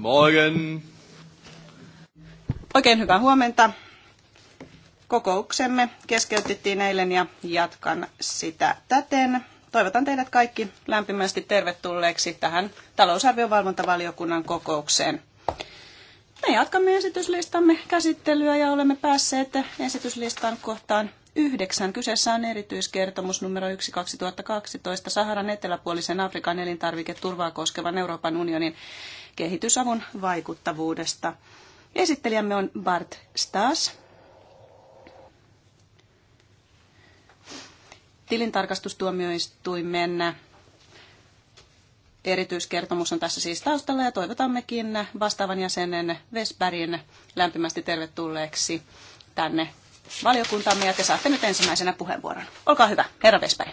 Morgen. Oikein hyvää huomenta. Kokouksemme keskeytettiin eilen ja jatkan sitä täten. Toivotan teidät kaikki lämpimästi tervetulleeksi tähän talousarviovalvontavaliokunnan kokoukseen. Me jatkamme esityslistamme käsittelyä ja olemme päässeet esityslistan kohtaan 9. Kyseessä on erityiskertomus numero 1 2012 Saharan eteläpuolisen Afrikan elintarviketurvaa koskevan Euroopan unionin kehitysavun vaikuttavuudesta. Esittelijämme on Bart Stas. Tilintarkastustuomioistuimen erityiskertomus on tässä siis taustalla ja toivotammekin vastaavan jäsenen Vesbergin lämpimästi tervetulleeksi tänne valiokuntamme ja te saatte nyt ensimmäisenä puheenvuoron. Olkaa hyvä, herra Vesperi.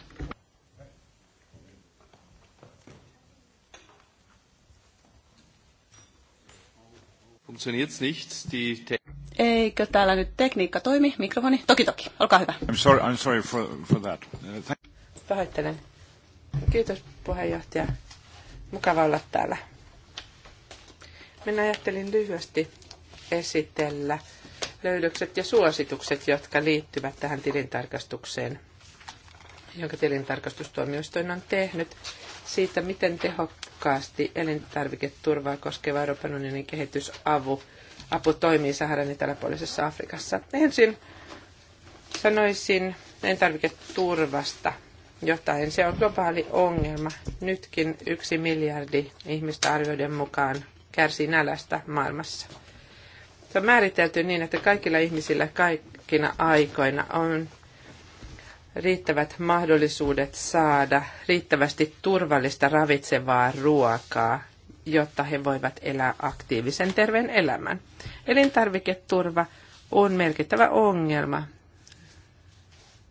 Eikö täällä nyt tekniikka toimi? Mikrofoni? Toki toki. Olkaa hyvä. I'm sorry, I'm sorry for, for that. Uh, Pahoittelen. Kiitos puheenjohtaja. Mukava olla täällä. Minä ajattelin lyhyesti esitellä löydökset ja suositukset, jotka liittyvät tähän tilintarkastukseen, jonka tilintarkastustuomioistuin on tehnyt siitä, miten tehokkaasti elintarviketurvaa koskeva Euroopan unionin kehitysavu apu toimii Saharan eteläpuolisessa Afrikassa. Ensin sanoisin elintarviketurvasta jotain. Se on globaali ongelma. Nytkin yksi miljardi ihmistä arvioiden mukaan kärsii nälästä maailmassa. Se on määritelty niin, että kaikilla ihmisillä kaikkina aikoina on riittävät mahdollisuudet saada riittävästi turvallista ravitsevaa ruokaa, jotta he voivat elää aktiivisen terveen elämän. Elintarviketurva on merkittävä ongelma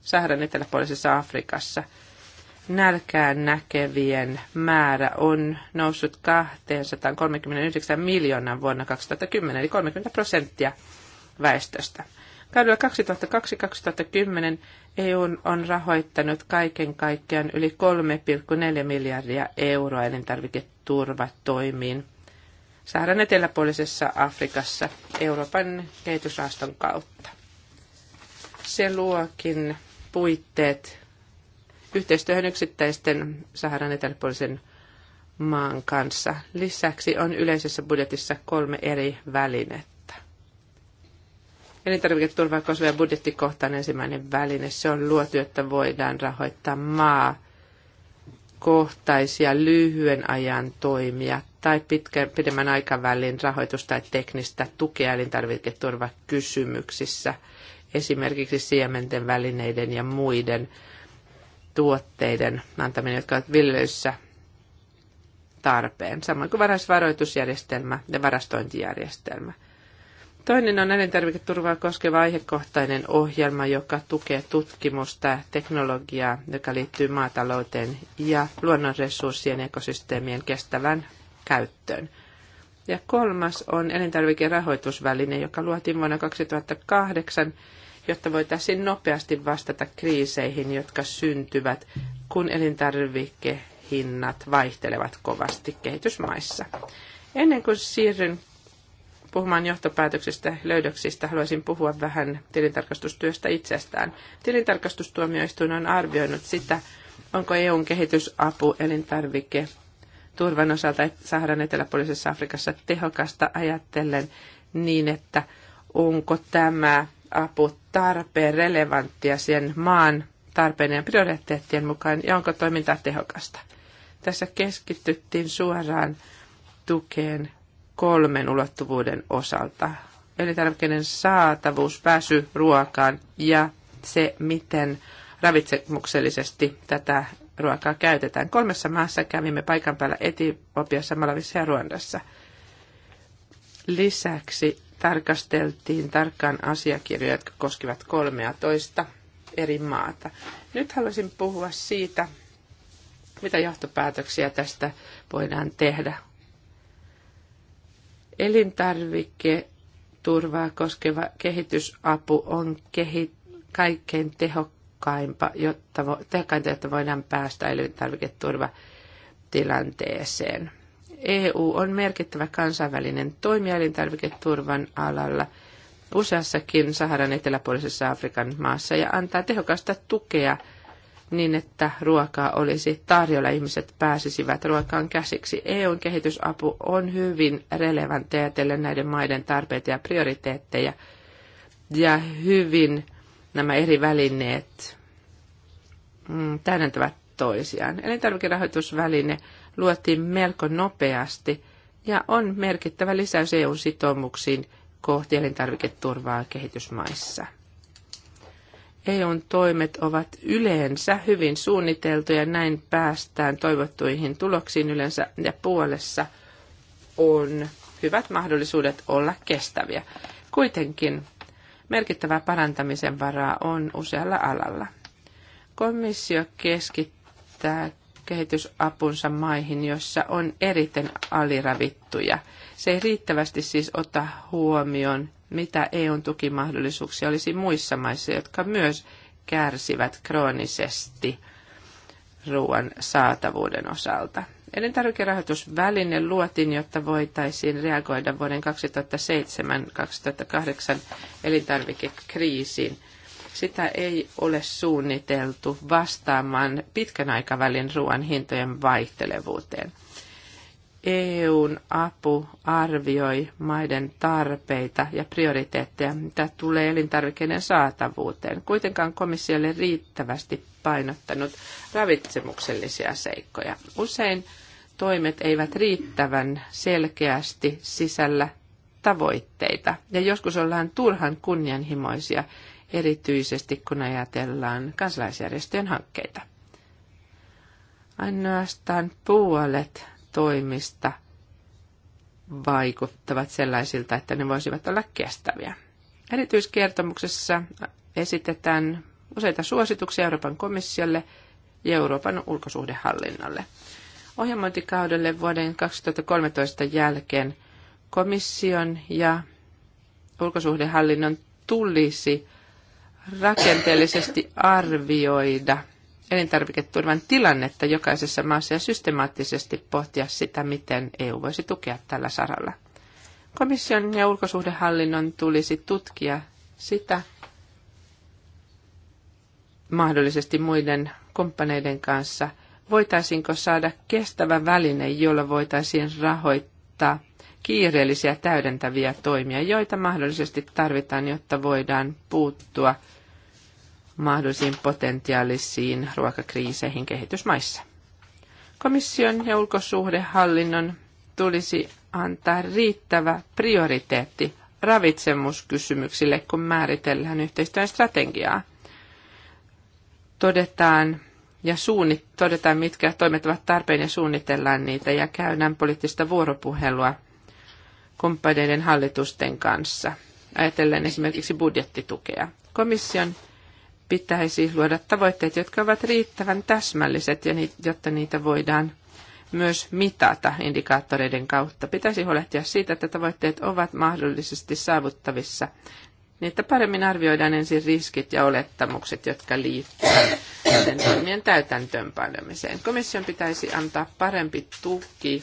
Saharan eteläpuolisessa Afrikassa – nälkään näkevien määrä on noussut 239 miljoonaan vuonna 2010, eli 30 prosenttia väestöstä. Kaudella 2002-2010 EU on rahoittanut kaiken kaikkiaan yli 3,4 miljardia euroa elintarviketurvatoimiin Saharan eteläpuolisessa Afrikassa Euroopan kehitysrahaston kautta. Se luokin puitteet yhteistyöhön yksittäisten Saharan eteläpuolisen maan kanssa. Lisäksi on yleisessä budjetissa kolme eri välinettä. Elintarviketurvaa koskeva budjettikohtaan ensimmäinen väline, se on luotu, että voidaan rahoittaa maa kohtaisia lyhyen ajan toimia tai pitkän, pidemmän aikavälin rahoitusta tai teknistä tukea elintarviketurvakysymyksissä, esimerkiksi siementen välineiden ja muiden tuotteiden antaminen, jotka ovat viljelyssä tarpeen, samoin kuin varasvaroitusjärjestelmä ja varastointijärjestelmä. Toinen on elintarviketurvaa koskeva aihekohtainen ohjelma, joka tukee tutkimusta ja teknologiaa, joka liittyy maatalouteen ja luonnonresurssien ekosysteemien kestävän käyttöön. Ja kolmas on elintarvikerahoitusväline, joka luotiin vuonna 2008 jotta voitaisiin nopeasti vastata kriiseihin, jotka syntyvät, kun elintarvikehinnat vaihtelevat kovasti kehitysmaissa. Ennen kuin siirryn puhumaan johtopäätöksistä löydöksistä, haluaisin puhua vähän tilintarkastustyöstä itsestään. Tilintarkastustuomioistuin on arvioinut sitä, onko EUn kehitysapu elintarvike turvan osalta Saharan eteläpuolisessa Afrikassa tehokasta ajatellen niin, että onko tämä apu tarpeen relevanttia sen maan tarpeen ja prioriteettien mukaan ja onko toiminta tehokasta. Tässä keskityttiin suoraan tukeen kolmen ulottuvuuden osalta. Elintarvikkeiden saatavuus, pääsy ruokaan ja se, miten ravitsemuksellisesti tätä ruokaa käytetään. Kolmessa maassa kävimme paikan päällä Etiopiassa, Malavissa ja Ruandassa. Lisäksi tarkasteltiin tarkkaan asiakirjoja, jotka koskivat 13 eri maata. Nyt haluaisin puhua siitä, mitä johtopäätöksiä tästä voidaan tehdä. Elintarvike turvaa koskeva kehitysapu on kehi, kaikkein tehokkaimpa, jotta, tehokkainta, jotta voidaan päästä elintarviketurvatilanteeseen. EU on merkittävä kansainvälinen toimija elintarviketurvan alalla useassakin Saharan eteläpuolisessa Afrikan maassa ja antaa tehokasta tukea niin, että ruokaa olisi tarjolla, ihmiset pääsisivät ruokaan käsiksi. EUn kehitysapu on hyvin relevantti ajatellen näiden maiden tarpeita ja prioriteetteja ja hyvin nämä eri välineet mm, täydentävät toisiaan. Elintarvikerahoitusväline luotiin melko nopeasti ja on merkittävä lisäys EUn sitoumuksiin kohti elintarviketurvaa kehitysmaissa. EUn toimet ovat yleensä hyvin suunniteltuja, näin päästään toivottuihin tuloksiin yleensä ja puolessa on hyvät mahdollisuudet olla kestäviä. Kuitenkin merkittävää parantamisen varaa on usealla alalla. Komissio keskittää kehitysapunsa maihin, joissa on eriten aliravittuja. Se ei riittävästi siis ota huomioon, mitä eu tukimahdollisuuksia olisi muissa maissa, jotka myös kärsivät kroonisesti ruoan saatavuuden osalta. Elintarvikerahoitusväline luotiin, jotta voitaisiin reagoida vuoden 2007-2008 elintarvikekriisiin sitä ei ole suunniteltu vastaamaan pitkän aikavälin ruoan hintojen vaihtelevuuteen. EUn apu arvioi maiden tarpeita ja prioriteetteja, mitä tulee elintarvikkeiden saatavuuteen. Kuitenkaan komissio ei riittävästi painottanut ravitsemuksellisia seikkoja. Usein toimet eivät riittävän selkeästi sisällä tavoitteita, ja joskus ollaan turhan kunnianhimoisia erityisesti kun ajatellaan kansalaisjärjestöjen hankkeita. Ainoastaan puolet toimista vaikuttavat sellaisilta, että ne voisivat olla kestäviä. Erityiskertomuksessa esitetään useita suosituksia Euroopan komissiolle ja Euroopan ulkosuhdehallinnolle. Ohjelmointikaudelle vuoden 2013 jälkeen komission ja ulkosuhdehallinnon tulisi rakenteellisesti arvioida elintarviketurvan tilannetta jokaisessa maassa ja systemaattisesti pohtia sitä, miten EU voisi tukea tällä saralla. Komission ja ulkosuhdehallinnon tulisi tutkia sitä mahdollisesti muiden kumppaneiden kanssa, voitaisiinko saada kestävä väline, jolla voitaisiin rahoittaa kiireellisiä täydentäviä toimia, joita mahdollisesti tarvitaan, jotta voidaan puuttua – mahdollisiin potentiaalisiin ruokakriiseihin kehitysmaissa. Komission ja ulkosuhdehallinnon tulisi antaa riittävä prioriteetti ravitsemuskysymyksille, kun määritellään yhteistyön strategiaa. Todetaan ja suunnit, todetaan, mitkä toimet ovat tarpeen ja suunnitellaan niitä ja käydään poliittista vuoropuhelua kumppaneiden hallitusten kanssa, ajatellen esimerkiksi budjettitukea. Komission pitäisi luoda tavoitteet, jotka ovat riittävän täsmälliset, ja ni, jotta niitä voidaan myös mitata indikaattoreiden kautta. Pitäisi huolehtia siitä, että tavoitteet ovat mahdollisesti saavuttavissa. Niitä paremmin arvioidaan ensin riskit ja olettamukset, jotka liittyvät sen toimien täytäntöönpanemiseen. Komission pitäisi antaa parempi tuki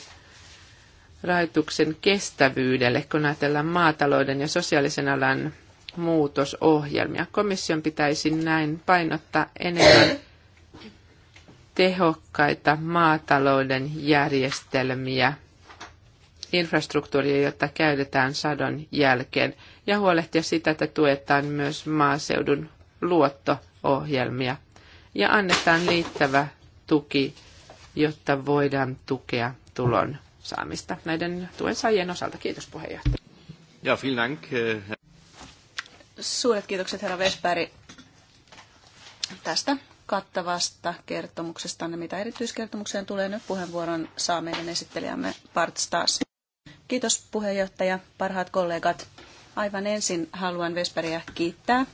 rahoituksen kestävyydelle, kun ajatellaan maatalouden ja sosiaalisen alan muutosohjelmia. Komission pitäisi näin painottaa enemmän tehokkaita maatalouden järjestelmiä, infrastruktuuria, jota käytetään sadon jälkeen, ja huolehtia sitä, että tuetaan myös maaseudun luotto-ohjelmia ja annetaan liittävä tuki, jotta voidaan tukea tulon saamista näiden tuen saajien osalta. Kiitos puheenjohtaja. Ja, vielen dank. Äh, Suuret kiitokset herra Vespäri tästä kattavasta kertomuksesta, mitä erityiskertomukseen tulee. Nyt puheenvuoron saa meidän esittelijämme Bart Stas. Kiitos puheenjohtaja, parhaat kollegat. Aivan ensin haluan Vesperiä kiittää,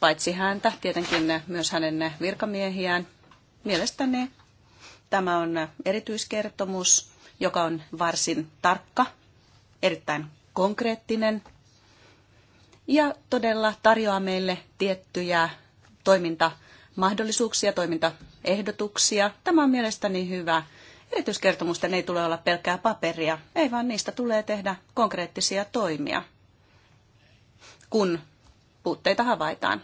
paitsi häntä, tietenkin myös hänen virkamiehiään. Mielestäni tämä on erityiskertomus, joka on varsin tarkka, erittäin konkreettinen – ja todella tarjoaa meille tiettyjä toimintamahdollisuuksia, toimintaehdotuksia. Tämä on mielestäni hyvä. Erityiskertomusten ei tule olla pelkkää paperia, ei vaan niistä tulee tehdä konkreettisia toimia, kun puutteita havaitaan.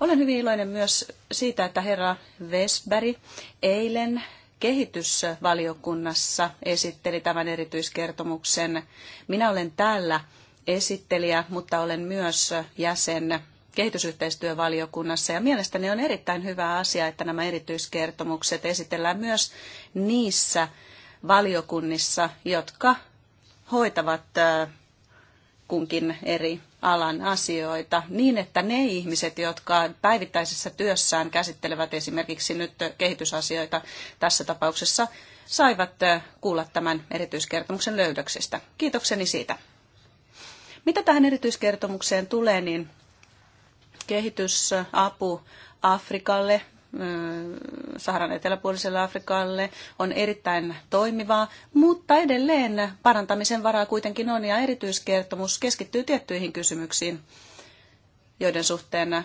Olen hyvin iloinen myös siitä, että herra Vesberg eilen kehitysvaliokunnassa esitteli tämän erityiskertomuksen. Minä olen täällä esittelijä, mutta olen myös jäsen kehitysyhteistyövaliokunnassa ja mielestäni on erittäin hyvä asia, että nämä erityiskertomukset esitellään myös niissä valiokunnissa, jotka hoitavat kunkin eri alan asioita niin, että ne ihmiset, jotka päivittäisessä työssään käsittelevät esimerkiksi nyt kehitysasioita tässä tapauksessa, saivat kuulla tämän erityiskertomuksen löydöksistä. Kiitokseni siitä. Mitä tähän erityiskertomukseen tulee, niin kehitysapu Afrikalle, Saharan eteläpuoliselle Afrikalle on erittäin toimivaa, mutta edelleen parantamisen varaa kuitenkin on ja erityiskertomus keskittyy tiettyihin kysymyksiin, joiden suhteen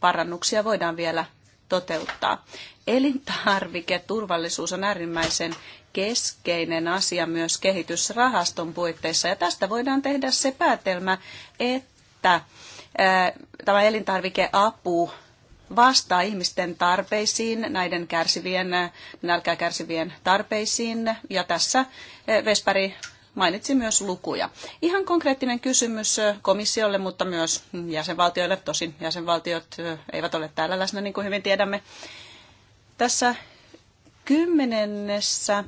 parannuksia voidaan vielä toteuttaa. Elintarviketurvallisuus on äärimmäisen keskeinen asia myös kehitysrahaston puitteissa. Ja tästä voidaan tehdä se päätelmä, että tämä elintarvikeapu vastaa ihmisten tarpeisiin, näiden kärsivien, nälkää kärsivien tarpeisiin. Ja tässä vesperi mainitsi myös lukuja. Ihan konkreettinen kysymys komissiolle, mutta myös jäsenvaltioille. Tosin jäsenvaltiot eivät ole täällä läsnä, niin kuin hyvin tiedämme. Tässä kymmenennessä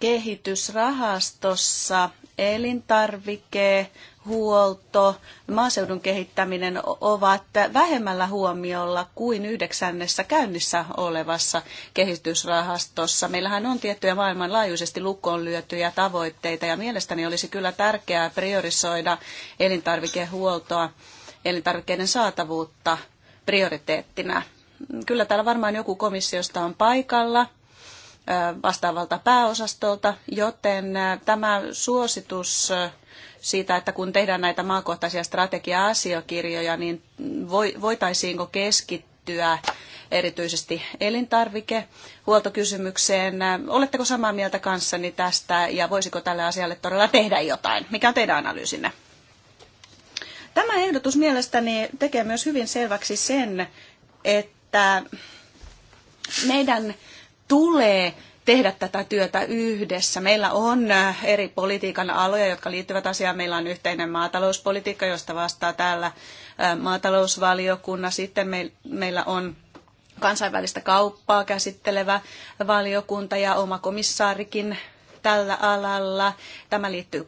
kehitysrahastossa elintarvike Huolto maaseudun kehittäminen ovat vähemmällä huomiolla kuin yhdeksännessä käynnissä olevassa kehitysrahastossa. Meillähän on tiettyjä maailmanlaajuisesti lukkoon lyötyjä tavoitteita ja mielestäni olisi kyllä tärkeää priorisoida elintarvikehuoltoa, elintarvikkeiden saatavuutta prioriteettina. Kyllä täällä varmaan joku komissiosta on paikalla vastaavalta pääosastolta, joten tämä suositus siitä, että kun tehdään näitä maakohtaisia strategia-asiakirjoja, niin voitaisiinko keskittyä erityisesti elintarvikehuoltokysymykseen. Oletteko samaa mieltä kanssani tästä ja voisiko tälle asialle todella tehdä jotain? Mikä on teidän analyysinne? Tämä ehdotus mielestäni tekee myös hyvin selväksi sen, että meidän tulee tehdä tätä työtä yhdessä. Meillä on äh, eri politiikan aloja, jotka liittyvät asiaan. Meillä on yhteinen maatalouspolitiikka, josta vastaa täällä äh, maatalousvaliokunna. Sitten meillä on kansainvälistä kauppaa käsittelevä valiokunta ja oma komissaarikin tällä alalla. Tämä liittyy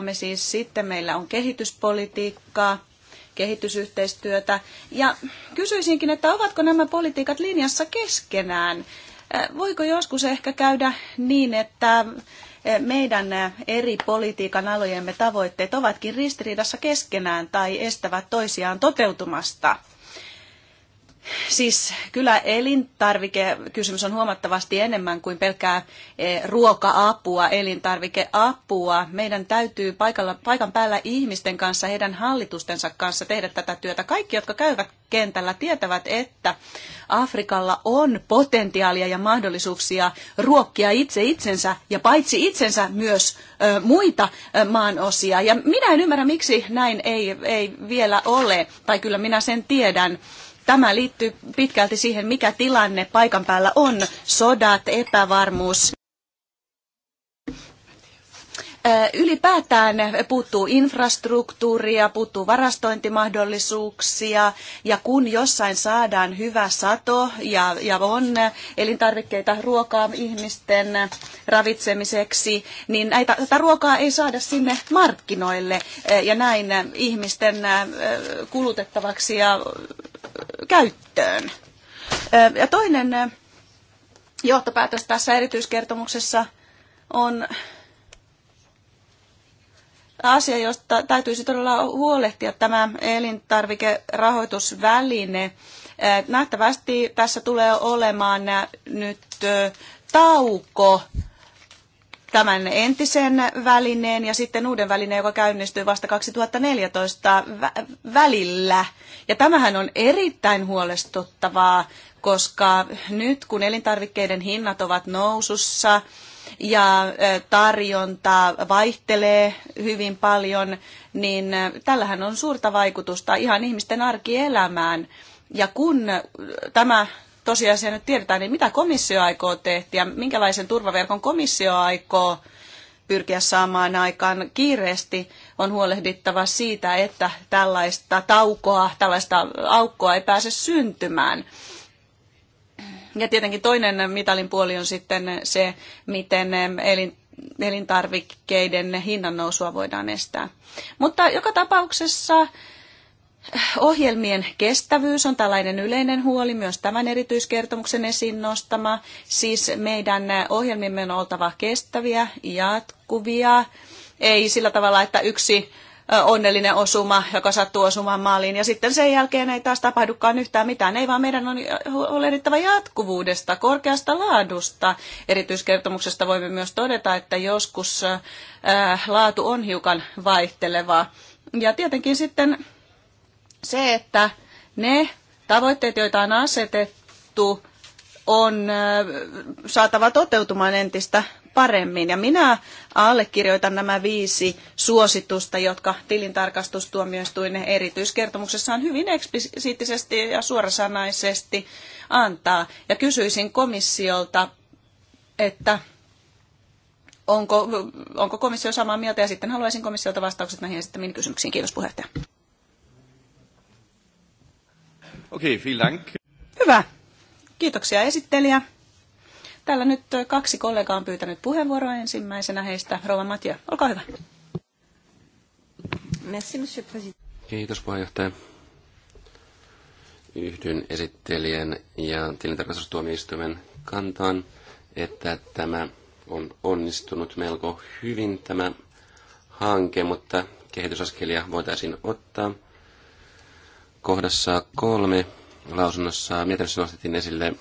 Me siis. Sitten meillä on kehityspolitiikkaa, kehitysyhteistyötä. Ja kysyisinkin, että ovatko nämä politiikat linjassa keskenään? Äh, voiko joskus ehkä käydä niin, että äh, meidän äh, eri politiikan alojemme tavoitteet ovatkin ristiriidassa keskenään tai estävät toisiaan toteutumasta? Siis kyllä elintarvikekysymys on huomattavasti enemmän kuin pelkkää e, ruoka-apua, elintarvikeapua. Meidän täytyy paikalla, paikan päällä ihmisten kanssa, heidän hallitustensa kanssa tehdä tätä työtä. Kaikki, jotka käyvät kentällä, tietävät, että Afrikalla on potentiaalia ja mahdollisuuksia ruokkia itse itsensä ja paitsi itsensä myös ö, muita ö, maanosia. Ja minä en ymmärrä, miksi näin ei, ei vielä ole, tai kyllä minä sen tiedän. Tämä liittyy pitkälti siihen, mikä tilanne paikan päällä on. Sodat, epävarmuus ylipäätään puuttuu infrastruktuuria, puuttuu varastointimahdollisuuksia ja kun jossain saadaan hyvä sato ja, ja on elintarvikkeita ruokaa ihmisten ravitsemiseksi, niin näitä, tätä ruokaa ei saada sinne markkinoille ja näin ihmisten kulutettavaksi ja käyttöön. Ja toinen johtopäätös tässä erityiskertomuksessa on asia, josta täytyisi todella huolehtia tämä elintarvikerahoitusväline. Äh, nähtävästi tässä tulee olemaan nyt äh, tauko tämän entisen välineen ja sitten uuden välineen, joka käynnistyi vasta 2014 vä- välillä. Ja tämähän on erittäin huolestuttavaa, koska nyt kun elintarvikkeiden hinnat ovat nousussa, ja tarjonta vaihtelee hyvin paljon, niin tällähän on suurta vaikutusta ihan ihmisten arkielämään. Ja kun tämä tosiasia nyt tiedetään, niin mitä komissio aikoo tehdä ja minkälaisen turvaverkon komissio aikoo pyrkiä saamaan aikaan kiireesti, on huolehdittava siitä, että tällaista taukoa, tällaista aukkoa ei pääse syntymään. Ja tietenkin toinen mitalin puoli on sitten se, miten elin, elintarvikkeiden hinnan nousua voidaan estää. Mutta joka tapauksessa eh, Ohjelmien kestävyys on tällainen yleinen huoli, myös tämän erityiskertomuksen esiin nostama. Siis meidän ohjelmimme on oltava kestäviä, jatkuvia, ei sillä tavalla, että yksi onnellinen osuma, joka sattuu osumaan maaliin, ja sitten sen jälkeen ei taas tapahdukaan yhtään mitään. Ei vaan meidän on huolehdittava jatkuvuudesta, korkeasta laadusta. Erityiskertomuksesta voimme myös todeta, että joskus laatu on hiukan vaihtelevaa. Ja tietenkin sitten se, että ne tavoitteet, joita on asetettu, on saatava toteutumaan entistä paremmin. Ja minä allekirjoitan nämä viisi suositusta, jotka tilintarkastustuomioistuin erityiskertomuksessaan hyvin eksplisiittisesti ja suorasanaisesti antaa. Ja kysyisin komissiolta, että onko, onko komissio samaa mieltä ja sitten haluaisin komissiolta vastaukset näihin esittämiin kysymyksiin. Kiitos puheenjohtaja. Okei, okay, vielen Hyvä. Kiitoksia esittelijä. Täällä nyt kaksi kollegaa on pyytänyt puheenvuoroa ensimmäisenä heistä. Rova Matia, olkaa hyvä. Merci, monsieur president. Kiitos puheenjohtaja. Yhdyn esittelijän ja tilintarkastustuomioistuimen kantaan, että tämä on onnistunut melko hyvin tämä hanke, mutta kehitysaskelia voitaisiin ottaa. Kohdassa kolme lausunnossa mietinnössä nostettiin esille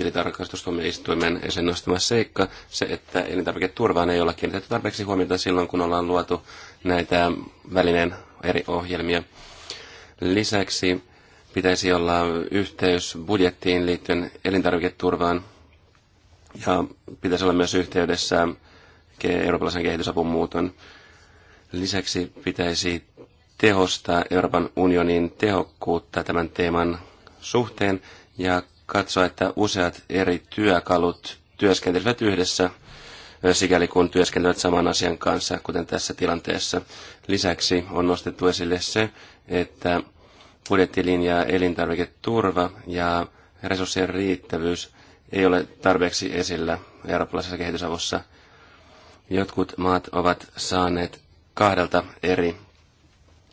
tilitarkastustuomioistuimen esiin nostama seikka, se, että elintarviketurvaan ei olla kiinnitetty tarpeeksi huomiota silloin, kun ollaan luotu näitä välineen eri ohjelmia. Lisäksi pitäisi olla yhteys budjettiin liittyen elintarviketurvaan ja pitäisi olla myös yhteydessä eurooppalaisen kehitysapun muuton. Lisäksi pitäisi tehostaa Euroopan unionin tehokkuutta tämän teeman suhteen ja katsoa, että useat eri työkalut työskentelevät yhdessä, sikäli kun työskentelevät saman asian kanssa, kuten tässä tilanteessa. Lisäksi on nostettu esille se, että budjettilinja, elintarviketurva ja resurssien riittävyys ei ole tarpeeksi esillä eurooppalaisessa kehitysavussa. Jotkut maat ovat saaneet kahdelta eri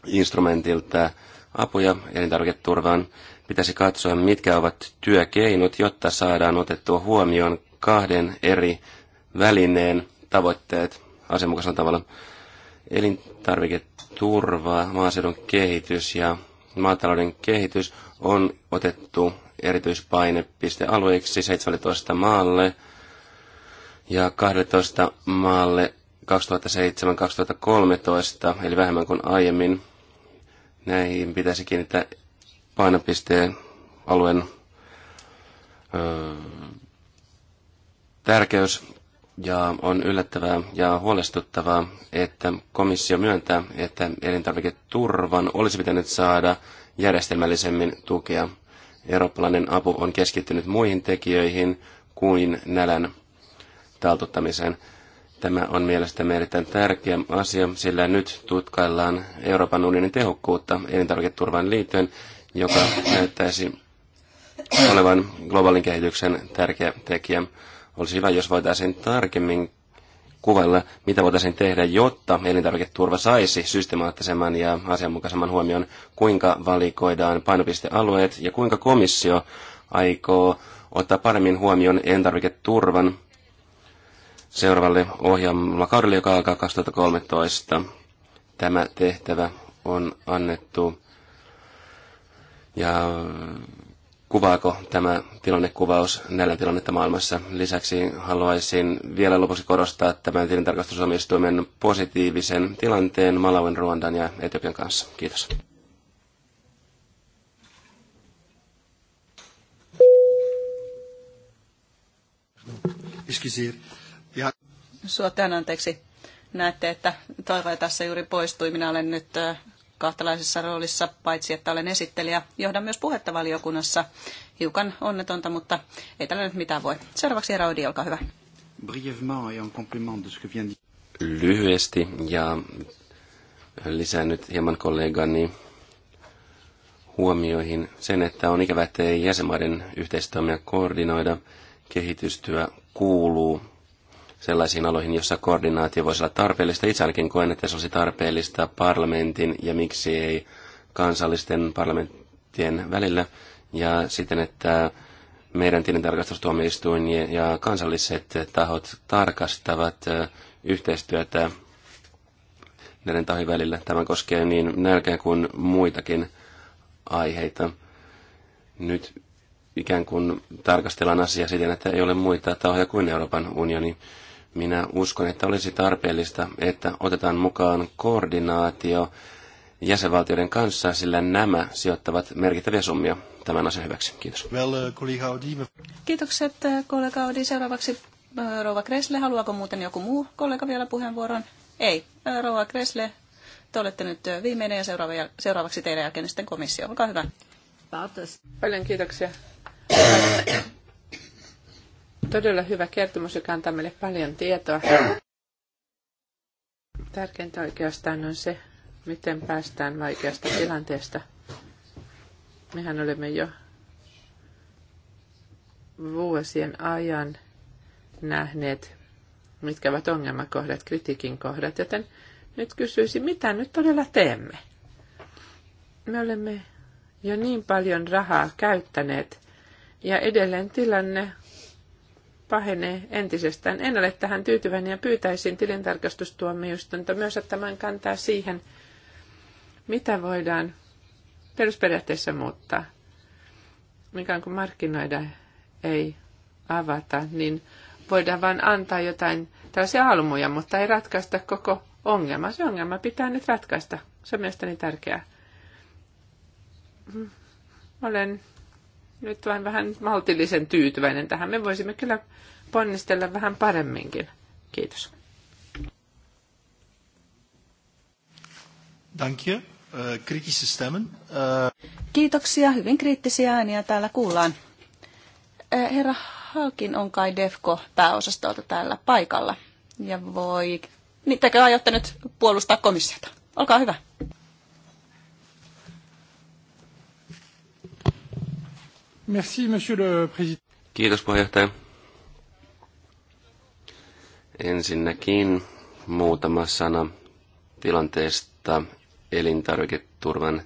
instrumentilta apuja elintarviketurvaan. Pitäisi katsoa, mitkä ovat työkeinot, jotta saadaan otettua huomioon kahden eri välineen tavoitteet asianmukaisella tavalla. Elintarviketurva, maaseudun kehitys ja maatalouden kehitys on otettu erityispainepistealueiksi 17 maalle ja 12 maalle 2007-2013, eli vähemmän kuin aiemmin. Näihin pitäisi kiinnittää painopisteen alueen ö, tärkeys ja on yllättävää ja huolestuttavaa, että komissio myöntää, että elintarviketurvan olisi pitänyt saada järjestelmällisemmin tukea. Eurooppalainen apu on keskittynyt muihin tekijöihin kuin nälän taltuttamiseen. Tämä on mielestäni erittäin tärkeä asia, sillä nyt tutkaillaan Euroopan unionin tehokkuutta elintarviketurvan liittyen joka näyttäisi olevan globaalin kehityksen tärkeä tekijä. Olisi hyvä, jos voitaisiin tarkemmin kuvailla, mitä voitaisiin tehdä, jotta elintarviketurva saisi systemaattisemman ja asianmukaisemman huomion, kuinka valikoidaan painopistealueet ja kuinka komissio aikoo ottaa paremmin huomioon elintarviketurvan seuraavalle ohjelmakaudelle, joka alkaa 2013. Tämä tehtävä on annettu ja äh, kuvaako tämä tilannekuvaus näillä tilannetta maailmassa. Lisäksi haluaisin vielä lopuksi korostaa tämän tilintarkastusomistuimen positiivisen tilanteen Malawin, Ruandan ja Etiopian kanssa. Kiitos. Suotan anteeksi. Näette, että toiva tässä juuri poistui. Minä olen nyt äh, kahtalaisessa roolissa, paitsi että olen esittelijä. Johdan myös puhetta valiokunnassa. Hiukan onnetonta, mutta ei tällä nyt mitään voi. Seuraavaksi herra Odi, olkaa hyvä. Lyhyesti ja lisään nyt hieman kollegani huomioihin sen, että on ikävä, että ei jäsenmaiden yhteistoimia koordinoida. Kehitystyö kuuluu sellaisiin aloihin, jossa koordinaatio voisi olla tarpeellista. Itse ainakin koen, että se olisi tarpeellista parlamentin ja miksi ei kansallisten parlamenttien välillä. Ja sitten että meidän tilintarkastustuomioistuin ja kansalliset tahot tarkastavat yhteistyötä näiden tahojen välillä. Tämä koskee niin nälkeä kuin muitakin aiheita. Nyt ikään kuin tarkastellaan asiaa siten, että ei ole muita tahoja kuin Euroopan unioni. Minä uskon, että olisi tarpeellista, että otetaan mukaan koordinaatio jäsenvaltioiden kanssa, sillä nämä sijoittavat merkittäviä summia tämän asian hyväksi. Kiitos. Eh, Kiitokset eh, kollega Audi. Seuraavaksi eh, Rova Kresle. Haluaako muuten joku muu kollega vielä puheenvuoron? Ei. Rova Kresle, te olette nyt viimeinen ja seuraavaksi teidän jälkeen sitten komissio. Olkaa hyvä. Paljon kiitoksia. Todella hyvä kertomus, joka antaa meille paljon tietoa. Tärkeintä oikeastaan on se, miten päästään vaikeasta tilanteesta. Mehän olemme jo vuosien ajan nähneet, mitkä ovat ongelmakohdat, kritiikin kohdat, joten nyt kysyisin, mitä nyt todella teemme? Me olemme jo niin paljon rahaa käyttäneet ja edelleen tilanne pahenee entisestään. En ole tähän tyytyväinen ja pyytäisin tilintarkastustuomioistuinta myös ottamaan kantaa siihen, mitä voidaan perusperiaatteessa muuttaa. Mikään kun markkinoida ei avata, niin voidaan vain antaa jotain tällaisia almuja, mutta ei ratkaista koko ongelmaa. Se ongelma pitää nyt ratkaista. Se on mielestäni tärkeää. Mm. Olen nyt vain vähän maltillisen tyytyväinen tähän. Me voisimme kyllä ponnistella vähän paremminkin. Kiitos. Dankie. Eh, eh, Kiitoksia. Hyvin kriittisiä ääniä täällä kuullaan. Eh, herra Halkin on kai DEFCO pääosastolta täällä paikalla. Ja voi... Mitäkö niin, aiotte nyt puolustaa komissiota? Olkaa hyvä. Merci, monsieur le président. Kiitos puheenjohtaja. Ensinnäkin muutama sana tilanteesta elintarviketurvan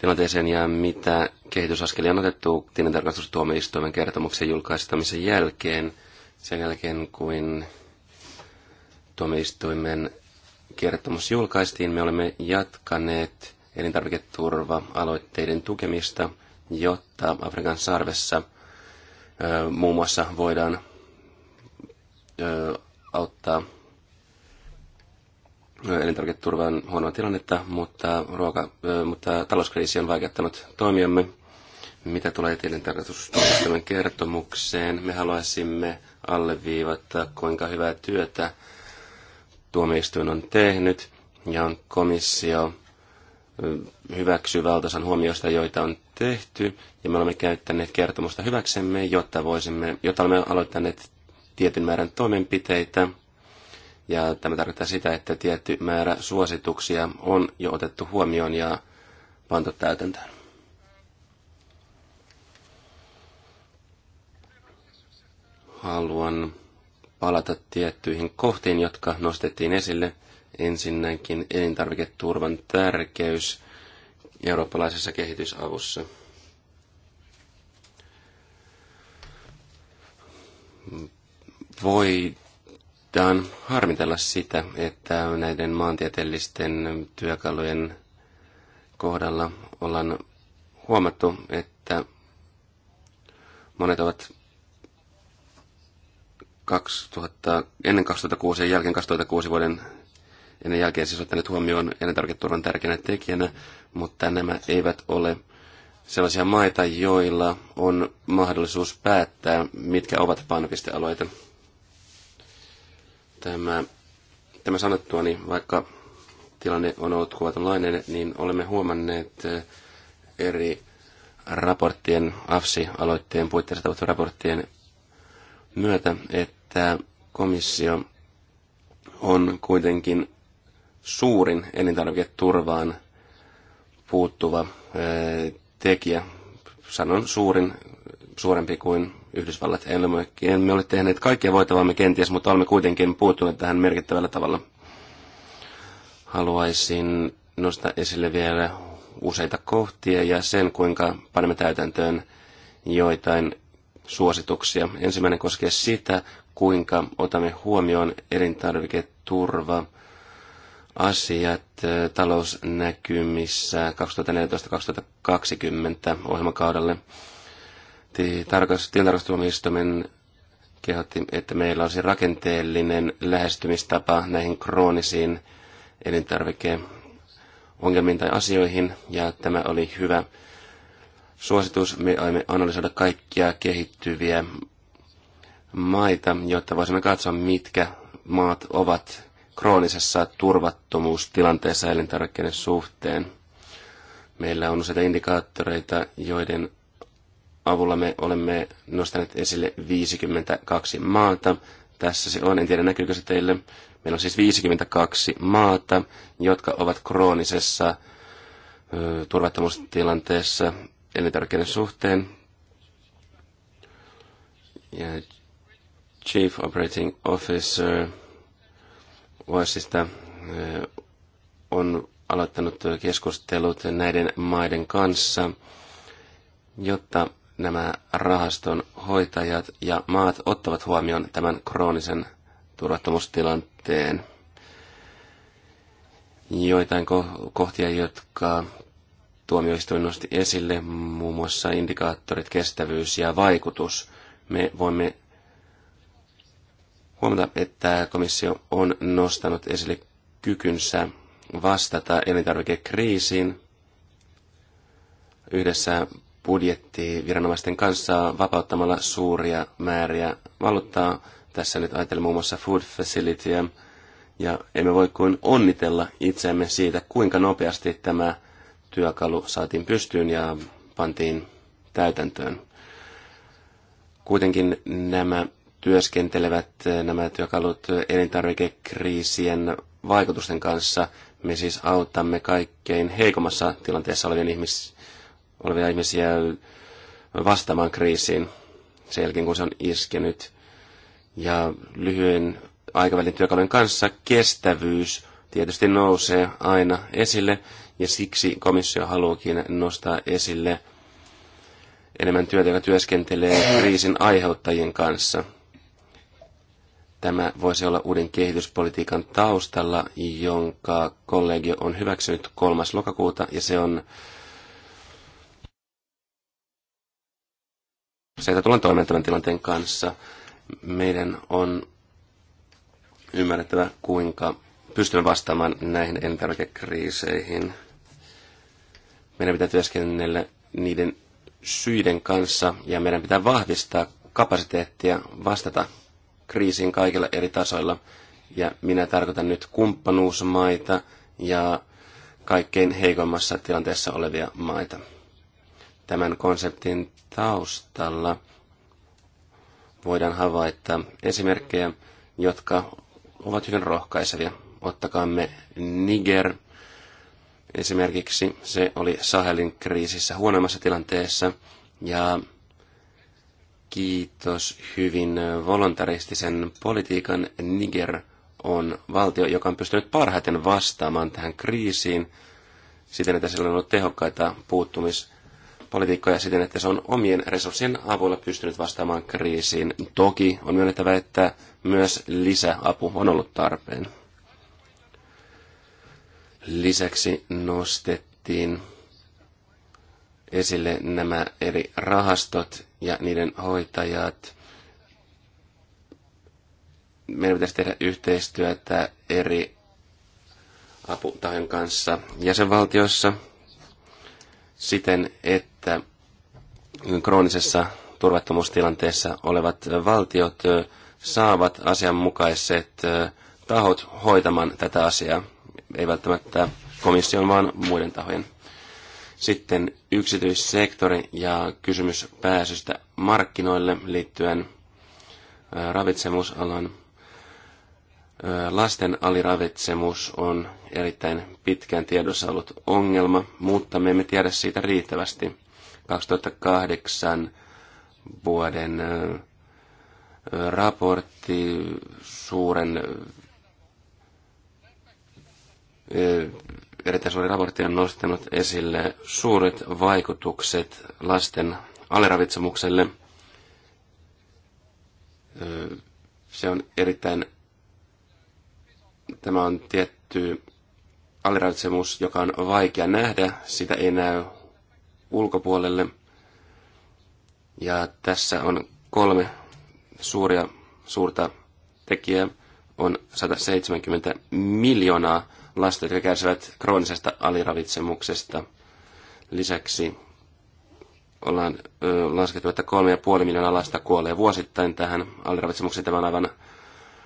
tilanteeseen ja mitä kehitysaskelia on otettu tilintarkastustuomioistuimen kertomuksen julkaistamisen jälkeen, sen jälkeen kuin tuomioistuimen kertomus julkaistiin, me olemme jatkaneet elintarviketurva-aloitteiden tukemista – jotta Afrikan sarvessa muun muassa voidaan auttaa elintarviketurvan huonoa tilannetta, mutta, ruoka, mutta talouskriisi on vaikeuttanut toimiamme. Mitä tulee tilintarkastustoimistomen kertomukseen, me haluaisimme alleviivata, kuinka hyvää työtä tuomioistuin on tehnyt ja on komissio hyväksyy valtaosan huomioista, joita on tehty, ja me olemme käyttäneet kertomusta hyväksemme, jotta, voisimme, jotta olemme aloittaneet tietyn määrän toimenpiteitä, ja tämä tarkoittaa sitä, että tietty määrä suosituksia on jo otettu huomioon ja pantu täytäntöön. Haluan palata tiettyihin kohtiin, jotka nostettiin esille. Ensinnäkin elintarviketurvan tärkeys eurooppalaisessa kehitysavussa. Voidaan harmitella sitä, että näiden maantieteellisten työkalujen kohdalla ollaan huomattu, että monet ovat 2000, ennen 2006 ja jälkeen 2006 vuoden ja ne jälkeen siis ottaneet huomioon elintarviketurvan tärkeänä tekijänä, mutta nämä eivät ole sellaisia maita, joilla on mahdollisuus päättää, mitkä ovat painopistealueita. Tämä, tämä sanottua, niin vaikka tilanne on ollut kuvatunlainen, niin olemme huomanneet eh, eri raporttien, AFSI-aloitteen puitteissa tapahtuvien raporttien myötä, että komissio on kuitenkin suurin elintarviketurvaan puuttuva tekijä. Sanon suurin, suurempi kuin Yhdysvallat. Emme, ole tehneet kaikkia voitavaamme kenties, mutta olemme kuitenkin puuttuneet tähän merkittävällä tavalla. Haluaisin nostaa esille vielä useita kohtia ja sen, kuinka panemme täytäntöön joitain suosituksia. Ensimmäinen koskee sitä, kuinka otamme huomioon elintarviketurvaa asiat talousnäkymissä 2014-2020 ohjelmakaudelle. Tilintarkastustuomioistuimen kehotti, että meillä olisi rakenteellinen lähestymistapa näihin kroonisiin elintarvikeongelmiin tai asioihin, ja tämä oli hyvä suositus. Me aimme analysoida kaikkia kehittyviä maita, jotta voisimme katsoa, mitkä maat ovat kroonisessa turvattomuustilanteessa elintarvikkeiden suhteen. Meillä on useita indikaattoreita, joiden avulla me olemme nostaneet esille 52 maata. Tässä se on, en tiedä näkyykö se teille. Meillä on siis 52 maata, jotka ovat kroonisessa turvattomuustilanteessa elintarvikkeiden suhteen. Ja Chief Operating Officer Oasista eh, on aloittanut keskustelut näiden maiden kanssa, jotta nämä rahaston hoitajat ja maat ottavat huomioon tämän kroonisen turvattomuustilanteen. Joitain kohtia, jotka tuomioistuin nosti esille, muun muassa indikaattorit, kestävyys ja vaikutus. Me voimme huomata, että komissio on nostanut esille kykynsä vastata elintarvikekriisiin yhdessä budjettiviranomaisten kanssa vapauttamalla suuria määriä valuttaa Tässä nyt ajatellen muun muassa Food Facilityä. Ja emme voi kuin onnitella itseämme siitä, kuinka nopeasti tämä työkalu saatiin pystyyn ja pantiin täytäntöön. Kuitenkin nämä työskentelevät eh, nämä työkalut elintarvikekriisien vaikutusten kanssa. Me siis autamme kaikkein heikommassa tilanteessa olevia, ihmis, olevia ihmisiä vastaamaan kriisiin sen jälkeen, kun se on iskenyt. Ja lyhyen aikavälin työkalujen kanssa kestävyys tietysti nousee aina esille, ja siksi komissio haluakin nostaa esille enemmän työtä, joka työskentelee kriisin aiheuttajien kanssa – Tämä voisi olla uuden kehityspolitiikan taustalla, jonka kollegio on hyväksynyt 3. lokakuuta, ja se on se, että tullaan toimeen tämän tilanteen kanssa. Meidän on ymmärrettävä, kuinka pystymme vastaamaan näihin elintarvikekriiseihin. Meidän pitää työskennellä niiden syiden kanssa ja meidän pitää vahvistaa kapasiteettia vastata kriisiin kaikilla eri tasoilla. Ja minä tarkoitan nyt kumppanuusmaita ja kaikkein heikommassa tilanteessa olevia maita. Tämän konseptin taustalla voidaan havaita esimerkkejä, jotka ovat hyvin rohkaisevia. Ottakaamme Niger esimerkiksi. Se oli Sahelin kriisissä huonommassa tilanteessa ja kiitos hyvin voluntaristisen politiikan Niger on valtio, joka on pystynyt parhaiten vastaamaan tähän kriisiin siten, että sillä on ollut tehokkaita puuttumispolitiikkoja siten, että se on omien resurssien avulla pystynyt vastaamaan kriisiin. Toki on myönnettävä, että myös lisäapu on ollut tarpeen. Lisäksi nostettiin esille nämä eri rahastot ja niiden hoitajat. Meidän pitäisi tehdä yhteistyötä eri aputahojen kanssa jäsenvaltioissa siten, että kroonisessa turvattomuustilanteessa olevat valtiot saavat asianmukaiset tahot hoitamaan tätä asiaa. Ei välttämättä komission, vaan muiden tahojen. Sitten yksityissektori ja kysymys pääsystä markkinoille liittyen ravitsemusalan. Lasten aliravitsemus on erittäin pitkään tiedossa ollut ongelma, mutta me emme tiedä siitä riittävästi. 2008 vuoden raportti suuren erittäin suuri raportti on nostanut esille suuret vaikutukset lasten aliravitsemukselle. Se on erittäin, tämä on tietty aliravitsemus, joka on vaikea nähdä, sitä ei näy ulkopuolelle. Ja tässä on kolme suuria, suurta tekijää, on 170 miljoonaa lasta, jotka kärsivät kroonisesta aliravitsemuksesta. Lisäksi ollaan laskettu, että 3,5 miljoonaa lasta kuolee vuosittain tähän aliravitsemukseen. Tämä on aivan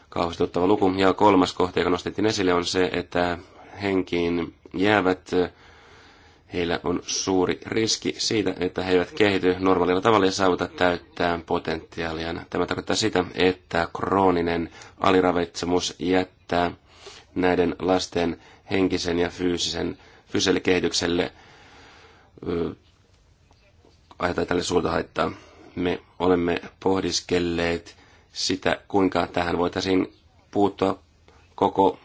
kauhistuttava luku. Ja kolmas kohta, joka nostettiin esille, on se, että henkiin jäävät, heillä on suuri riski siitä, että he eivät kehity normaalilla tavalla ja saavuta täyttää potentiaalia. Tämä tarkoittaa sitä, että krooninen aliravitsemus jättää näiden lasten henkisen ja fyysisen, fyysiselle kehitykselle aiheuttaa tälle suurta haittaa. Me olemme pohdiskelleet sitä, kuinka tähän voitaisiin puuttua koko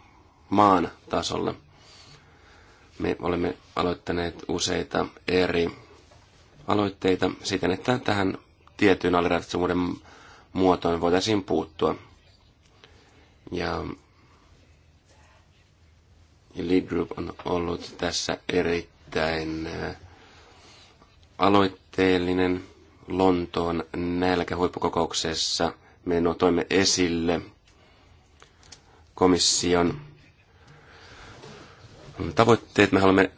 maan tasolla. Me olemme aloittaneet useita eri aloitteita siten, että tähän tiettyyn aliratsomuuden muotoon voitaisiin puuttua. Ja Lead Group on ollut tässä erittäin äh, aloitteellinen. Lontoon nälkähuippukokouksessa me toimme esille komission tavoitteet. Me haluamme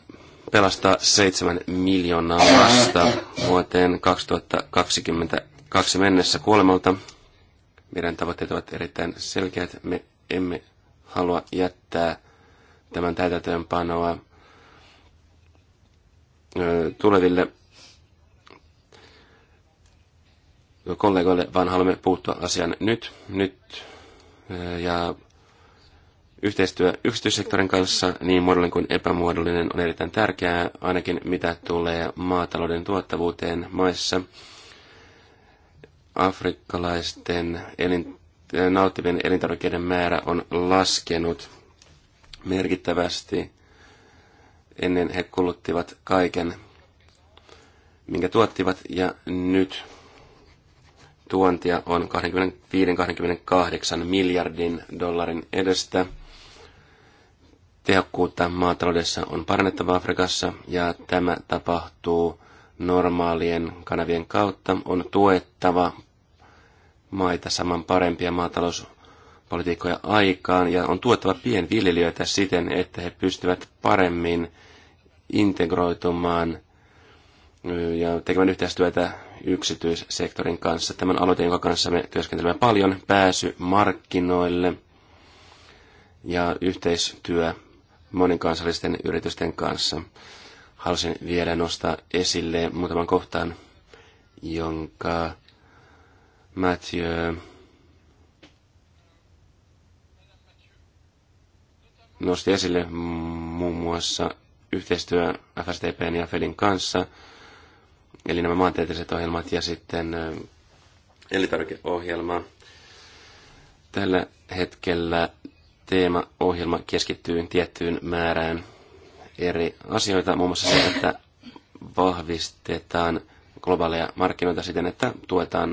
pelastaa 7 miljoonaa lasta vuoteen 2022 mennessä kuolemalta. Meidän tavoitteet ovat erittäin selkeät. Me emme halua jättää tämän täytäntöönpanoa tuleville kollegoille, vaan haluamme puuttua asian nyt, nyt ja yhteistyö yksityissektorin kanssa, niin muodollinen kuin epämuodollinen, on erittäin tärkeää, ainakin mitä tulee maatalouden tuottavuuteen maissa. Afrikkalaisten elin, nauttivien elintarvikkeiden määrä on laskenut merkittävästi. Ennen he kuluttivat kaiken, minkä tuottivat, ja nyt tuontia on 25-28 miljardin dollarin edestä. Tehokkuutta maataloudessa on parannettava Afrikassa, ja tämä tapahtuu normaalien kanavien kautta. On tuettava maita saman parempia maatalous politiikkoja aikaan ja on tuottava pienviljelijöitä siten, että he pystyvät paremmin integroitumaan ja tekemään yhteistyötä yksityissektorin kanssa. Tämän aloite, jonka kanssa me työskentelemme paljon, pääsy markkinoille ja yhteistyö monikansallisten yritysten kanssa. Halusin vielä nostaa esille muutaman kohtaan, jonka Matthew nosti esille muun muassa yhteistyö FSTPn ja Fedin kanssa, eli nämä maantieteelliset ohjelmat ja sitten elintarvikeohjelma. Tällä hetkellä teemaohjelma keskittyy tiettyyn määrään eri asioita, muun muassa se, että vahvistetaan globaaleja markkinoita siten, että tuetaan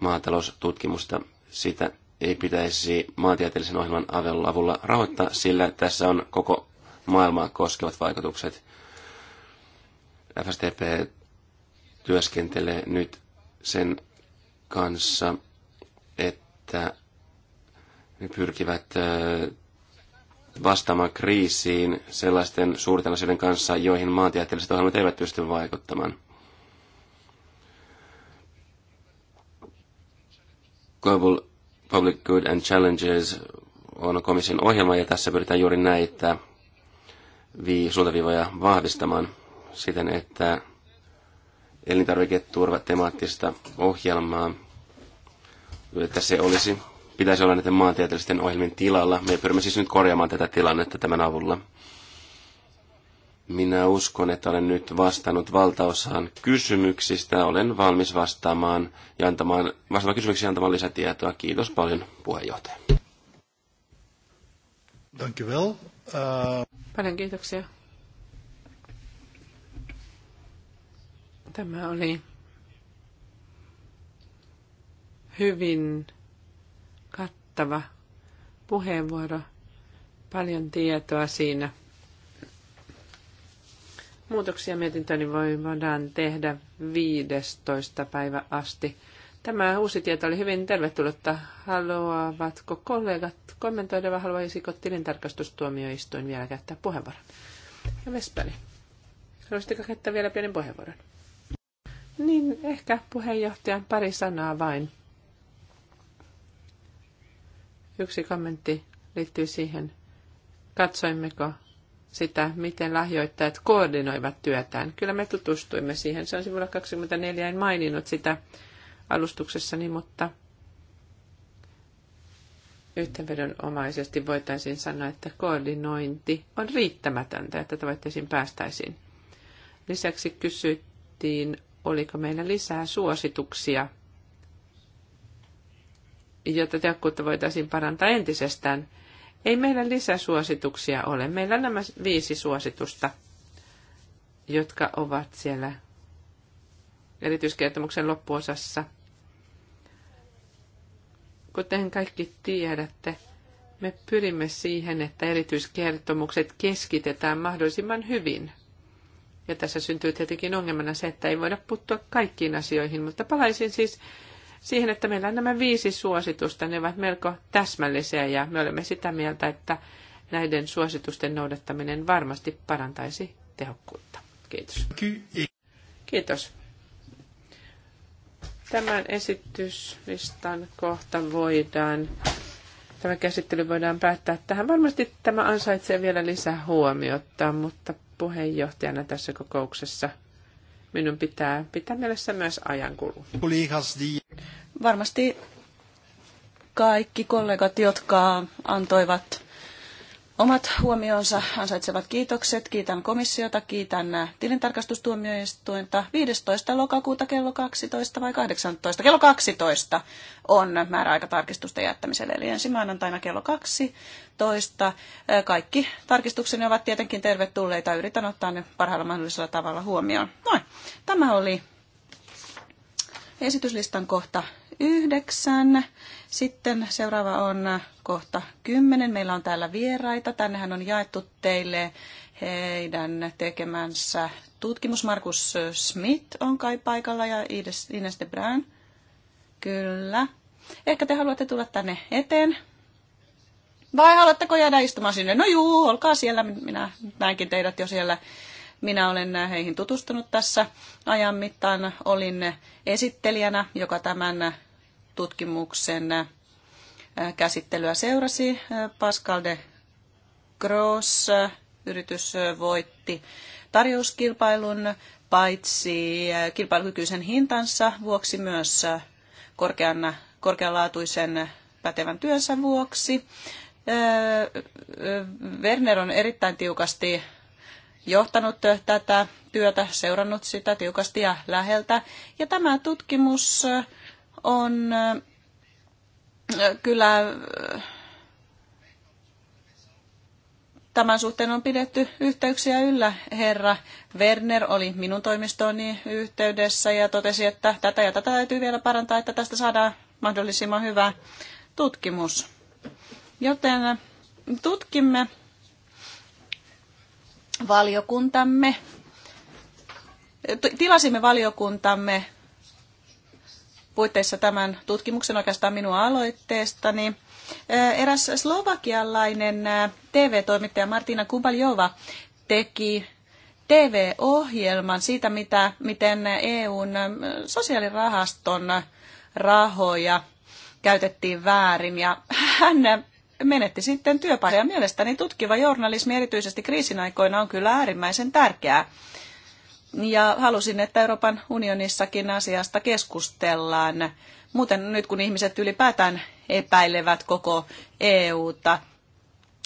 maataloustutkimusta sitä ei pitäisi maantieteellisen ohjelman avulla rahoittaa, sillä tässä on koko maailmaa koskevat vaikutukset. FSTP työskentelee nyt sen kanssa, että ne pyrkivät vastaamaan kriisiin sellaisten suurten asioiden kanssa, joihin maantieteelliset ohjelmat eivät pysty vaikuttamaan. Koivul Public Good and Challenges on komission ohjelma, ja tässä pyritään juuri näitä suuntaviivoja vahvistamaan siten, että elintarviketurva temaattista ohjelmaa, että se olisi, pitäisi olla näiden maantieteellisten ohjelmien tilalla. Me pyrimme siis nyt korjaamaan tätä tilannetta tämän avulla. Minä uskon, että olen nyt vastannut valtaosaan kysymyksistä. Olen valmis vastaamaan, ja antamaan, vastaamaan kysymyksiä ja antamaan lisätietoa. Kiitos paljon puheenjohtaja. well. uh... Eh, paljon kiitoksia. Tämä oli hyvin kattava puheenvuoro. Paljon tietoa siinä. Muutoksia niin voi voidaan tehdä 15. päivä asti. Tämä uusi tieto oli hyvin tervetullutta. Haluavatko kollegat kommentoida vai haluaisiko tilintarkastustuomioistuin vielä käyttää puheenvuoron? Ja Vespäli, haluaisitko käyttää vielä pienen puheenvuoron? Niin, ehkä puheenjohtajan pari sanaa vain. Yksi kommentti liittyy siihen, katsoimmeko sitä, miten lahjoittajat koordinoivat työtään. Kyllä me tutustuimme siihen. Se on sivulla 24, en maininnut sitä alustuksessani, mutta yhteenvedonomaisesti voitaisiin sanoa, että koordinointi on riittämätöntä, että tavoitteisiin päästäisiin. Lisäksi kysyttiin, oliko meillä lisää suosituksia, jotta tehokkuutta voitaisiin parantaa entisestään – ei meillä lisäsuosituksia ole. Meillä on nämä viisi suositusta, jotka ovat siellä erityiskertomuksen loppuosassa. Kuten kaikki tiedätte, me pyrimme siihen, että erityiskertomukset keskitetään mahdollisimman hyvin. Ja tässä syntyy tietenkin ongelmana se, että ei voida puuttua kaikkiin asioihin, mutta palaisin siis siihen, että meillä nämä viisi suositusta. Ne ovat melko täsmällisiä ja me olemme sitä mieltä, että näiden suositusten noudattaminen varmasti parantaisi tehokkuutta. Kiitos. Kiitos. Tämän esityslistan kohta voidaan, tämä käsittely voidaan päättää tähän. Varmasti tämä ansaitsee vielä lisää huomiota, mutta puheenjohtajana tässä kokouksessa – minun pitää pitää mielessä myös ajankulu. Varmasti kaikki kollegat, jotka antoivat Omat huomionsa ansaitsevat kiitokset. Kiitän komissiota, kiitän tilintarkastustuomioistuinta. 15. lokakuuta kello 12 vai 18? Kello 12 on määräaika tarkistusten jättämiselle, eli ensi maanantaina kello 12. Kaikki tarkistukseni ovat tietenkin tervetulleita. Yritän ottaa ne parhaalla mahdollisella tavalla huomioon. Noin. Tämä oli esityslistan kohta yhdeksän. Sitten seuraava on kohta Kymmenen Meillä on täällä vieraita. Tännehän on jaettu teille heidän tekemänsä tutkimus. Markus Smith on kai paikalla ja Ines de Brun. Kyllä. Ehkä te haluatte tulla tänne eteen. Vai haluatteko jäädä istumaan sinne? No juu, olkaa siellä. Minä näinkin teidät jo siellä. Minä olen heihin tutustunut tässä ajan mittaan. Olin esittelijänä, joka tämän tutkimuksen käsittelyä seurasi. Pascal de Gros yritys voitti tarjouskilpailun paitsi kilpailukykyisen hintansa vuoksi myös korkean, korkealaatuisen pätevän työnsä vuoksi. Werner on erittäin tiukasti johtanut tätä työtä, seurannut sitä tiukasti ja läheltä. Ja tämä tutkimus on äh, kyllä äh, tämän suhteen on pidetty yhteyksiä yllä. Herra Werner oli minun toimistooni yhteydessä ja totesi, että tätä ja tätä täytyy vielä parantaa, että tästä saadaan mahdollisimman hyvä tutkimus. Joten äh, tutkimme valiokuntamme, tilasimme valiokuntamme puitteissa tämän tutkimuksen oikeastaan minun aloitteestani. Äh, eräs slovakialainen äh, TV-toimittaja Martina Kubaljova teki TV-ohjelman siitä, mitä, miten EUn äh, sosiaalirahaston rahoja käytettiin väärin. Ja hän menetti sitten työpaikan. Mielestäni tutkiva journalismi erityisesti kriisin aikoina on kyllä äärimmäisen tärkeää ja halusin, että Euroopan unionissakin asiasta keskustellaan. Muuten nyt kun ihmiset ylipäätään epäilevät koko EUta,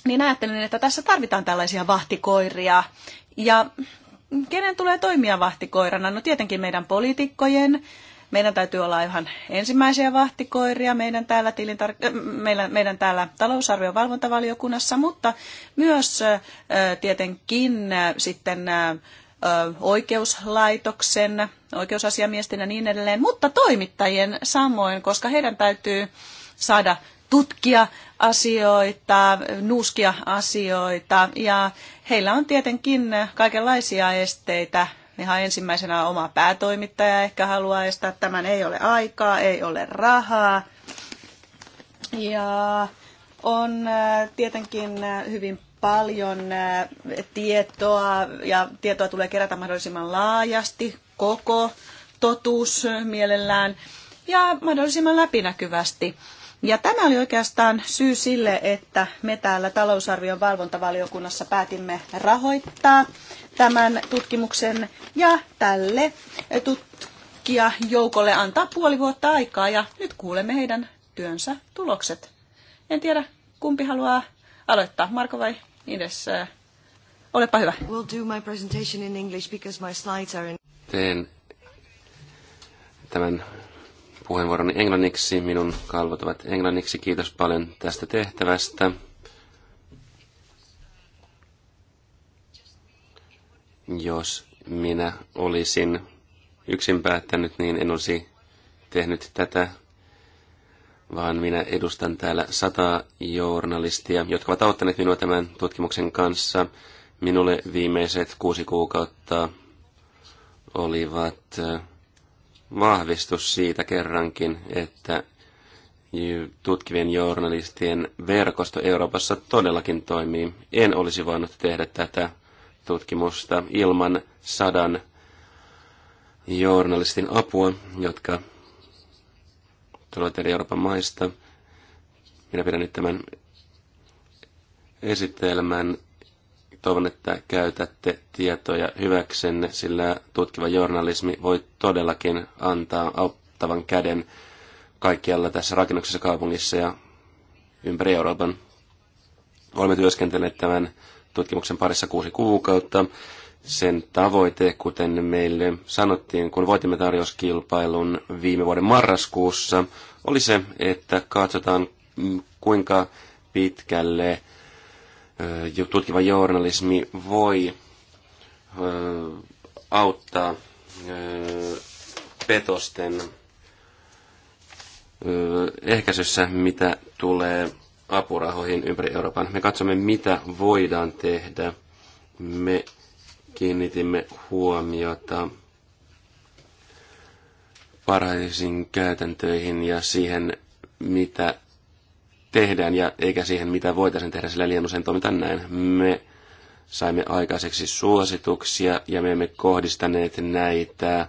niin ajattelin, että tässä tarvitaan tällaisia vahtikoiria. Ja kenen tulee toimia vahtikoirana? No tietenkin meidän poliitikkojen. Meidän täytyy olla ihan ensimmäisiä vahtikoiria meidän täällä, tilintar- äh, meidän, meidän täällä talousarvion valvontavaliokunnassa, mutta myös äh, tietenkin äh, sitten oikeuslaitoksen, oikeusasiamiesten ja niin edelleen, mutta toimittajien samoin, koska heidän täytyy saada tutkia asioita, nuuskia asioita ja heillä on tietenkin kaikenlaisia esteitä. Ihan ensimmäisenä oma päätoimittaja ehkä haluaa estää, että tämän ei ole aikaa, ei ole rahaa. Ja on tietenkin hyvin paljon äh, tietoa ja tietoa tulee kerätä mahdollisimman laajasti, koko totuus mielellään ja mahdollisimman läpinäkyvästi. Ja tämä oli oikeastaan syy sille, että me täällä talousarvion valvontavaliokunnassa päätimme rahoittaa tämän tutkimuksen ja tälle tutkijajoukolle antaa puoli vuotta aikaa ja nyt kuulemme heidän työnsä tulokset. En tiedä, kumpi haluaa aloittaa, Marko vai Edes, olepa hyvä. We'll do my presentation in English because my slides are in... Teen tämän puheenvuoron englanniksi. Minun kalvot ovat englanniksi. Kiitos paljon tästä tehtävästä. Jos minä olisin yksin päättänyt, niin en olisi tehnyt tätä vaan minä edustan täällä sata journalistia, jotka ovat auttaneet minua tämän tutkimuksen kanssa. Minulle viimeiset kuusi kuukautta olivat äh, vahvistus siitä kerrankin, että tutkivien journalistien verkosto Euroopassa todellakin toimii. En olisi voinut tehdä tätä tutkimusta ilman sadan journalistin apua, jotka tulevat eri Euroopan maista. Minä pidän nyt tämän esitelmän. Toivon, että käytätte tietoja hyväksenne, sillä tutkiva journalismi voi todellakin antaa auttavan käden kaikkialla tässä rakennuksessa, kaupungissa ja ympäri Euroopan. Olemme työskentelleet tämän tutkimuksen parissa kuusi kuukautta sen tavoite, kuten meille sanottiin, kun voitimme tarjouskilpailun viime vuoden marraskuussa, oli se, että katsotaan mm, kuinka pitkälle tutkiva journalismi voi auttaa petosten ehkäisyssä, mitä tulee apurahoihin ympäri Euroopan. Me katsomme, mitä voidaan tehdä. Me kiinnitimme huomiota parhaisiin käytäntöihin ja siihen, mitä tehdään, ja eikä siihen, mitä voitaisiin tehdä, sillä liian usein toimitaan näin. Me saimme aikaiseksi suosituksia, ja me emme kohdistaneet näitä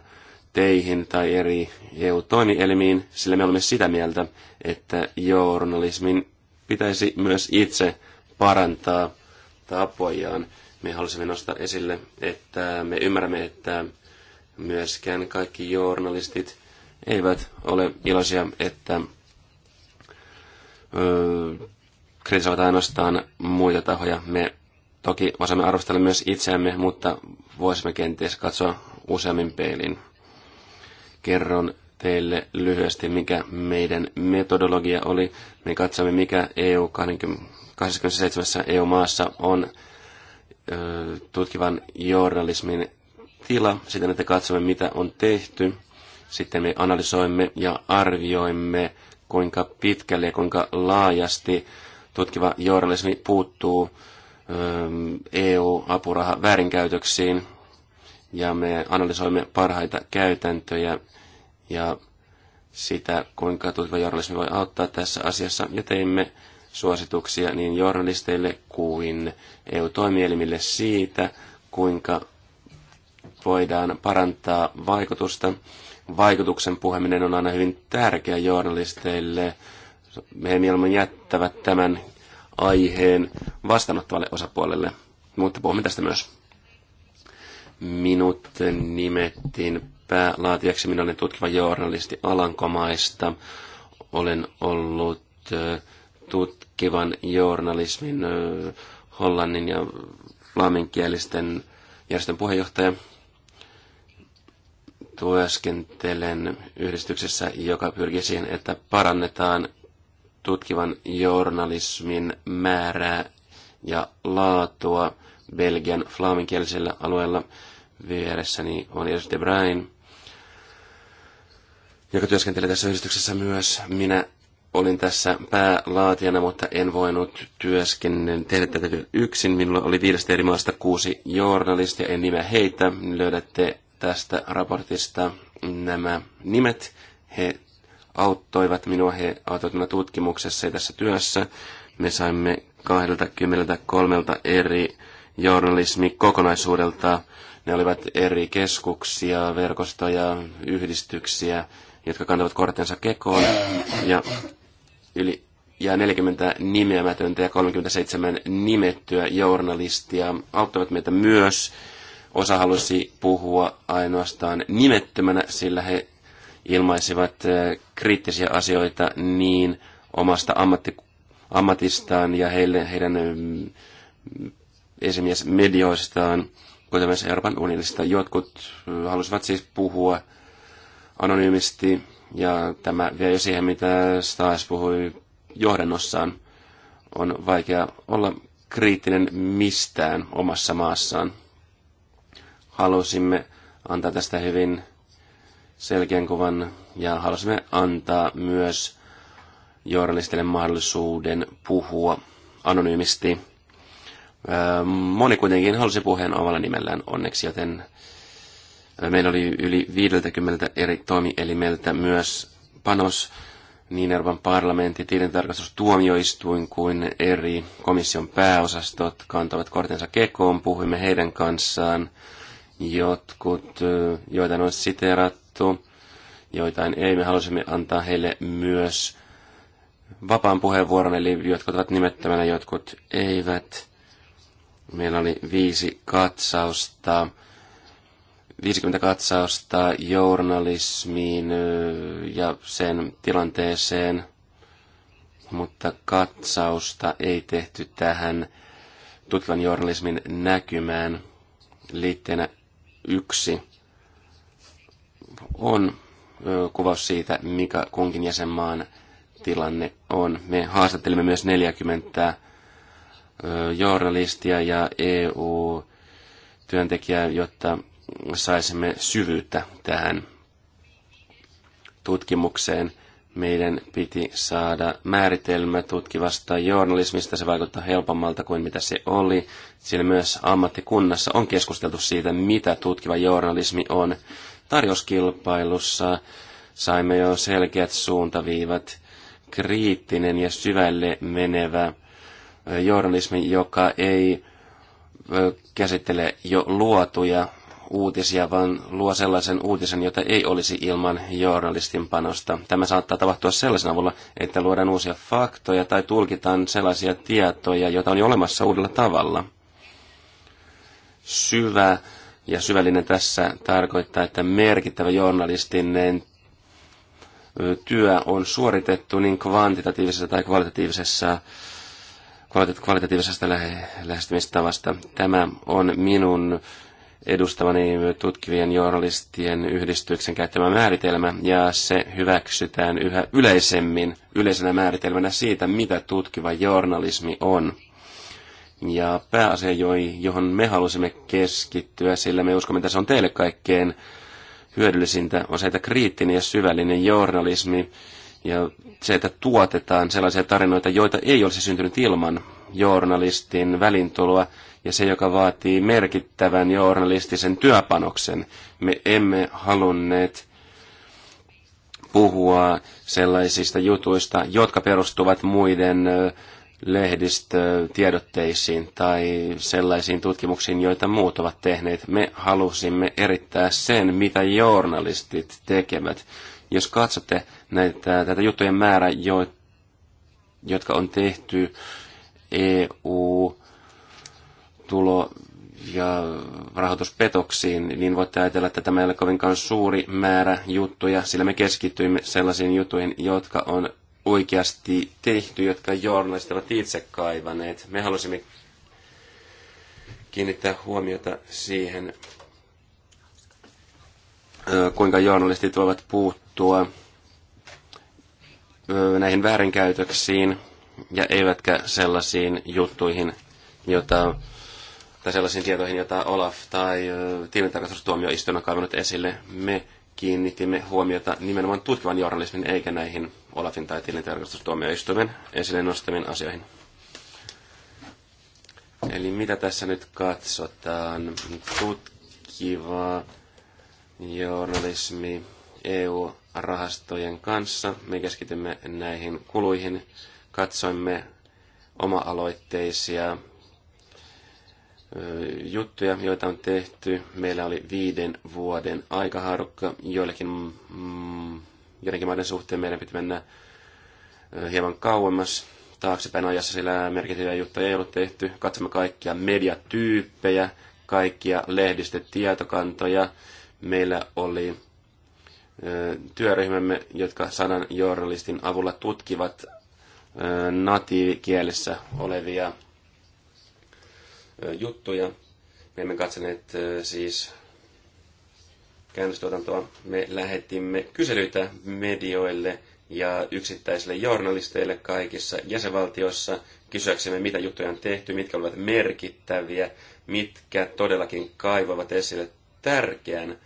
teihin tai eri EU-toimielimiin, sillä me olemme sitä mieltä, että journalismin pitäisi myös itse parantaa tapojaan. Me halusimme nostaa esille, että me ymmärrämme, että myöskään kaikki journalistit eivät ole iloisia, että öö, kritisoivat ainoastaan muita tahoja. Me toki osaamme arvostella myös itseämme, mutta voisimme kenties katsoa useammin peilin. Kerron teille lyhyesti, mikä meidän metodologia oli. Me katsomme, mikä EU 27 EU-maassa on tutkivan journalismin tila, siten että katsomme mitä on tehty. Sitten me analysoimme ja arvioimme, kuinka pitkälle ja kuinka laajasti tutkiva journalismi puuttuu EU-apuraha väärinkäytöksiin. Ja me analysoimme parhaita käytäntöjä ja sitä, kuinka tutkiva journalismi voi auttaa tässä asiassa. Ja teimme suosituksia niin journalisteille kuin EU-toimielimille siitä, kuinka voidaan parantaa vaikutusta. Vaikutuksen puheminen on aina hyvin tärkeä journalisteille. He mieluummin jättävät tämän aiheen vastaanottavalle osapuolelle, mutta puhumme tästä myös. Minut nimettiin päälaatijaksi. Minä olen tutkiva journalisti Alankomaista. Olen ollut tutkivan journalismin hollannin ja laaminkielisten järjestön puheenjohtaja. Työskentelen yhdistyksessä, joka pyrkii siihen, että parannetaan tutkivan journalismin määrää ja laatua Belgian flaaminkielisellä alueella. Vieressäni on Jens de Brain, joka työskentelee tässä yhdistyksessä myös. Minä olin tässä päälaatijana, mutta en voinut työskennellä tehdä tätä yksin. Minulla oli viidestä eri maasta kuusi journalistia, en nimeä heitä. Löydätte tästä raportista nämä nimet. He auttoivat minua, he auttoivat minua tutkimuksessa ja tässä työssä. Me saimme 23 eri journalismikokonaisuudelta. Ne olivat eri keskuksia, verkostoja, yhdistyksiä, jotka kantavat kortensa kekoon. Ja yli ja 40 nimeämätöntä ja 37 nimettyä journalistia auttavat meitä myös. Osa halusi puhua ainoastaan nimettömänä, sillä he ilmaisivat eh, kriittisiä asioita niin omasta ammatti, ammatistaan ja heille, heidän eh, esimies medioistaan, kuten myös Euroopan unionista. Jotkut eh, halusivat siis puhua anonyymisti ja tämä vie jo siihen, mitä Stais puhui johdannossaan. On vaikea olla kriittinen mistään omassa maassaan. Halusimme antaa tästä hyvin selkeän kuvan ja halusimme antaa myös journalistille mahdollisuuden puhua anonyymisti. Moni kuitenkin halusi puheen omalla nimellään onneksi, joten Meillä oli yli 50 eri toimielimeltä myös panos niin Euroopan parlamentti, tilintarkastustuomioistuin kuin eri komission pääosastot kantavat kortensa kekoon. Puhuimme heidän kanssaan jotkut, joita on siteerattu, joitain ei. Me halusimme antaa heille myös vapaan puheenvuoron, eli jotkut ovat nimettömänä, jotkut eivät. Meillä oli viisi katsausta 50 katsausta journalismiin ja sen tilanteeseen, mutta katsausta ei tehty tähän tutkivan journalismin näkymään liitteenä yksi on kuvaus siitä, mikä kunkin jäsenmaan tilanne on. Me haastattelimme myös 40 journalistia ja EU-työntekijää, jotta saisimme syvyyttä tähän tutkimukseen. Meidän piti saada määritelmä tutkivasta journalismista. Se vaikuttaa helpommalta kuin mitä se oli. Siellä myös ammattikunnassa on keskusteltu siitä, mitä tutkiva journalismi on. Tarjouskilpailussa saimme jo selkeät suuntaviivat. Kriittinen ja syvälle menevä journalismi, joka ei käsittele jo luotuja uutisia, vaan luo sellaisen uutisen, jota ei olisi ilman journalistin panosta. Tämä saattaa tapahtua sellaisen avulla, että luodaan uusia faktoja tai tulkitaan sellaisia tietoja, joita on jo olemassa uudella tavalla. Syvä ja syvällinen tässä tarkoittaa, että merkittävä journalistinen työ on suoritettu niin kvantitatiivisessa tai kvalitatiivisessa kvalitatiivisesta lähestymistavasta. Tämä on minun edustamani tutkivien journalistien yhdistyksen käyttämä määritelmä, ja se hyväksytään yhä yleisemmin yleisenä määritelmänä siitä, mitä tutkiva journalismi on. Ja pääasia, johon me halusimme keskittyä, sillä me uskomme, että se on teille kaikkein hyödyllisintä, on se, että kriittinen ja syvällinen journalismi ja se, että tuotetaan sellaisia tarinoita, joita ei olisi syntynyt ilman journalistin välintuloa ja se, joka vaatii merkittävän journalistisen työpanoksen. Me emme halunneet puhua sellaisista jutuista, jotka perustuvat muiden lehdistötiedotteisiin tai sellaisiin tutkimuksiin, joita muut ovat tehneet. Me halusimme erittää sen, mitä journalistit tekevät. Jos katsotte näitä, tätä juttujen määrää, jo, jotka on tehty EU tulo ja rahoituspetoksiin, niin voitte ajatella, että tämä ei ole kovinkaan suuri määrä juttuja, sillä me keskityimme sellaisiin juttuihin, jotka on oikeasti tehty, jotka journalistit ovat itse kaivaneet. Me halusimme kiinnittää huomiota siihen, kuinka journalistit voivat puuttua näihin väärinkäytöksiin, ja eivätkä sellaisiin juttuihin, jota, tai sellaisiin tietoihin, joita Olaf tai tilintarkastustuomioistuin on kaivannut esille. Me kiinnitimme huomiota nimenomaan tutkivan journalismin eikä näihin Olafin tai tilintarkastustuomioistuimen esille nostamiin asioihin. Eli mitä tässä nyt katsotaan? Tutkiva journalismi EU-rahastojen kanssa. Me keskitymme näihin kuluihin katsoimme oma-aloitteisia juttuja, joita on tehty. Meillä oli viiden vuoden aikaharukka. Joillekin, mm, joidenkin maiden suhteen meidän piti mennä hieman kauemmas taaksepäin ajassa, sillä merkittäviä juttuja ei ollut tehty. Katsomme kaikkia mediatyyppejä, kaikkia lehdistetietokantoja. Meillä oli työryhmämme, jotka sanan journalistin avulla tutkivat natiivikielessä olevia juttuja. Me emme katsoneet siis käännöstuotantoa. Me lähetimme kyselyitä medioille ja yksittäisille journalisteille kaikissa jäsenvaltioissa kysyäksemme, mitä juttuja on tehty, mitkä olivat merkittäviä, mitkä todellakin kaivoivat esille tärkeän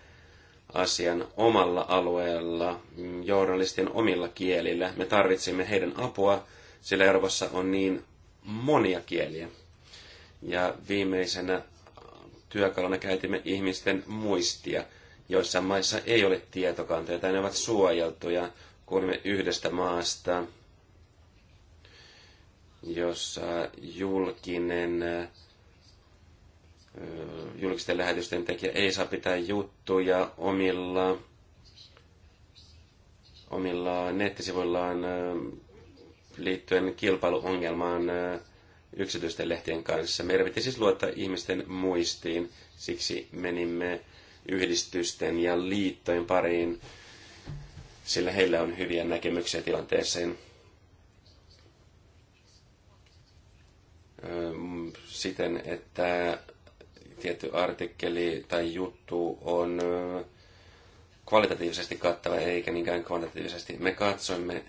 asian omalla alueella, journalistien omilla kielillä. Me tarvitsimme heidän apua sillä Euroopassa on niin monia kieliä. Ja viimeisenä työkaluna käytimme ihmisten muistia. joissa maissa ei ole tietokantoja tai ne ovat suojeltuja. Kuulimme yhdestä maasta, jossa julkinen julkisten lähetysten tekijä ei saa pitää juttuja omilla, omilla nettisivuillaan liittyen kilpailuongelmaan äh, yksityisten lehtien kanssa. Meidän piti siis luottaa ihmisten muistiin, siksi menimme yhdistysten ja liittojen pariin, sillä heillä on hyviä näkemyksiä tilanteeseen. Ähm, siten, että tietty artikkeli tai juttu on äh, kvalitatiivisesti kattava eikä niinkään kvantitatiivisesti. Me katsoimme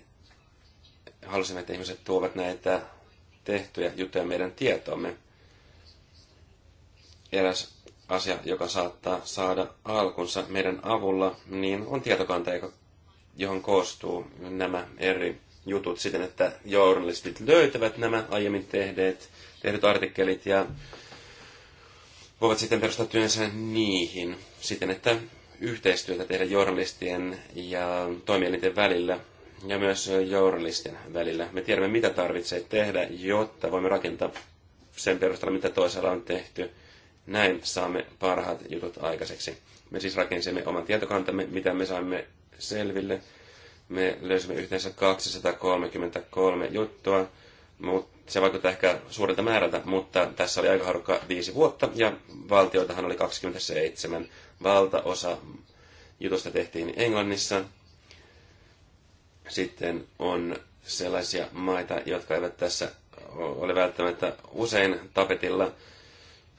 halusimme, että ihmiset tuovat näitä tehtyjä juttuja meidän tietoomme. Eräs asia, joka saattaa saada alkunsa meidän avulla, niin on tietokanta, johon koostuu nämä eri jutut siten, että journalistit löytävät nämä aiemmin tehdeet, tehdyt artikkelit ja voivat sitten perustaa työnsä niihin siten, että yhteistyötä tehdä journalistien ja toimielinten välillä ja myös journalistin välillä. Me tiedämme, mitä tarvitsee tehdä, jotta voimme rakentaa sen perusteella, mitä toisella on tehty. Näin saamme parhaat jutut aikaiseksi. Me siis rakensimme oman tietokantamme, mitä me saimme selville. Me löysimme yhteensä 233 juttua, mutta se vaikuttaa ehkä suurelta määrältä, mutta tässä oli aika harukka viisi vuotta, ja valtioitahan oli 27. Valtaosa jutusta tehtiin Englannissa, sitten on sellaisia maita, jotka eivät tässä ole välttämättä usein tapetilla.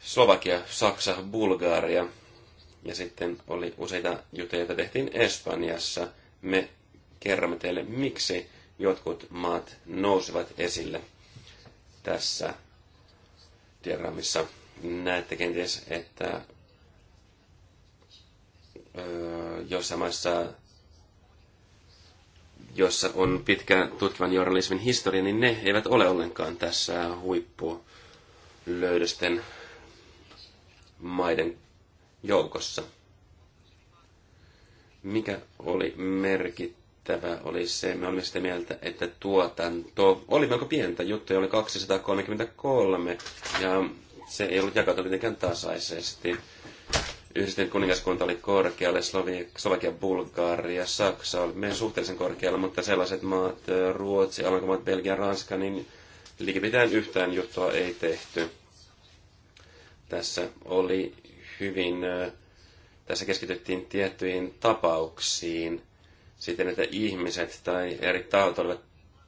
Slovakia, Saksa, Bulgaria. Ja sitten oli useita juttuja, joita tehtiin Espanjassa. Me kerromme teille, miksi jotkut maat nousivat esille tässä diagrammissa. Näette kenties, että jossain maissa jossa on pitkä tutkivan journalismin historia, niin ne eivät ole ollenkaan tässä huippulöydösten maiden joukossa. Mikä oli merkittävä, oli se, me olimme sitä mieltä, että tuotanto oli melko pientä, juttuja oli 233, ja se ei ollut jakautunut mitenkään tasaisesti. Yhdistynyt kuningaskunta oli korkealle, Slovakia, Bulgaria, Saksa oli meidän suhteellisen korkealla, mutta sellaiset maat, Ruotsi, Alankomaat, Belgia, Ranska, niin likipitään yhtään juttua ei tehty. Tässä oli hyvin, tässä keskityttiin tiettyihin tapauksiin siten, että ihmiset tai eri tahot olivat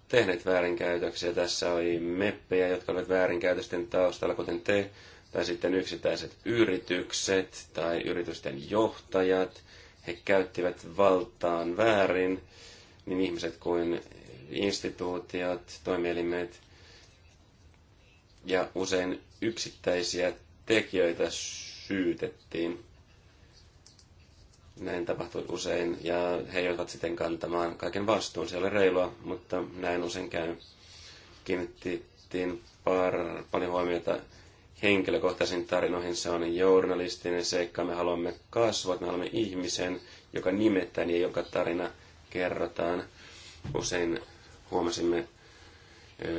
tehneet väärinkäytöksiä. Tässä oli meppejä, jotka olivat väärinkäytösten taustalla, kuten te, tai sitten yksittäiset yritykset tai yritysten johtajat, he käyttivät valtaan väärin, niin ihmiset kuin instituutiot, toimielimet ja usein yksittäisiä tekijöitä syytettiin. Näin tapahtui usein ja he joutuvat sitten kantamaan kaiken vastuun. Se oli reilua, mutta näin usein käy. Kiinnitettiin par, paljon huomiota henkilökohtaisiin tarinoihin. Se on journalistinen seikka. Me haluamme kasvot, me haluamme ihmisen, joka nimetään ja joka tarina kerrotaan. Usein huomasimme,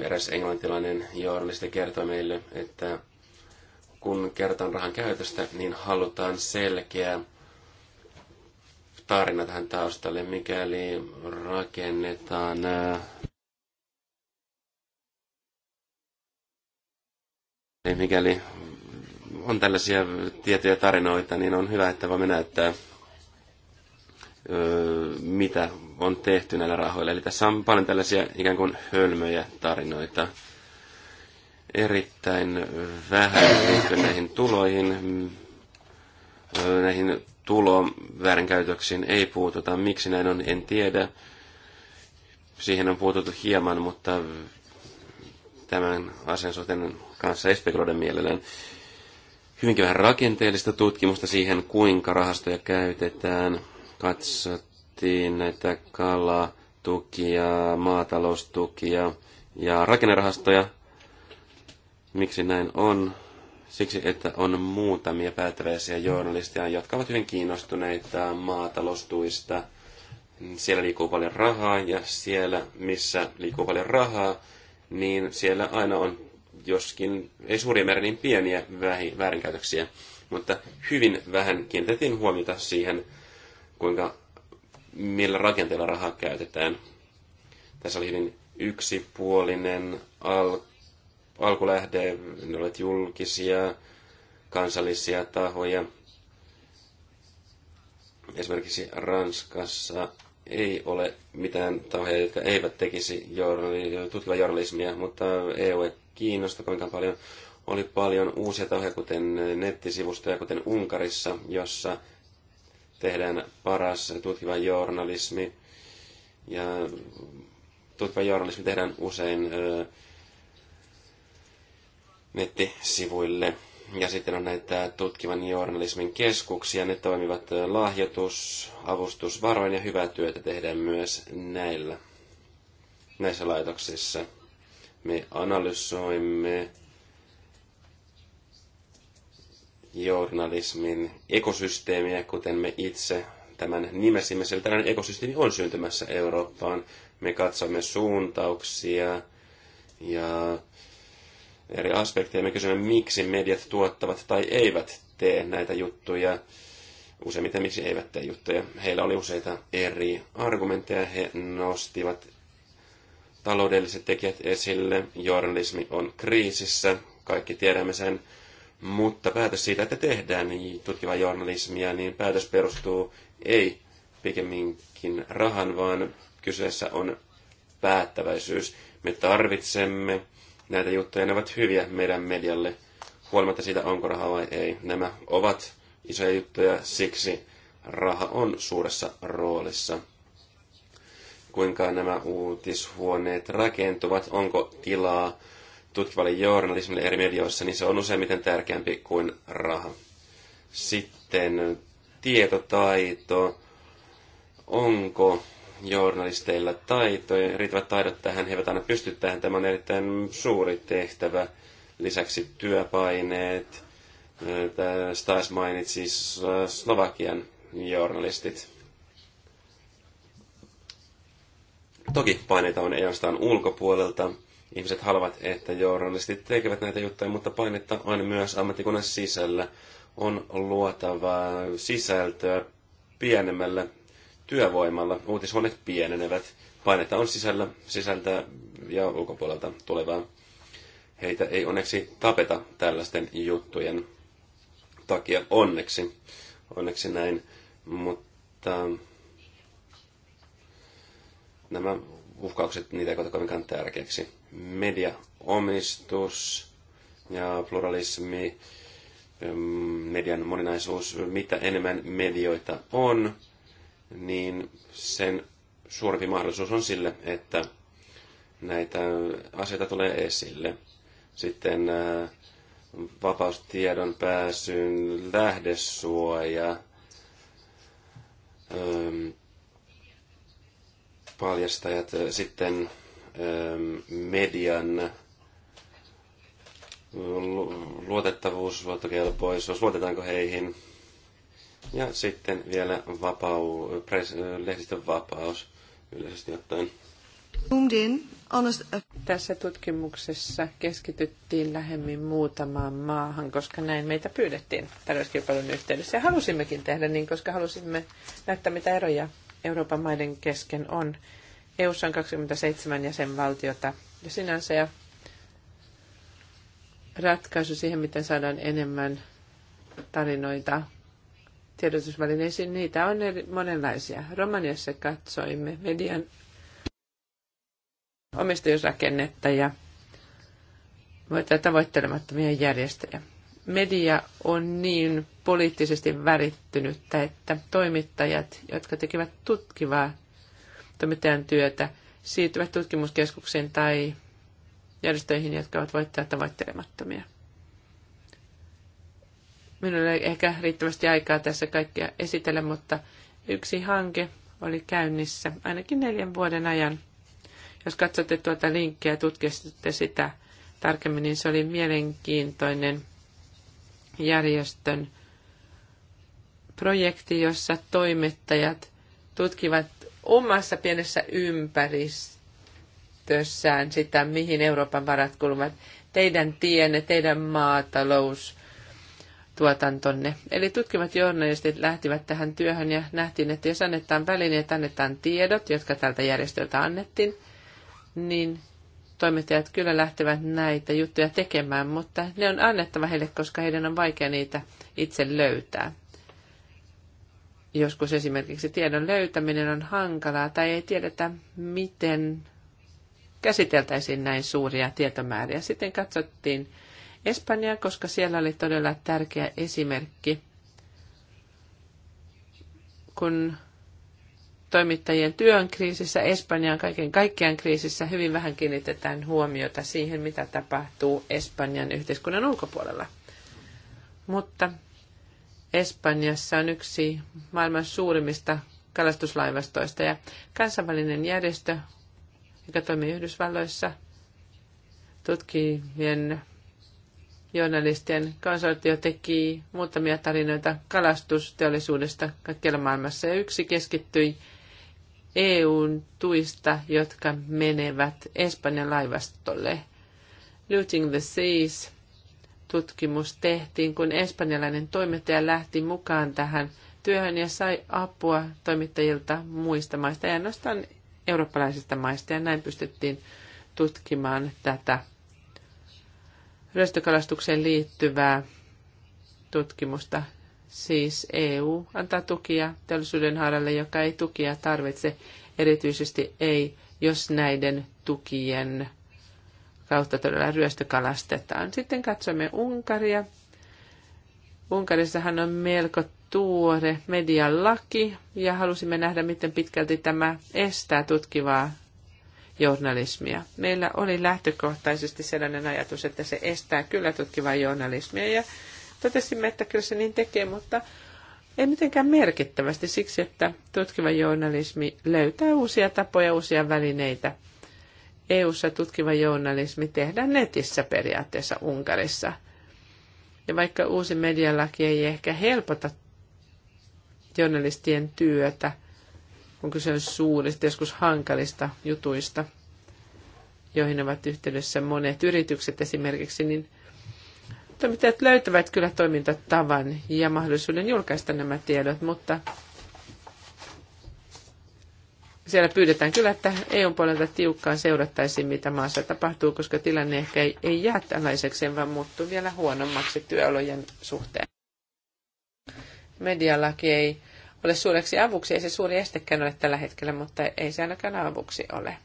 eräs englantilainen journalisti kertoi meille, että kun kerrotaan rahan käytöstä, niin halutaan selkeä tarina tähän taustalle, mikäli rakennetaan niin mikäli on tällaisia tietoja tarinoita, niin on hyvä, että voimme näyttää, mitä on tehty näillä rahoilla. Eli tässä on paljon tällaisia ikään kuin hölmöjä tarinoita. Erittäin vähän liittyen näihin tuloihin, näihin tuloväärinkäytöksiin ei puututa. Miksi näin on, en tiedä. Siihen on puututtu hieman, mutta tämän asian suhteen kanssa espekuloiden mielellään. Hyvinkin vähän rakenteellista tutkimusta siihen, kuinka rahastoja käytetään. Katsottiin näitä kalatukia, maataloustukia ja rakennerahastoja. Miksi näin on? Siksi, että on muutamia päättäväisiä journalisteja, jotka ovat hyvin kiinnostuneita maataloustuista. Siellä liikkuu paljon rahaa ja siellä, missä liikkuu paljon rahaa, niin siellä aina on joskin ei suuria määrä niin pieniä väärinkäytöksiä, mutta hyvin vähän kiinnitettiin huomiota siihen, kuinka millä rakenteella rahaa käytetään. Tässä oli hyvin yksipuolinen al- alkulähde, ne olivat julkisia, kansallisia tahoja. Esimerkiksi Ranskassa ei ole mitään tahoja, jotka eivät tekisi journali- tutkiva journalismia, mutta EU Kiinnosta kovinkaan paljon. Oli paljon uusia tahoja, kuten nettisivustoja, kuten Unkarissa, jossa tehdään paras tutkiva journalismi. Ja tutkiva journalismi tehdään usein ö, nettisivuille. Ja sitten on näitä tutkivan journalismin keskuksia. Ne toimivat lahjoitus, varoin ja hyvää työtä tehdään myös näillä, näissä laitoksissa. Me analysoimme journalismin ekosysteemiä, kuten me itse tämän nimesimme, sillä tällainen ekosysteemi on syntymässä Eurooppaan. Me katsomme suuntauksia ja eri aspekteja. Me kysymme, miksi mediat tuottavat tai eivät tee näitä juttuja. Useimmiten miksi eivät tee juttuja. Heillä oli useita eri argumentteja. He nostivat taloudelliset tekijät esille. Journalismi on kriisissä, kaikki tiedämme sen. Mutta päätös siitä, että tehdään niin tutkivaa journalismia, niin päätös perustuu ei pikemminkin rahan, vaan kyseessä on päättäväisyys. Me tarvitsemme näitä juttuja, ne ovat hyviä meidän medialle, huolimatta siitä, onko rahaa vai ei. Nämä ovat isoja juttuja, siksi raha on suuressa roolissa kuinka nämä uutishuoneet rakentuvat, onko tilaa tutkivalle journalismille eri medioissa, niin se on useimmiten tärkeämpi kuin raha. Sitten tietotaito, onko journalisteilla taitoja, riittävät taidot tähän, he eivät aina pysty tähän, tämä on erittäin suuri tehtävä. Lisäksi työpaineet, taas mainitsi Slovakian journalistit. Toki paineita on ei ainoastaan ulkopuolelta. Ihmiset haluavat, että journalistit tekevät näitä juttuja, mutta painetta on myös ammattikunnan sisällä. On luotava sisältöä pienemmällä työvoimalla. Uutishuoneet pienenevät. Painetta on sisällä, sisältä ja ulkopuolelta tulevaa. Heitä ei onneksi tapeta tällaisten juttujen takia. Onneksi. Onneksi näin. Mutta nämä uhkaukset, niitä ei kuitenkaan mikään tärkeäksi. Mediaomistus ja pluralismi, median moninaisuus, mitä enemmän medioita on, niin sen suurempi mahdollisuus on sille, että näitä asioita tulee esille. Sitten äh, vapaustiedon pääsyn lähdesuoja, ähm, paljastajat, sitten median luotettavuus, luottokelpoisuus, luotetaanko heihin. Ja sitten vielä vapau, pres, lehdistön vapaus yleisesti ottaen. Tässä tutkimuksessa keskityttiin lähemmin muutamaan maahan, koska näin meitä pyydettiin tarjouskilpailun yhteydessä. Ja halusimmekin tehdä niin, koska halusimme näyttää mitä eroja Euroopan maiden kesken on. EU on 27 jäsenvaltiota ja sinänsä ja ratkaisu siihen, miten saadaan enemmän tarinoita tiedotusvälineisiin, niitä on eri, monenlaisia. Romaniassa katsoimme median omistajuusrakennetta ja muita tavoittelemattomia järjestöjä media on niin poliittisesti värittynyttä, että toimittajat, jotka tekevät tutkivaa toimittajan työtä, siirtyvät tutkimuskeskuksiin tai järjestöihin, jotka ovat voittajat tavoittelemattomia. Minulla ei ehkä riittävästi aikaa tässä kaikkea esitellä, mutta yksi hanke oli käynnissä ainakin neljän vuoden ajan. Jos katsotte tuota linkkiä ja tutkisitte sitä tarkemmin, niin se oli mielenkiintoinen – järjestön projekti, jossa toimittajat tutkivat omassa pienessä ympäristössään sitä, mihin Euroopan varat kuluvat. Teidän tienne, teidän maatalous, tuotantonne. Eli tutkivat journalistit lähtivät tähän työhön ja nähtiin, että jos annetaan välineet, annetaan tiedot, jotka tältä järjestöltä annettiin, niin toimittajat kyllä lähtevät näitä juttuja tekemään, mutta ne on annettava heille, koska heidän on vaikea niitä itse löytää. Joskus esimerkiksi tiedon löytäminen on hankalaa tai ei tiedetä, miten käsiteltäisiin näin suuria tietomääriä. Sitten katsottiin Espanjaa, koska siellä oli todella tärkeä esimerkki, kun toimittajien työn kriisissä, Espanjan kaiken kaikkiaan kriisissä. Hyvin vähän kiinnitetään huomiota siihen, mitä tapahtuu Espanjan yhteiskunnan ulkopuolella. Mutta Espanjassa on yksi maailman suurimmista kalastuslaivastoista ja kansainvälinen järjestö, joka toimii Yhdysvalloissa, tutkivien journalistien konsortio teki muutamia tarinoita kalastusteollisuudesta kaikkialla maailmassa ja yksi keskittyi EUn tuista, jotka menevät Espanjan laivastolle. Looting the Seas tutkimus tehtiin, kun espanjalainen toimittaja lähti mukaan tähän työhön ja sai apua toimittajilta muista maista ja ainoastaan eurooppalaisista maista ja näin pystyttiin tutkimaan tätä ryöstökalastukseen liittyvää tutkimusta. Siis EU antaa tukia teollisuuden haralle, joka ei tukia tarvitse, erityisesti ei, jos näiden tukien kautta todella ryöstökalastetaan. Sitten katsomme Unkaria. Unkarissahan on melko tuore median laki ja halusimme nähdä, miten pitkälti tämä estää tutkivaa journalismia. Meillä oli lähtökohtaisesti sellainen ajatus, että se estää kyllä tutkivaa journalismia ja Totesimme, että kyllä se niin tekee, mutta ei mitenkään merkittävästi siksi, että tutkiva journalismi löytää uusia tapoja, uusia välineitä. EU-ssa tutkiva journalismi tehdään netissä periaatteessa Unkarissa. Ja vaikka uusi medialaki ei ehkä helpota journalistien työtä, kun kyse on suurista, joskus hankalista jutuista, joihin ovat yhteydessä monet yritykset esimerkiksi, niin – toimittajat löytävät kyllä toimintatavan ja mahdollisuuden julkaista nämä tiedot, mutta siellä pyydetään kyllä, että EUn puolelta tiukkaan seurattaisiin, mitä maassa tapahtuu, koska tilanne ehkä ei, ei jää tällaiseksi, vaan muuttuu vielä huonommaksi työolojen suhteen. Medialaki ei ole suureksi avuksi, ei se suuri estekään ole tällä hetkellä, mutta ei se ainakaan avuksi ole.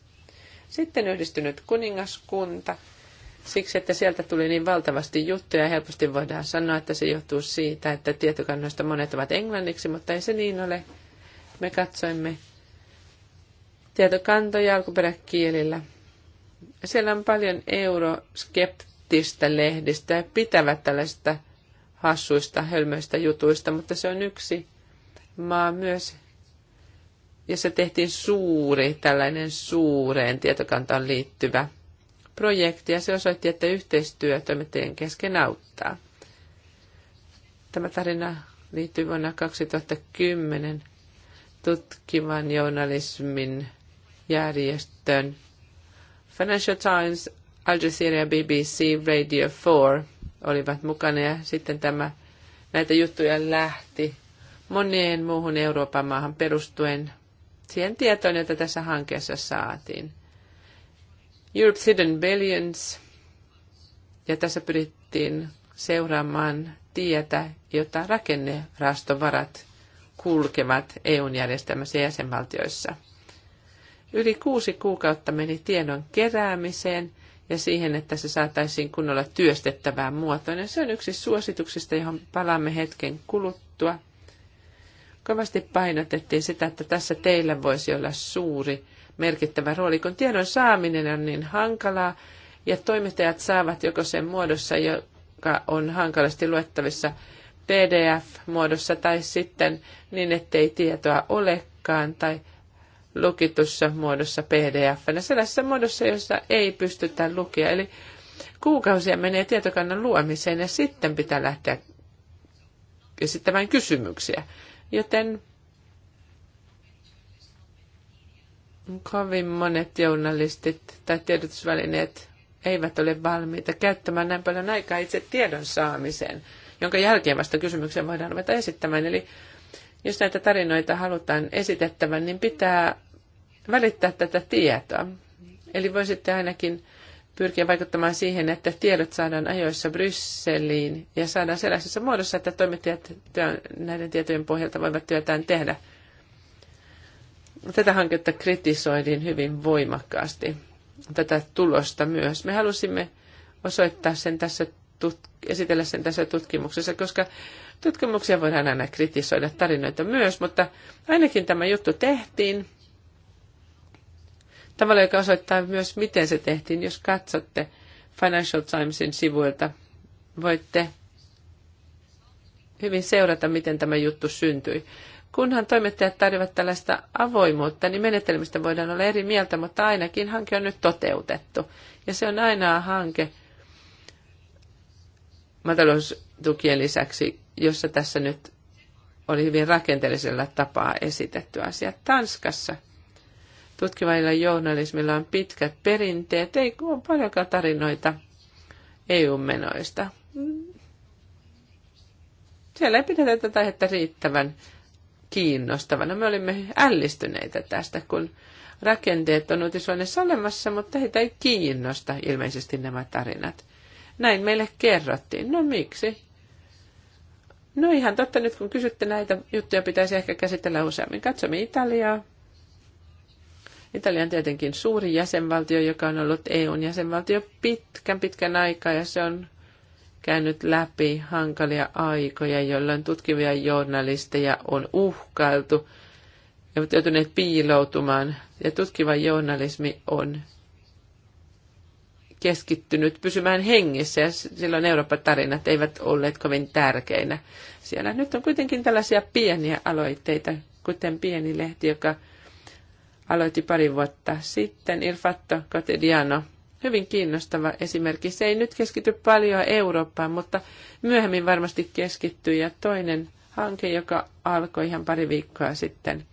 Sitten yhdistynyt kuningaskunta, siksi, että sieltä tuli niin valtavasti juttuja. Helposti voidaan sanoa, että se johtuu siitä, että tietokannoista monet ovat englanniksi, mutta ei se niin ole. Me katsoimme tietokantoja alkuperäkielillä. Siellä on paljon euroskeptistä lehdistä ja pitävät tällaista hassuista, hölmöistä jutuista, mutta se on yksi maa myös, jossa tehtiin suuri, tällainen suureen tietokantaan liittyvä projekti ja se osoitti, että yhteistyö toimittajien kesken auttaa. Tämä tarina liittyy vuonna 2010 tutkivan journalismin järjestön Financial Times, Al Jazeera, BBC, Radio 4 olivat mukana ja sitten tämä, näitä juttuja lähti moneen muuhun Euroopan maahan perustuen siihen tietoon, jota tässä hankkeessa saatiin. Europe's Hidden Billions, ja tässä pyrittiin seuraamaan tietä, jota rakennerahastovarat kulkevat EUn järjestelmässä jäsenvaltioissa. Yli kuusi kuukautta meni tiedon keräämiseen ja siihen, että se saataisiin kunnolla työstettävään muotoon. Ja se on yksi suosituksista, johon palaamme hetken kuluttua. Kovasti painotettiin sitä, että tässä teillä voisi olla suuri merkittävä rooli, kun tiedon saaminen on niin hankalaa ja toimittajat saavat joko sen muodossa, joka on hankalasti luettavissa PDF-muodossa tai sitten niin, ettei tietoa olekaan tai lukitussa muodossa pdf sellaisessa muodossa, jossa ei pystytä lukia. Eli kuukausia menee tietokannan luomiseen ja sitten pitää lähteä esittämään kysymyksiä. Joten kovin monet journalistit tai tiedotusvälineet eivät ole valmiita käyttämään näin paljon aikaa itse tiedon saamiseen, jonka jälkeen vasta kysymyksiä voidaan ruveta esittämään. Eli jos näitä tarinoita halutaan esitettävän, niin pitää välittää tätä tietoa. Eli voisitte ainakin pyrkiä vaikuttamaan siihen, että tiedot saadaan ajoissa Brysseliin ja saadaan sellaisessa muodossa, että toimittajat näiden tietojen pohjalta voivat työtään tehdä – Tätä hanketta kritisoidin hyvin voimakkaasti, tätä tulosta myös. Me halusimme osoittaa sen tässä, esitellä sen tässä tutkimuksessa, koska tutkimuksia voidaan aina kritisoida, tarinoita myös, mutta ainakin tämä juttu tehtiin tavalla, joka osoittaa myös, miten se tehtiin. Jos katsotte Financial Timesin sivuilta, voitte hyvin seurata, miten tämä juttu syntyi. Kunhan toimittajat tarjoavat tällaista avoimuutta, niin menetelmistä voidaan olla eri mieltä, mutta ainakin hanke on nyt toteutettu. Ja se on aina hanke maataloustukien lisäksi, jossa tässä nyt oli hyvin rakenteellisella tapaa esitetty asia. Tanskassa tutkivailla journalismilla on pitkät perinteet, ei ole paljonkaan tarinoita EU-menoista. Siellä ei pidetä tätä aihetta riittävän kiinnostavana. Me olimme ällistyneitä tästä, kun rakenteet on uutisoinnissa olemassa, mutta heitä ei kiinnosta ilmeisesti nämä tarinat. Näin meille kerrottiin. No miksi? No ihan totta, nyt kun kysytte näitä juttuja, pitäisi ehkä käsitellä useammin. Katsomme Italiaa. Italia on tietenkin suuri jäsenvaltio, joka on ollut EUn jäsenvaltio pitkän pitkän aikaa ja se on käynyt läpi hankalia aikoja, jolloin tutkivia journalisteja on uhkailtu ja ovat joutuneet piiloutumaan. Ja tutkiva journalismi on keskittynyt pysymään hengissä ja silloin Euroopan tarinat eivät olleet kovin tärkeinä siellä. Nyt on kuitenkin tällaisia pieniä aloitteita, kuten pieni lehti, joka aloitti pari vuotta sitten, Irfatto Cotidiano, hyvin kiinnostava esimerkki. Se ei nyt keskity paljon Eurooppaan, mutta myöhemmin varmasti keskittyy. Ja toinen hanke, joka alkoi ihan pari viikkoa sitten,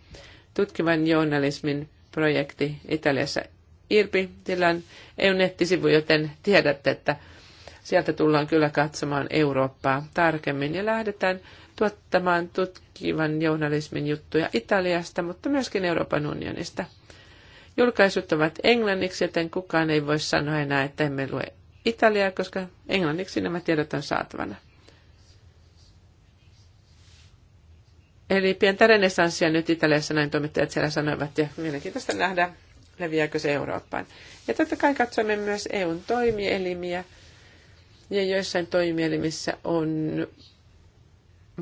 tutkivan journalismin projekti Italiassa Irpi. Sillä on EU-nettisivu, joten tiedätte, että sieltä tullaan kyllä katsomaan Eurooppaa tarkemmin ja lähdetään tuottamaan tutkivan journalismin juttuja Italiasta, mutta myöskin Euroopan unionista. Julkaisut ovat englanniksi, joten kukaan ei voi sanoa enää, että emme lue Italiaa, koska englanniksi nämä tiedot on saatavana. Eli pientä renessanssia nyt Italiassa näin toimittajat siellä sanoivat ja mielenkiintoista nähdä, leviääkö se Eurooppaan. Ja totta kai katsomme myös EUn toimielimiä ja joissain toimielimissä on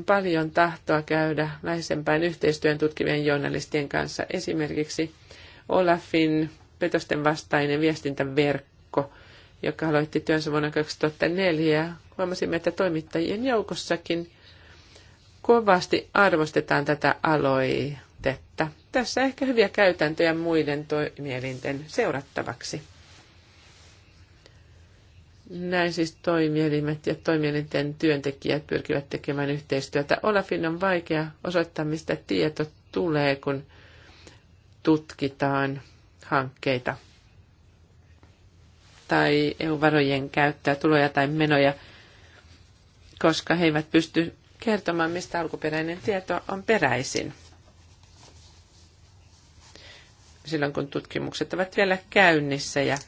paljon tahtoa käydä läheisempään yhteistyön tutkivien journalistien kanssa. Esimerkiksi Olafin petosten vastainen viestintäverkko, joka aloitti työnsä vuonna 2004. Huomasimme, että toimittajien joukossakin kovasti arvostetaan tätä aloitetta. Tässä ehkä hyviä käytäntöjä muiden toimielinten seurattavaksi. Näin siis toimielimet ja toimielinten työntekijät pyrkivät tekemään yhteistyötä. Olafin on vaikea osoittaa, mistä tieto tulee, kun tutkitaan hankkeita tai EU-varojen käyttöä, tuloja tai menoja, koska he eivät pysty kertomaan, mistä alkuperäinen tieto on peräisin. Silloin kun tutkimukset ovat vielä käynnissä ja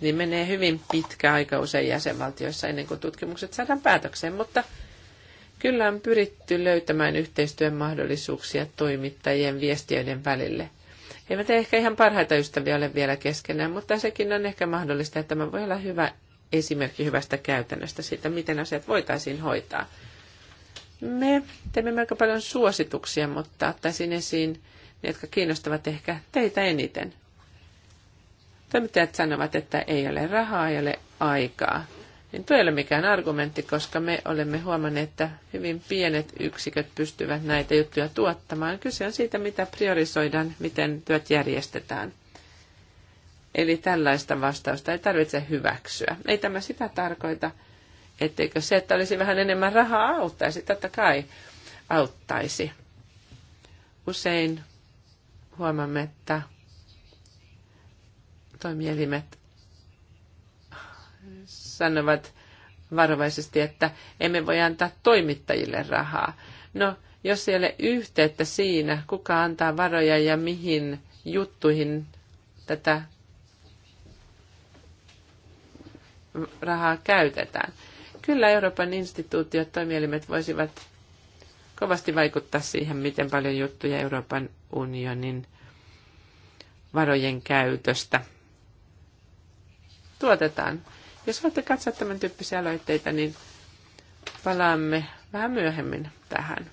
niin menee hyvin pitkä aika usein jäsenvaltioissa ennen kuin tutkimukset saadaan päätökseen, mutta kyllä on pyritty löytämään yhteistyön mahdollisuuksia toimittajien viestiöiden välille eivät ehkä ihan parhaita ystäviä ole vielä keskenään, mutta sekin on ehkä mahdollista, että tämä voi olla hyvä esimerkki hyvästä käytännöstä siitä, miten asiat voitaisiin hoitaa. Me teemme aika paljon suosituksia, mutta ottaisin esiin ne, jotka kiinnostavat ehkä teitä eniten. Toimittajat sanovat, että ei ole rahaa, ei ole aikaa niin tuo ei ole mikään argumentti, koska me olemme huomanneet, että hyvin pienet yksiköt pystyvät näitä juttuja tuottamaan. Kyse on siitä, mitä priorisoidaan, miten työt järjestetään. Eli tällaista vastausta ei tarvitse hyväksyä. Ei tämä sitä tarkoita, etteikö se, että olisi vähän enemmän rahaa auttaisi, totta kai auttaisi. Usein huomamme, että toimielimet sanovat varovaisesti, että emme voi antaa toimittajille rahaa. No, jos ei ole yhteyttä siinä, kuka antaa varoja ja mihin juttuihin tätä rahaa käytetään. Kyllä Euroopan instituutiot, toimielimet voisivat kovasti vaikuttaa siihen, miten paljon juttuja Euroopan unionin varojen käytöstä tuotetaan. Jos olette katsoa tämän tyyppisiä löytteitä, niin palaamme vähän myöhemmin tähän.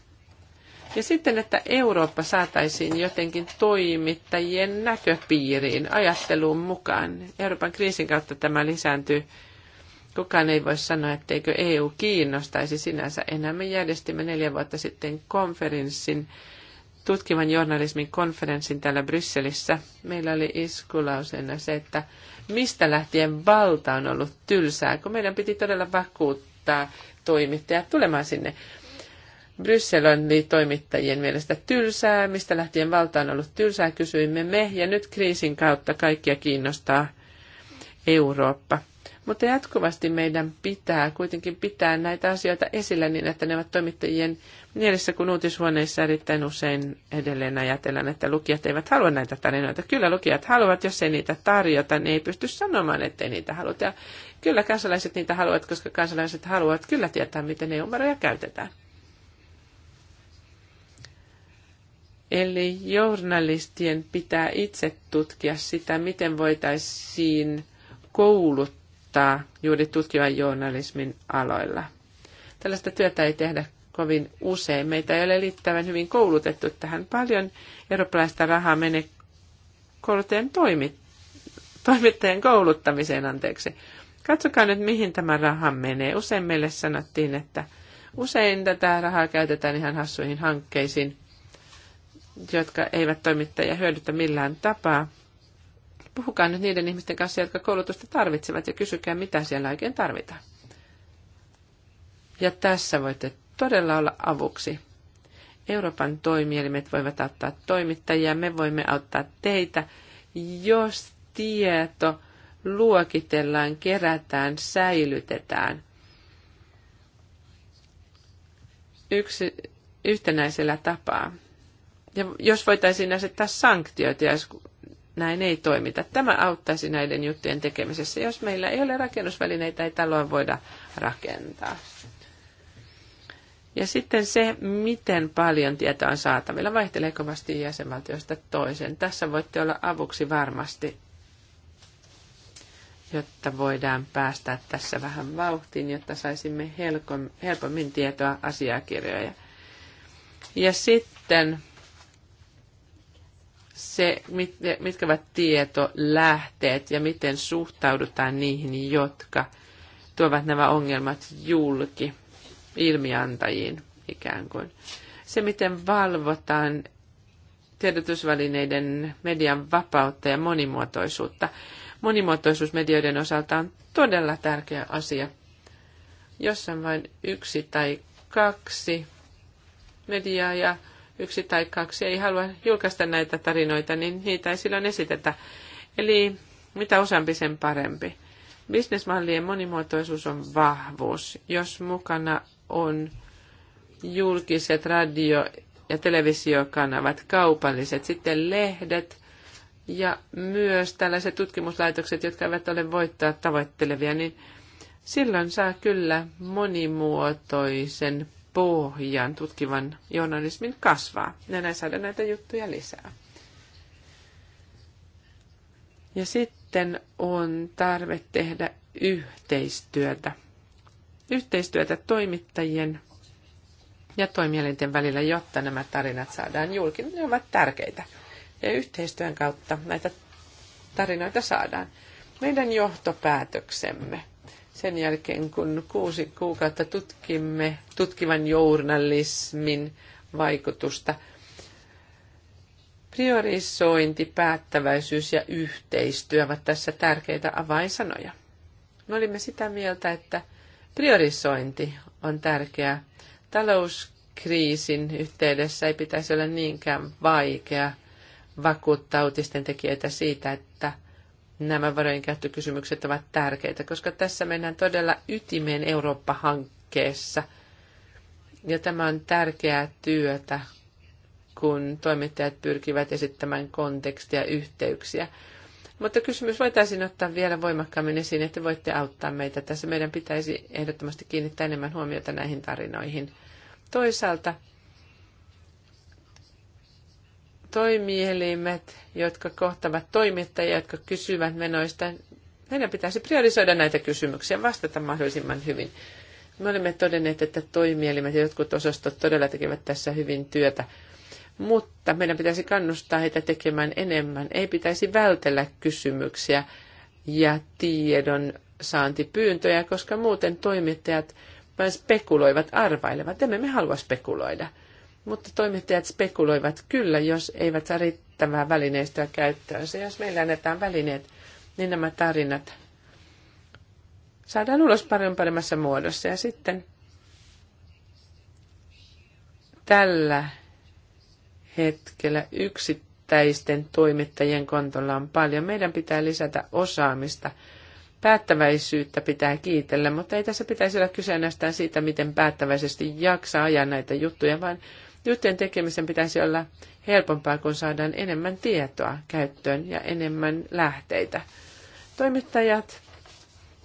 Ja sitten, että Eurooppa saataisiin jotenkin toimittajien näköpiiriin, ajatteluun mukaan. Euroopan kriisin kautta tämä lisääntyy. Kukaan ei voi sanoa, etteikö EU kiinnostaisi sinänsä enää. Me järjestimme neljä vuotta sitten konferenssin, tutkivan journalismin konferenssin täällä Brysselissä. Meillä oli iskulauseena se, että mistä lähtien valta on ollut tylsää, kun meidän piti todella vakuuttaa toimittajat tulemaan sinne. Bryssel oli toimittajien mielestä tylsää, mistä lähtien valta on ollut tylsää, kysyimme me, ja nyt kriisin kautta kaikkia kiinnostaa Eurooppa. Mutta jatkuvasti meidän pitää kuitenkin pitää näitä asioita esillä niin, että ne ovat toimittajien mielessä, kun uutishuoneissa erittäin usein edelleen ajatellaan, että lukijat eivät halua näitä tarinoita. Kyllä lukijat haluavat, jos ei niitä tarjota, niin ei pysty sanomaan, ettei niitä haluta. Ja kyllä kansalaiset niitä haluavat, koska kansalaiset haluavat kyllä tietää, miten ne umaroja käytetään. Eli journalistien pitää itse tutkia sitä, miten voitaisiin kouluttaa kohtaa juuri tutkivan journalismin aloilla. Tällaista työtä ei tehdä kovin usein. Meitä ei ole liittävän hyvin koulutettu tähän. Paljon eurooppalaista rahaa menee kouluttajan toimi, toimittajien kouluttamiseen, anteeksi. Katsokaa nyt, mihin tämä raha menee. Usein meille sanottiin, että usein tätä rahaa käytetään ihan hassuihin hankkeisiin, jotka eivät toimittajia hyödytä millään tapaa. Puhukaa nyt niiden ihmisten kanssa, jotka koulutusta tarvitsevat ja kysykää, mitä siellä oikein tarvitaan. Ja tässä voitte todella olla avuksi. Euroopan toimielimet voivat auttaa toimittajia, me voimme auttaa teitä, jos tieto luokitellaan, kerätään, säilytetään. Yksi, yhtenäisellä tapaa. Ja jos voitaisiin asettaa sanktioita, jos näin ei toimita. Tämä auttaisi näiden juttujen tekemisessä, jos meillä ei ole rakennusvälineitä, ei taloa voida rakentaa. Ja sitten se, miten paljon tietoa on saatavilla, vaihtelee kovasti jäsenvaltiosta toisen. Tässä voitte olla avuksi varmasti, jotta voidaan päästä tässä vähän vauhtiin, jotta saisimme helpommin tietoa asiakirjoja. Ja sitten se, mit, mitkä ovat tietolähteet ja miten suhtaudutaan niihin, jotka tuovat nämä ongelmat julki ilmiantajiin ikään kuin. Se, miten valvotaan tiedotusvälineiden median vapautta ja monimuotoisuutta. Monimuotoisuus medioiden osalta on todella tärkeä asia. Jossain vain yksi tai kaksi mediaa ja yksi tai kaksi ei halua julkaista näitä tarinoita, niin niitä ei silloin esitetä. Eli mitä useampi, sen parempi. Bisnesmallien monimuotoisuus on vahvuus. Jos mukana on julkiset radio- ja televisiokanavat, kaupalliset, sitten lehdet ja myös tällaiset tutkimuslaitokset, jotka eivät ole voittaa tavoittelevia, niin silloin saa kyllä monimuotoisen pohjan tutkivan journalismin kasvaa. Ja näin saada näitä juttuja lisää. Ja sitten on tarve tehdä yhteistyötä. Yhteistyötä toimittajien ja toimielinten välillä, jotta nämä tarinat saadaan julki. Ne ovat tärkeitä. Ja yhteistyön kautta näitä tarinoita saadaan. Meidän johtopäätöksemme – sen jälkeen, kun kuusi kuukautta tutkimme tutkivan journalismin vaikutusta. Priorisointi, päättäväisyys ja yhteistyö ovat tässä tärkeitä avainsanoja. Me olimme sitä mieltä, että priorisointi on tärkeää. Talouskriisin yhteydessä ei pitäisi olla niinkään vaikea vakuuttaa uutisten tekijöitä siitä, että – nämä varojen käyttökysymykset ovat tärkeitä, koska tässä mennään todella ytimeen Eurooppa-hankkeessa. Ja tämä on tärkeää työtä, kun toimittajat pyrkivät esittämään kontekstia yhteyksiä. Mutta kysymys voitaisiin ottaa vielä voimakkaammin esiin, että voitte auttaa meitä. Tässä meidän pitäisi ehdottomasti kiinnittää enemmän huomiota näihin tarinoihin. Toisaalta toimielimet, jotka kohtavat toimittajia, jotka kysyvät menoista, meidän pitäisi priorisoida näitä kysymyksiä ja vastata mahdollisimman hyvin. Me olemme todenneet, että toimielimet ja jotkut osastot todella tekevät tässä hyvin työtä, mutta meidän pitäisi kannustaa heitä tekemään enemmän. Ei pitäisi vältellä kysymyksiä ja tiedon saantipyyntöjä, koska muuten toimittajat vain spekuloivat, arvailevat. Emme me halua spekuloida – mutta toimittajat spekuloivat kyllä, jos eivät saa riittävää välineistöä käyttöönsä. Jos meillä annetaan välineet, niin nämä tarinat saadaan ulos paljon paremmassa muodossa. Ja sitten tällä hetkellä yksittäisten toimittajien kontolla on paljon. Meidän pitää lisätä osaamista. Päättäväisyyttä pitää kiitellä, mutta ei tässä pitäisi olla kyse siitä, miten päättäväisesti jaksaa ajaa näitä juttuja, vaan Yhteen tekemisen pitäisi olla helpompaa, kun saadaan enemmän tietoa käyttöön ja enemmän lähteitä. Toimittajat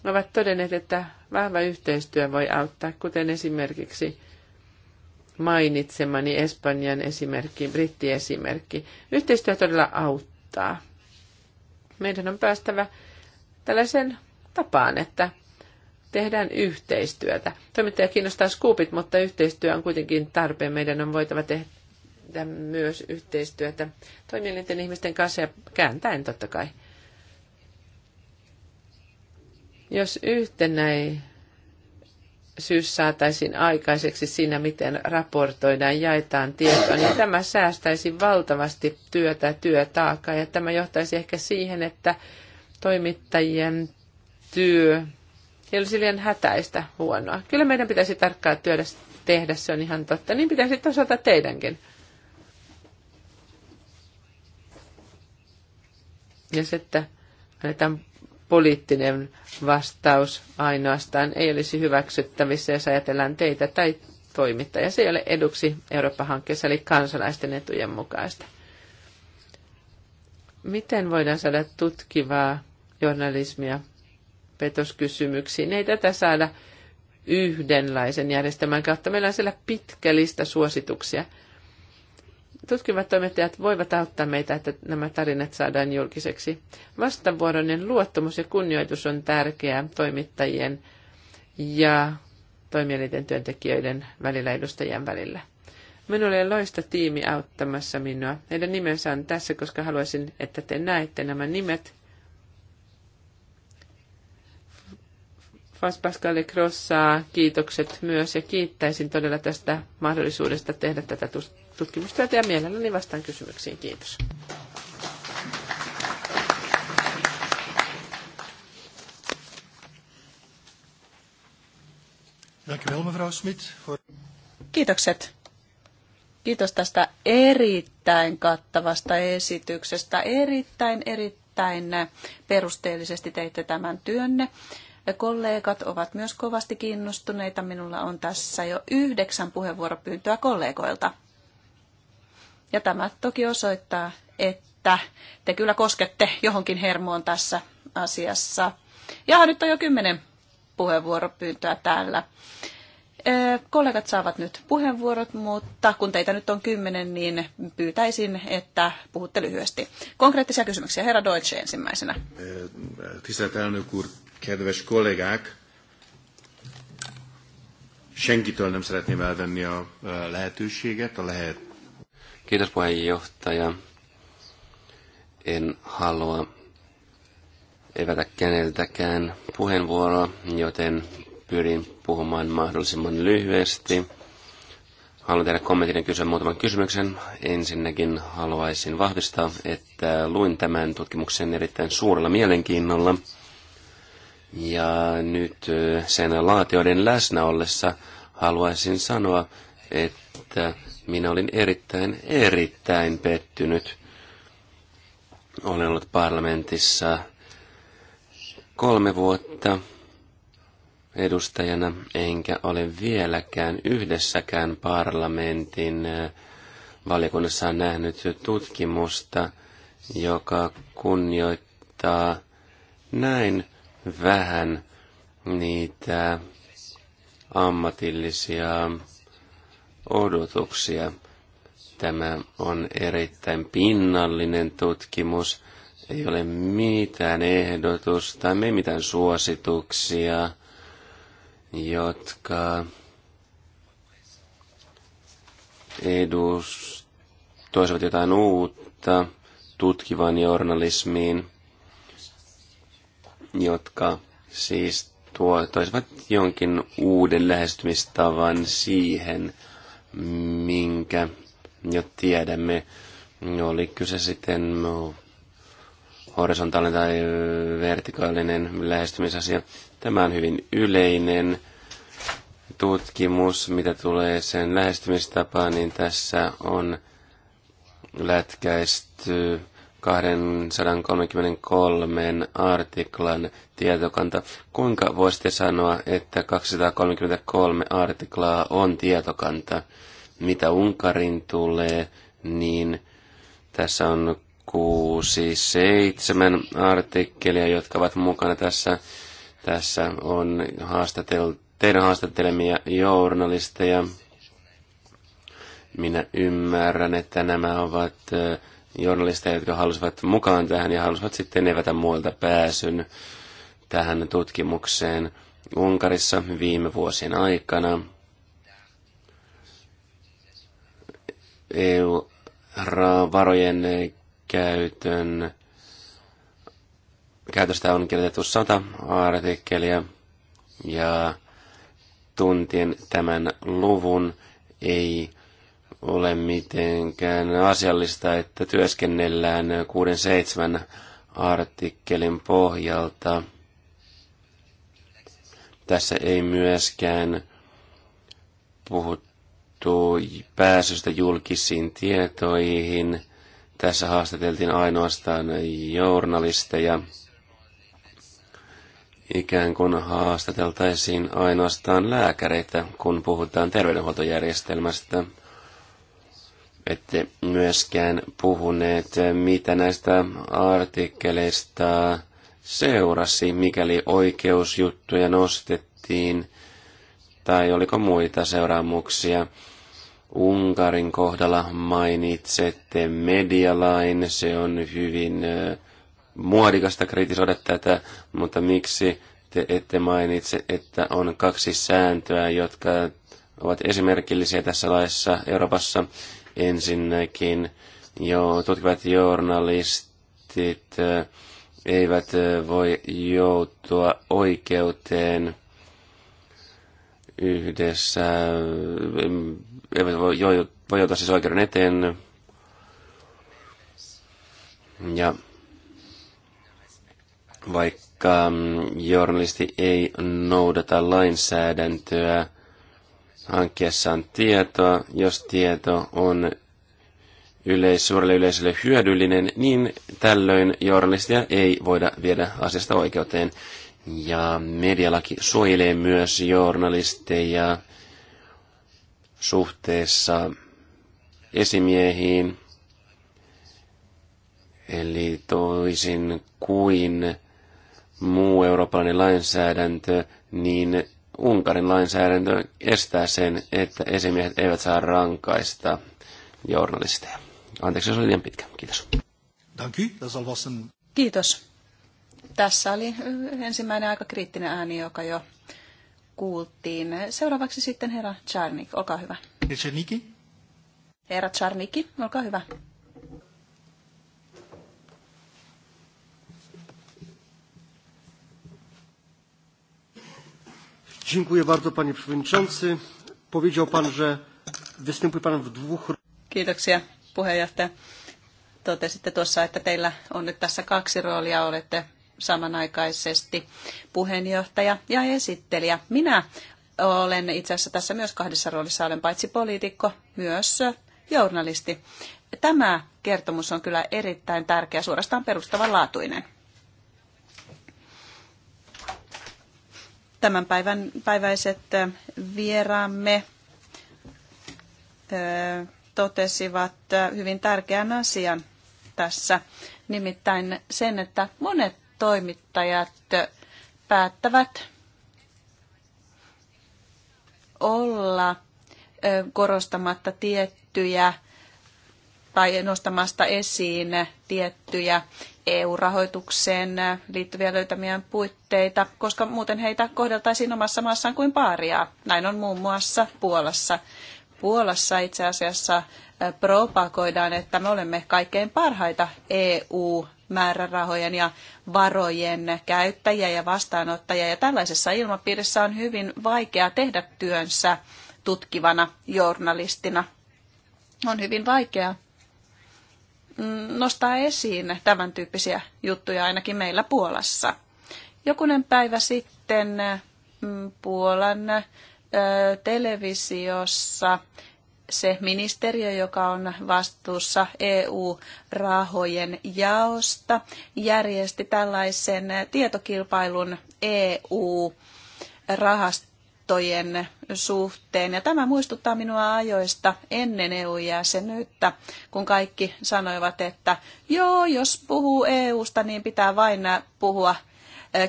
ovat todenneet, että vahva yhteistyö voi auttaa, kuten esimerkiksi mainitsemani Espanjan esimerkki, brittiesimerkki. Yhteistyö todella auttaa. Meidän on päästävä tällaisen tapaan, että tehdään yhteistyötä. Toimittaja kiinnostaa skuupit, mutta yhteistyö on kuitenkin tarpeen. Meidän on voitava tehdä myös yhteistyötä toimielinten ihmisten kanssa ja kääntäen totta kai. Jos yhtenäisyys saataisiin aikaiseksi siinä, miten raportoidaan, jaetaan tietoa, niin tämä säästäisi valtavasti työtä, työtaakaa ja tämä johtaisi ehkä siihen, että toimittajien työ ei oli silleen hätäistä huonoa. Kyllä meidän pitäisi tarkkaa työtä tehdä, se on ihan totta. Niin pitäisi toisaalta teidänkin. Ja se, että annetaan poliittinen vastaus ainoastaan ei olisi hyväksyttävissä, jos ajatellaan teitä tai toimittajia. Se ei ole eduksi Eurooppa-hankkeessa, eli kansalaisten etujen mukaista. Miten voidaan saada tutkivaa journalismia petoskysymyksiin. Ei tätä saada yhdenlaisen järjestelmän kautta. Meillä on siellä pitkä lista suosituksia. Tutkivat toimittajat voivat auttaa meitä, että nämä tarinat saadaan julkiseksi. Vastavuoroinen luottamus ja kunnioitus on tärkeää toimittajien ja toimielinten työntekijöiden välillä, edustajien välillä. Minulla oli loista tiimi auttamassa minua. Heidän nimensä on tässä, koska haluaisin, että te näette nämä nimet. Fas Pascalle Crossaa kiitokset myös ja kiittäisin todella tästä mahdollisuudesta tehdä tätä tutkimustyötä ja mielelläni vastaan kysymyksiin. Kiitos. Kiitokset. Kiitos tästä erittäin kattavasta esityksestä. Erittäin, erittäin perusteellisesti teitte tämän työnne kollegat ovat myös kovasti kiinnostuneita. Minulla on tässä jo yhdeksän puheenvuoropyyntöä kollegoilta. Ja tämä toki osoittaa, että te kyllä koskette johonkin hermoon tässä asiassa. Ja nyt on jo kymmenen puheenvuoropyyntöä täällä. Kollegat saavat nyt puheenvuorot, mutta kun teitä nyt on kymmenen, niin pyytäisin, että puhutte lyhyesti. Konkreettisia kysymyksiä. Herra Deutsche ensimmäisenä. Tisztelt elnök úr, kedves kollégák! Senkitől nem szeretném elvenni a lehetőséget, a lehet... Kiitos puheenjohtaja. En halua evätä keneltäkään puheenvuoroa, joten pyrin puhumaan mahdollisimman lyhyesti. Haluan tehdä kommentin ja kysyä muutaman kysymyksen. Ensinnäkin haluaisin vahvistaa, että luin tämän tutkimuksen erittäin suurella mielenkiinnolla. Ja nyt sen laatioiden läsnä ollessa haluaisin sanoa, että minä olin erittäin, erittäin pettynyt. Olen ollut parlamentissa kolme vuotta edustajana, enkä ole vieläkään yhdessäkään parlamentin valiokunnassa nähnyt tutkimusta, joka kunnioittaa näin vähän niitä ammatillisia odotuksia. Tämä on erittäin pinnallinen tutkimus, ei ole mitään ehdotusta, ei mitään suosituksia, jotka edus, toisivat jotain uutta tutkivan journalismiin, jotka siis tuo, toisivat jonkin uuden lähestymistavan siihen, minkä jo tiedämme. Oli kyse sitten horisontaalinen tai vertikaalinen lähestymisasia. Tämä on hyvin yleinen tutkimus, mitä tulee sen lähestymistapaan, niin tässä on lätkäisty 233 artiklan tietokanta. Kuinka voisitte sanoa, että 233 artiklaa on tietokanta? Mitä Unkarin tulee, niin tässä on kuusi, seitsemän artikkelia, jotka ovat mukana tässä. Tässä on haastatel, teidän haastattelemia journalisteja. Minä ymmärrän, että nämä ovat journalisteja, jotka halusivat mukaan tähän ja halusivat sitten evätä muilta pääsyn tähän tutkimukseen Unkarissa viime vuosien aikana. EU-varojen käytön käytöstä on kirjoitettu sata artikkelia ja tuntien tämän luvun ei ole mitenkään asiallista, että työskennellään 6-7 artikkelin pohjalta. Tässä ei myöskään puhuttu pääsystä julkisiin tietoihin tässä haastateltiin ainoastaan journalisteja, ikään kuin haastateltaisiin ainoastaan lääkäreitä, kun puhutaan terveydenhuoltojärjestelmästä. Ette myöskään puhuneet, mitä näistä artikkeleista seurasi, mikäli oikeusjuttuja nostettiin, tai oliko muita seuraamuksia. Unkarin kohdalla mainitsette medialain. Se on hyvin muodikasta kritisoida tätä, mutta miksi te ette mainitse, että on kaksi sääntöä, jotka ovat esimerkillisiä tässä laissa Euroopassa. Ensinnäkin jo tutkivat journalistit eivät voi joutua oikeuteen yhdessä eivät voi, jo, voi ottaa siis oikeuden eteen. Ja vaikka mm, journalisti ei noudata lainsäädäntöä hankkiessaan tietoa, jos tieto on yleis, suurelle yleisölle hyödyllinen, niin tällöin journalistia ei voida viedä asiasta oikeuteen. Ja medialaki suojelee myös journalisteja suhteessa esimiehiin, eli toisin kuin muu eurooppalainen lainsäädäntö, niin Unkarin lainsäädäntö estää sen, että esimiehet eivät saa rankaista journalisteja. Anteeksi, se oli liian pitkä. Kiitos. Kiitos. Tässä oli ensimmäinen aika kriittinen ääni, joka jo kuultiin. Seuraavaksi sitten herra Czarnik, olkaa hyvä. Czarniki? Herra Czarniki, olkaa hyvä. Dziękuję bardzo panie przewodniczący. Powiedział pan, że występuje pan w dwóch... Kiitoksia puheenjohtaja. Totesitte tuossa, että teillä on nyt tässä kaksi roolia. Olette samanaikaisesti puheenjohtaja ja esittelijä. Minä olen itse asiassa tässä myös kahdessa roolissa, olen paitsi poliitikko, myös journalisti. Tämä kertomus on kyllä erittäin tärkeä, suorastaan perustavanlaatuinen. Tämän päivän päiväiset vieraamme totesivat hyvin tärkeän asian tässä, nimittäin sen, että monet toimittajat päättävät olla korostamatta tiettyjä tai nostamasta esiin tiettyjä EU-rahoitukseen liittyviä löytämiä puitteita, koska muuten heitä kohdeltaisiin omassa maassaan kuin paaria. Näin on muun muassa Puolassa. Puolassa itse asiassa propagoidaan, että me olemme kaikkein parhaita EU määrärahojen ja varojen käyttäjiä ja vastaanottajia. Ja tällaisessa ilmapiirissä on hyvin vaikea tehdä työnsä tutkivana journalistina. On hyvin vaikea mm, nostaa esiin tämän tyyppisiä juttuja ainakin meillä Puolassa. Jokunen päivä sitten mm, Puolan televisiossa se ministeriö, joka on vastuussa EU-rahojen jaosta, järjesti tällaisen tietokilpailun EU-rahastojen suhteen. Ja tämä muistuttaa minua ajoista ennen EU-jäsenyyttä, kun kaikki sanoivat, että joo, jos puhuu EUsta, niin pitää vain puhua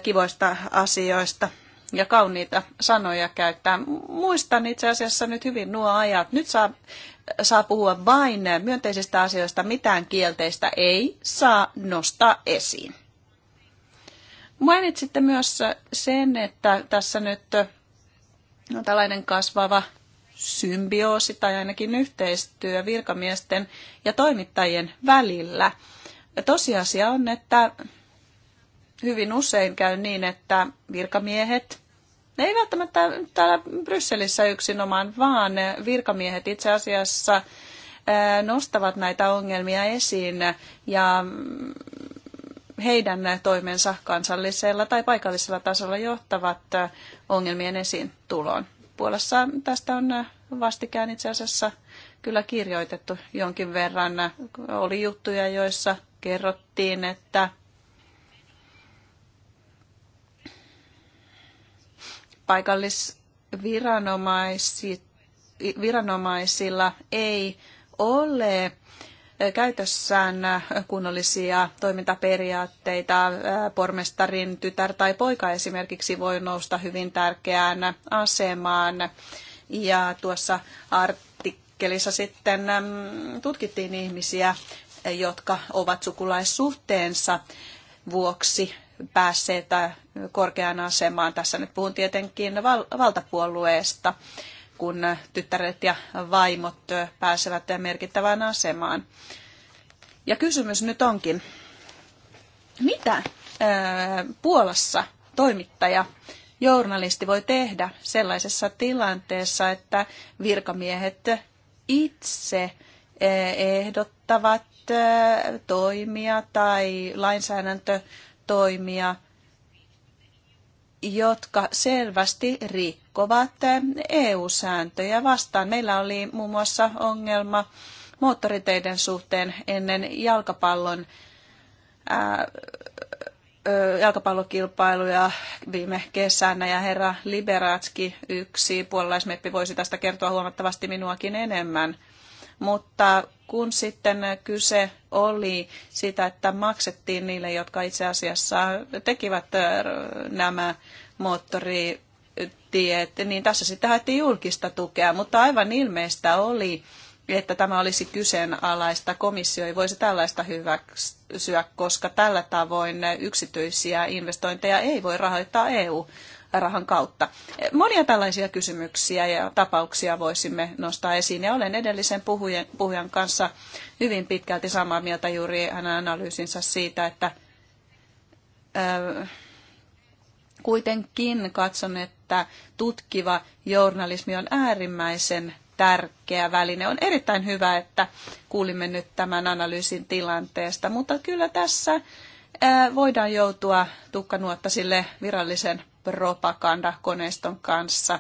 kivoista asioista ja kauniita sanoja käyttää. Muistan itse asiassa nyt hyvin nuo ajat. Nyt saa, saa puhua vain myönteisistä asioista, mitään kielteistä ei saa nostaa esiin. Mainitsitte myös sen, että tässä nyt on tällainen kasvava symbioosi tai ainakin yhteistyö virkamiesten ja toimittajien välillä. Tosiasia on, että hyvin usein käy niin, että virkamiehet, ne ei välttämättä täällä Brysselissä yksinomaan, vaan virkamiehet itse asiassa nostavat näitä ongelmia esiin ja mm, heidän toimensa kansallisella tai paikallisella tasolla johtavat ongelmien esiin tuloon. Puolassa tästä on vastikään itse asiassa kyllä kirjoitettu jonkin verran. Oli juttuja, joissa kerrottiin, että paikallisviranomaisilla ei ole käytössään kunnollisia toimintaperiaatteita. Pormestarin tytär tai poika esimerkiksi voi nousta hyvin tärkeään asemaan. Ja tuossa artikkelissa sitten tutkittiin ihmisiä, jotka ovat sukulaissuhteensa vuoksi päässeet äh, korkeaan asemaan. Tässä nyt puhun tietenkin val- valtapuolueesta, kun tyttäret ja vaimot äh, pääsevät merkittävään asemaan. Ja kysymys nyt onkin, mitä äh, Puolassa toimittaja, journalisti voi tehdä sellaisessa tilanteessa, että virkamiehet itse ehdottavat toimia tai lainsäädäntö toimia, jotka selvästi rikkovat EU-sääntöjä vastaan. Meillä oli muun muassa ongelma moottoriteiden suhteen ennen jalkapallon ää, jalkapallokilpailuja viime kesänä ja herra Liberatski yksi puolalaismeppi voisi tästä kertoa huomattavasti minuakin enemmän. Mutta kun sitten kyse oli sitä, että maksettiin niille, jotka itse asiassa tekivät nämä moottoritiet, niin tässä sitten haettiin julkista tukea, mutta aivan ilmeistä oli, että tämä olisi kyseenalaista. Komissio ei voisi tällaista hyväksyä, koska tällä tavoin yksityisiä investointeja ei voi rahoittaa EU rahan kautta. Monia tällaisia kysymyksiä ja tapauksia voisimme nostaa esiin ja olen edellisen puhujan, puhujan kanssa hyvin pitkälti samaa mieltä juuri hänen analyysinsä siitä, että ö, kuitenkin katson, että tutkiva journalismi on äärimmäisen tärkeä väline. On erittäin hyvä, että kuulimme nyt tämän analyysin tilanteesta, mutta kyllä tässä voidaan joutua tukkanuotta sille virallisen propagandakoneiston kanssa,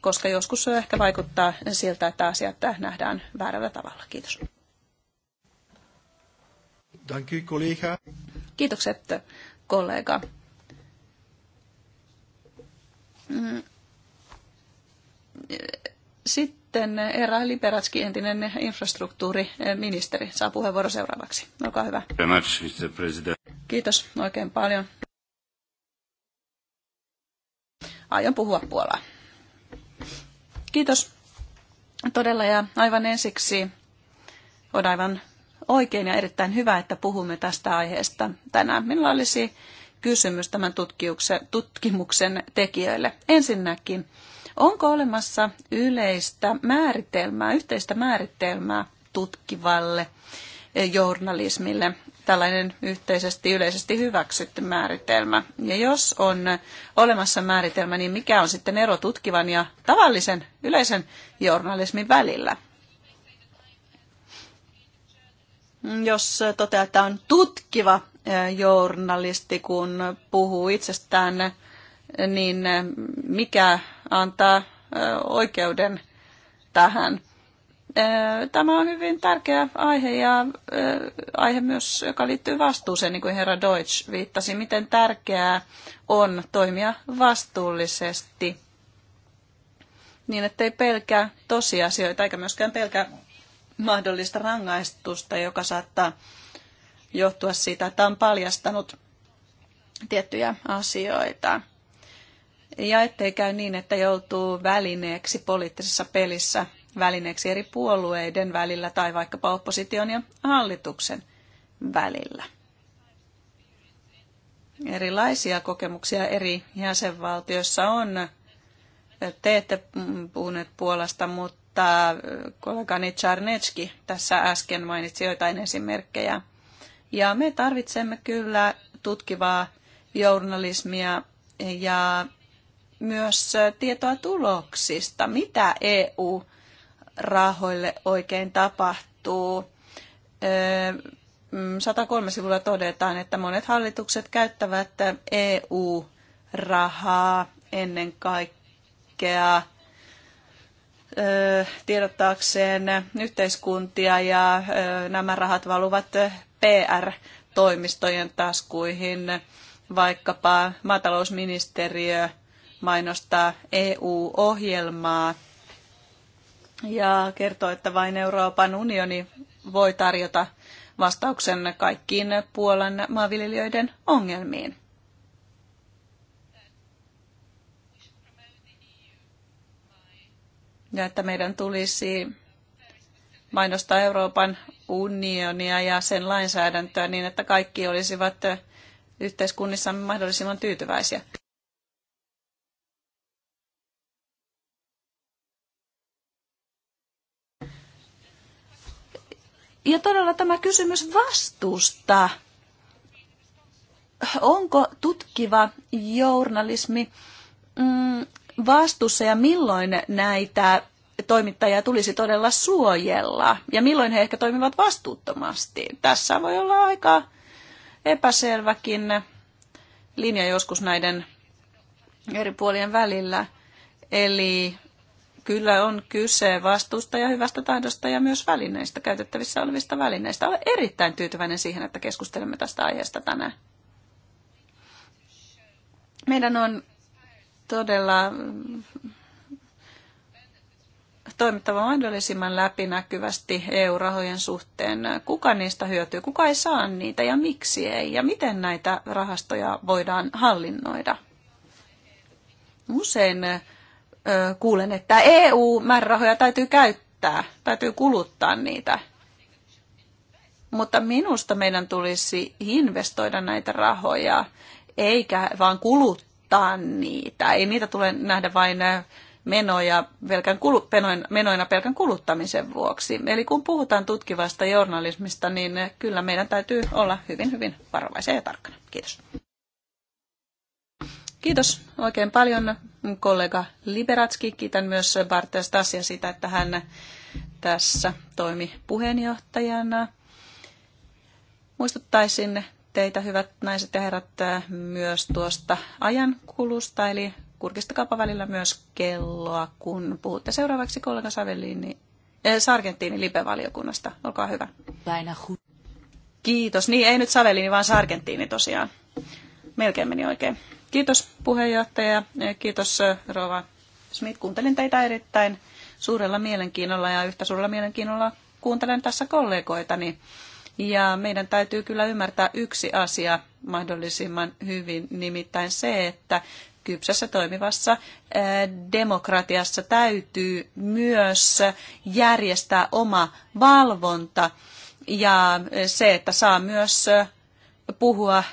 koska joskus se ehkä vaikuttaa siltä, että asiat nähdään väärällä tavalla. Kiitos. kollega. Kiitokset, kollega. Mm. Sitten Eera Liberatski, entinen infrastruktuuriministeri, saa puheenvuoro seuraavaksi. Olkaa hyvä. Kiitos oikein paljon aion puhua Puolaa. Kiitos todella ja aivan ensiksi on aivan oikein ja erittäin hyvä, että puhumme tästä aiheesta tänään. Minulla olisi kysymys tämän tutkimuksen tekijöille. Ensinnäkin, onko olemassa yleistä määritelmää, yhteistä määritelmää tutkivalle journalismille? tällainen yhteisesti yleisesti hyväksytty määritelmä. Ja jos on olemassa määritelmä, niin mikä on sitten ero tutkivan ja tavallisen yleisen journalismin välillä? Jos toteaa, että on tutkiva eh, journalisti, kun puhuu itsestään, niin eh, mikä antaa eh, oikeuden tähän? Tämä on hyvin tärkeä aihe ja aihe myös, joka liittyy vastuuseen, niin kuin herra Deutsch viittasi, miten tärkeää on toimia vastuullisesti niin, ettei pelkää tosiasioita eikä myöskään pelkää mahdollista rangaistusta, joka saattaa johtua siitä, että on paljastanut tiettyjä asioita. Ja ettei käy niin, että joutuu välineeksi poliittisessa pelissä välineeksi eri puolueiden välillä tai vaikkapa opposition ja hallituksen välillä. Erilaisia kokemuksia eri jäsenvaltioissa on. Te ette puhuneet Puolasta, mutta kollegani Czarnecki tässä äsken mainitsi joitain esimerkkejä. Ja me tarvitsemme kyllä tutkivaa journalismia ja myös tietoa tuloksista, mitä EU rahoille oikein tapahtuu. 103 mm, sivulla todetaan, että monet hallitukset käyttävät EU-rahaa ennen kaikkea tiedottaakseen yhteiskuntia ja nämä rahat valuvat PR-toimistojen taskuihin. Vaikkapa maatalousministeriö mainostaa EU-ohjelmaa ja kertoo, että vain Euroopan unioni voi tarjota vastauksen kaikkiin Puolan maanviljelijöiden ongelmiin. Ja että meidän tulisi mainostaa Euroopan unionia ja sen lainsäädäntöä niin, että kaikki olisivat yhteiskunnissa mahdollisimman tyytyväisiä. Ja todella tämä kysymys vastuusta. Onko tutkiva journalismi mm, vastuussa ja milloin näitä toimittajia tulisi todella suojella ja milloin he ehkä toimivat vastuuttomasti. Tässä voi olla aika epäselväkin linja joskus näiden eri puolien välillä. Eli Kyllä on kyse vastuusta ja hyvästä tahdosta ja myös välineistä, käytettävissä olevista välineistä. Olen erittäin tyytyväinen siihen, että keskustelemme tästä aiheesta tänään. Meidän on todella toimittava mahdollisimman läpinäkyvästi EU-rahojen suhteen. Kuka niistä hyötyy, kuka ei saa niitä ja miksi ei ja miten näitä rahastoja voidaan hallinnoida. Usein kuulen, että EU-määrärahoja täytyy käyttää, täytyy kuluttaa niitä. Mutta minusta meidän tulisi investoida näitä rahoja, eikä vaan kuluttaa niitä. Ei niitä tule nähdä vain menoja pelkän kulu, menoina pelkän kuluttamisen vuoksi. Eli kun puhutaan tutkivasta journalismista, niin kyllä meidän täytyy olla hyvin, hyvin varovaisia ja tarkkana. Kiitos. Kiitos oikein paljon kollega Liberatski. Kiitän myös Bartel Stasia sitä, että hän tässä toimi puheenjohtajana. Muistuttaisin teitä, hyvät naiset ja herrat, myös tuosta ajankulusta, eli kurkistakaapa välillä myös kelloa, kun puhutte seuraavaksi kollega Savellini, äh, Sargentini Lipe-valiokunnasta. Olkaa hyvä. Kiitos. Niin, ei nyt Savellini, vaan Sargentini tosiaan. Melkein meni oikein. Kiitos puheenjohtaja ja eh, kiitos eh, Rova Smith. Kuuntelin teitä erittäin suurella mielenkiinnolla ja yhtä suurella mielenkiinnolla kuuntelen tässä kollegoitani. Ja meidän täytyy kyllä ymmärtää yksi asia mahdollisimman hyvin, nimittäin se, että kypsässä toimivassa eh, demokratiassa täytyy myös järjestää oma valvonta ja se, että saa myös puhua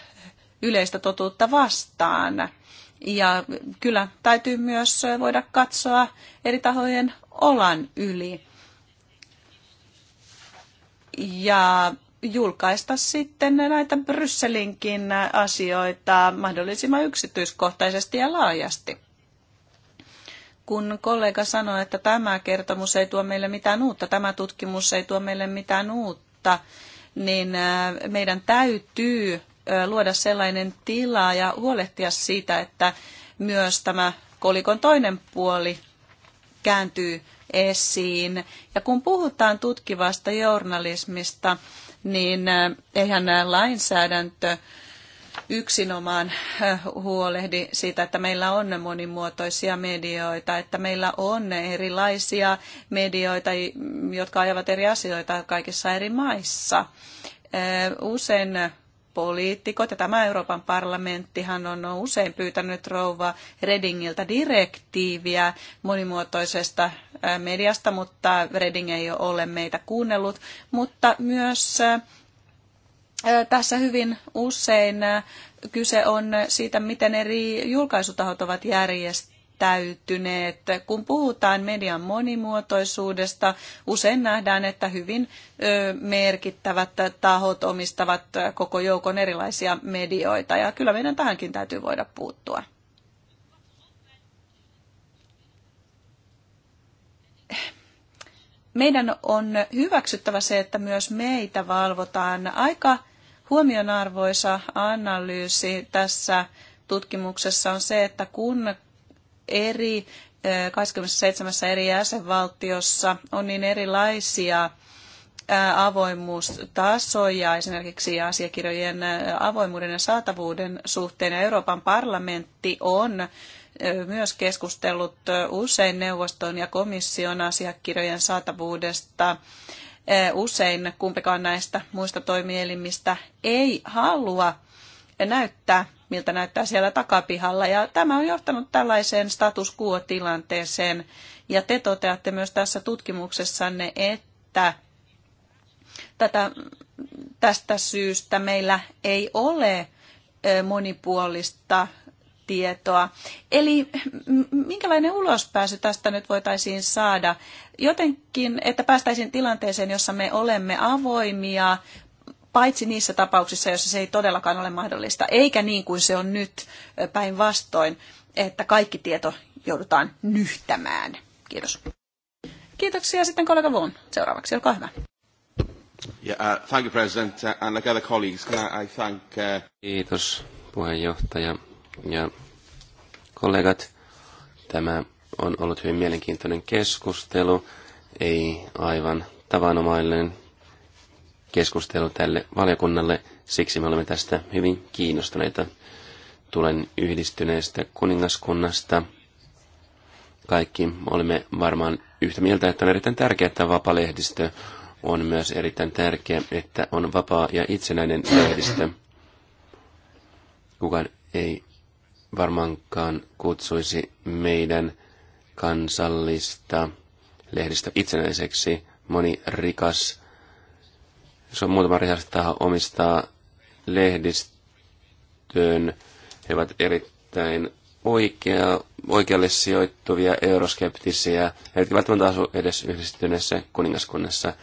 yleistä totuutta vastaan. Ja kyllä täytyy myös voida katsoa eri tahojen olan yli ja julkaista sitten näitä Brysselinkin asioita mahdollisimman yksityiskohtaisesti ja laajasti. Kun kollega sanoi, että tämä kertomus ei tuo meille mitään uutta, tämä tutkimus ei tuo meille mitään uutta, niin äh, meidän täytyy luoda sellainen tila ja huolehtia siitä, että myös tämä kolikon toinen puoli kääntyy esiin. Ja kun puhutaan tutkivasta journalismista, niin eihän lainsäädäntö yksinomaan huolehdi siitä, että meillä on monimuotoisia medioita, että meillä on erilaisia medioita, jotka ajavat eri asioita kaikissa eri maissa. Usein poliitikot, ja tämä Euroopan parlamenttihan on usein pyytänyt rouva Redingiltä direktiiviä monimuotoisesta mediasta, mutta Reding ei ole meitä kuunnellut, mutta myös tässä hyvin usein kyse on siitä, miten eri julkaisutahot ovat järjestäneet täyttyneet. Kun puhutaan median monimuotoisuudesta, usein nähdään, että hyvin merkittävät tahot omistavat koko joukon erilaisia medioita, ja kyllä meidän tähänkin täytyy voida puuttua. Meidän on hyväksyttävä se, että myös meitä valvotaan aika huomionarvoisa analyysi tässä tutkimuksessa on se, että kun eri 27 eri jäsenvaltiossa on niin erilaisia avoimuustasoja esimerkiksi asiakirjojen avoimuuden ja saatavuuden suhteen. Ja Euroopan parlamentti on myös keskustellut usein neuvoston ja komission asiakirjojen saatavuudesta. Usein kumpikaan näistä muista toimielimistä ei halua näyttää, miltä näyttää siellä takapihalla. Ja tämä on johtanut tällaiseen status quo-tilanteeseen. Ja te toteatte myös tässä tutkimuksessanne, että tätä, tästä syystä meillä ei ole monipuolista tietoa. Eli minkälainen ulospääsy tästä nyt voitaisiin saada? Jotenkin, että päästäisiin tilanteeseen, jossa me olemme avoimia paitsi niissä tapauksissa, joissa se ei todellakaan ole mahdollista, eikä niin kuin se on nyt päinvastoin, että kaikki tieto joudutaan nyhtämään. Kiitos. Kiitoksia sitten kollega Vuon. Seuraavaksi, olkaa hyvä. Yeah, uh, thank you, President, uh, and like other colleagues, can I, I thank... Uh... Kiitos, puheenjohtaja ja kollegat. Tämä on ollut hyvin mielenkiintoinen keskustelu, ei aivan tavanomainen keskustelu tälle valiokunnalle. Siksi me olemme tästä hyvin kiinnostuneita. Tulen yhdistyneestä kuningaskunnasta. Kaikki olemme varmaan yhtä mieltä, että on erittäin tärkeää, että vapaa lehdistö on myös erittäin tärkeä että on vapaa ja itsenäinen lehdistö. Kukaan ei varmaankaan kutsuisi meidän kansallista lehdistö itsenäiseksi. Moni rikas jos on muutama rikas omistaa lehdistöön, he ovat erittäin oikea, oikealle sijoittuvia euroskeptisiä, eivätkä välttämättä asu edes yhdistyneessä kuningaskunnassa.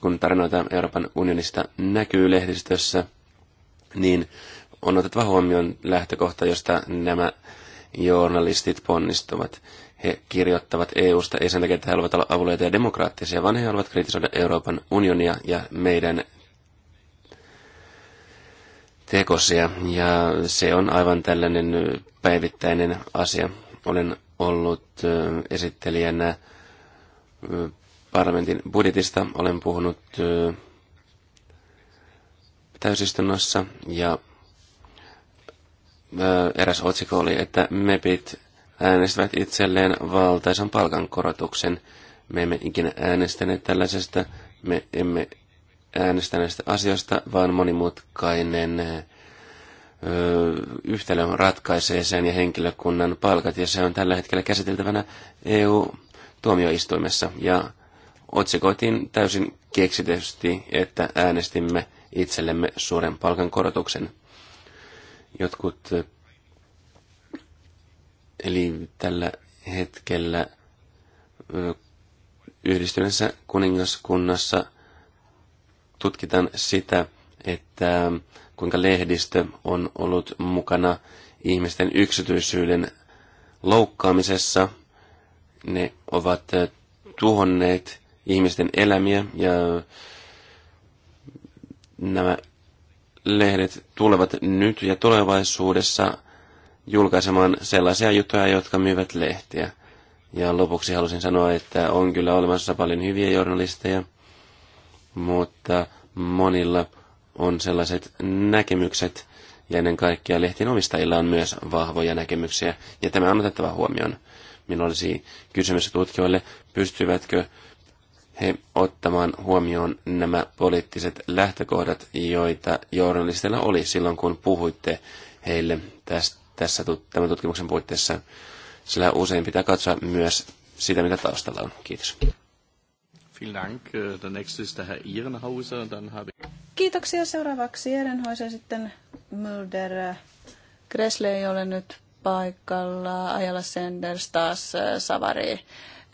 Kun tarinoita Euroopan unionista näkyy lehdistössä, niin on otettava huomioon lähtökohta, josta nämä journalistit ponnistuvat he kirjoittavat EUsta ei sen takia, että he haluavat olla avuliaita ja demokraattisia, vaan he haluavat kritisoida Euroopan unionia ja meidän tekosia. Ja se on aivan tällainen päivittäinen asia. Olen ollut esittelijänä parlamentin budjetista. Olen puhunut täysistunnossa ja eräs otsikko oli, että MEPit Äänestävät itselleen valtaisan palkankorotuksen. Me emme ikinä äänestäneet tällaisesta, me emme äänestäneet asioista, vaan monimutkainen yhtälö ratkaisee sen ja henkilökunnan palkat, ja se on tällä hetkellä käsiteltävänä EU-tuomioistuimessa. Ja otsikoitiin täysin keksitysti, että äänestimme itsellemme suuren palkankorotuksen. Jotkut Eli tällä hetkellä yhdistyneessä kuningaskunnassa tutkitaan sitä, että kuinka lehdistö on ollut mukana ihmisten yksityisyyden loukkaamisessa. Ne ovat tuhonneet ihmisten elämiä ja nämä lehdet tulevat nyt ja tulevaisuudessa julkaisemaan sellaisia juttuja, jotka myyvät lehtiä. Ja lopuksi halusin sanoa, että on kyllä olemassa paljon hyviä journalisteja, mutta monilla on sellaiset näkemykset, ja ennen kaikkea lehtien omistajilla on myös vahvoja näkemyksiä, ja tämä on otettava huomioon. Minulla olisi kysymys tutkijoille, pystyvätkö he ottamaan huomioon nämä poliittiset lähtökohdat, joita journalisteilla oli silloin, kun puhuitte heille tästä tässä, tämän tutkimuksen puitteissa, sillä usein pitää katsoa myös sitä, mitä taustalla on. Kiitos. Kiitoksia. Seuraavaksi Ehrenhäuser sitten Mulder. Gressle ei ole nyt paikalla. Ajala Senders taas äh, Savari.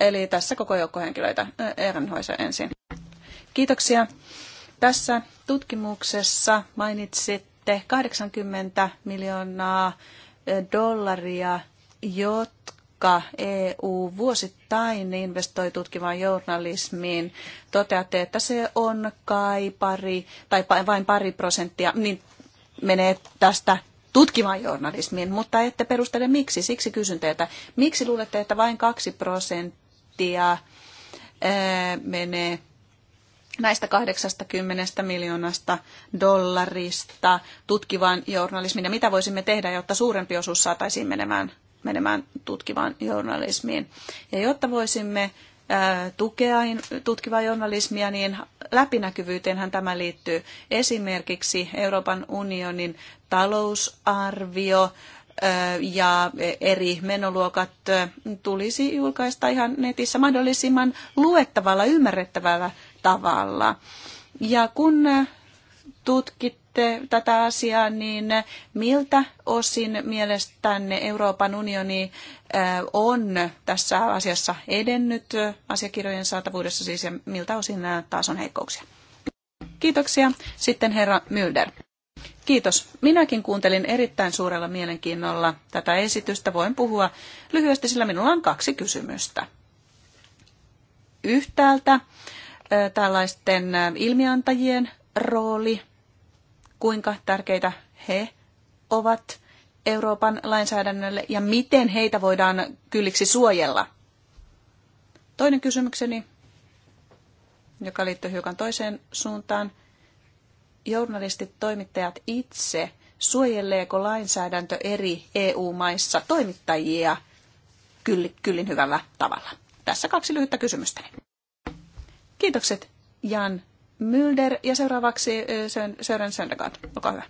Eli tässä koko joukko henkilöitä. Äh, Ehrenhäuser ensin. Kiitoksia. Tässä tutkimuksessa mainitsitte 80 miljoonaa dollaria, jotka EU vuosittain investoi tutkivaan journalismiin. Toteatte, että se on kai pari, tai vain pari prosenttia, niin menee tästä tutkivaan journalismiin, mutta ette perustele miksi. Siksi kysyn teiltä, miksi luulette, että vain kaksi prosenttia menee näistä 80 miljoonasta dollarista tutkivaan journalismiin ja mitä voisimme tehdä, jotta suurempi osuus saataisiin menemään, menemään tutkivaan journalismiin. Ja jotta voisimme tukea tutkivaa journalismia, niin läpinäkyvyyteenhän tämä liittyy. Esimerkiksi Euroopan unionin talousarvio ja eri menoluokat tulisi julkaista ihan netissä mahdollisimman luettavalla, ymmärrettävällä tavalla. Ja kun tutkitte tätä asiaa, niin miltä osin mielestänne Euroopan unioni on tässä asiassa edennyt asiakirjojen saatavuudessa siis ja miltä osin taas on heikkouksia? Kiitoksia. Sitten herra Mylder. Kiitos. Minäkin kuuntelin erittäin suurella mielenkiinnolla tätä esitystä. Voin puhua lyhyesti, sillä minulla on kaksi kysymystä. Yhtäältä tällaisten ilmiantajien rooli, kuinka tärkeitä he ovat Euroopan lainsäädännölle ja miten heitä voidaan kylliksi suojella. Toinen kysymykseni, joka liittyy hiukan toiseen suuntaan. Journalistit, toimittajat itse, suojeleeko lainsäädäntö eri EU-maissa toimittajia kyllin hyvällä tavalla? Tässä kaksi lyhyttä kysymystäni. Kiitokset Jan Mylder ja seuraavaksi Sören Söndergaard. Olkaa hyvä.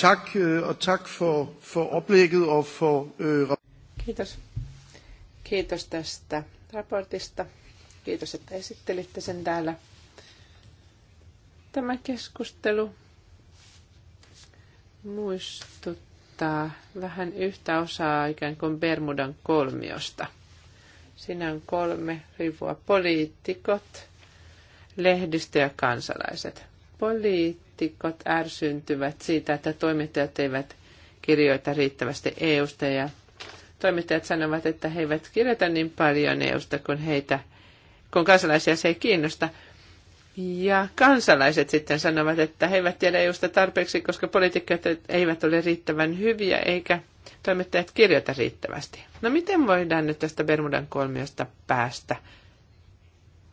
Tack och tack för, för upplägget och för... Kiitos. Kiitos tästä raportista. Kiitos, että esittelitte sen täällä. Tämä keskustelu muistuttaa vähän yhtä osaa ikään kuin Bermudan kolmiosta. Siinä on kolme rivua poliitikot, lehdistö ja kansalaiset. Poliitikot ärsyntyvät siitä, että toimittajat eivät kirjoita riittävästi EUsta ja toimittajat sanovat, että he eivät kirjoita niin paljon EUsta, kun heitä, kun kansalaisia se ei kiinnosta. Ja kansalaiset sitten sanovat, että he eivät tiedä EUsta tarpeeksi, koska poliitikot eivät ole riittävän hyviä eikä toimittajat kirjoita riittävästi. No miten voidaan nyt tästä Bermudan kolmiosta päästä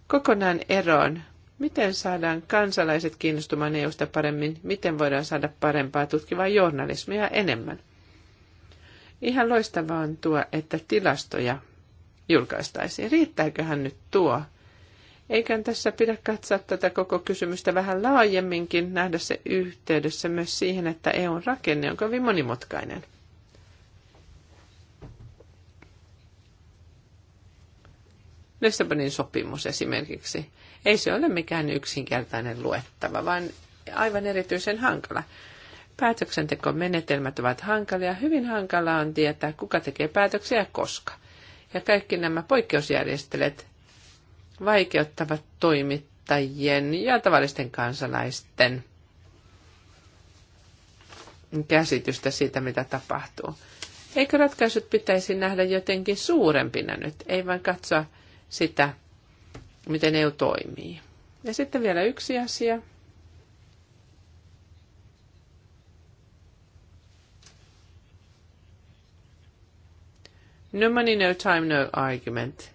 kokonaan eroon Miten saadaan kansalaiset kiinnostumaan EUsta paremmin? Miten voidaan saada parempaa tutkivaa journalismia enemmän? Ihan loistavaa on tuo, että tilastoja julkaistaisiin. Riittääköhän nyt tuo? Eikä tässä pidä katsoa tätä koko kysymystä vähän laajemminkin, nähdä se yhteydessä myös siihen, että EUn rakenne on kovin monimutkainen. Lissabonin sopimus esimerkiksi ei se ole mikään yksinkertainen luettava, vaan aivan erityisen hankala. Päätöksentekomenetelmät ovat hankalia. Hyvin hankalaa on tietää, kuka tekee päätöksiä ja koska. Ja kaikki nämä poikkeusjärjestelet vaikeuttavat toimittajien ja tavallisten kansalaisten käsitystä siitä, mitä tapahtuu. Eikö ratkaisut pitäisi nähdä jotenkin suurempina nyt, ei vain katsoa sitä, miten EU toimii. Ja sitten vielä yksi asia. No money, no time, no argument.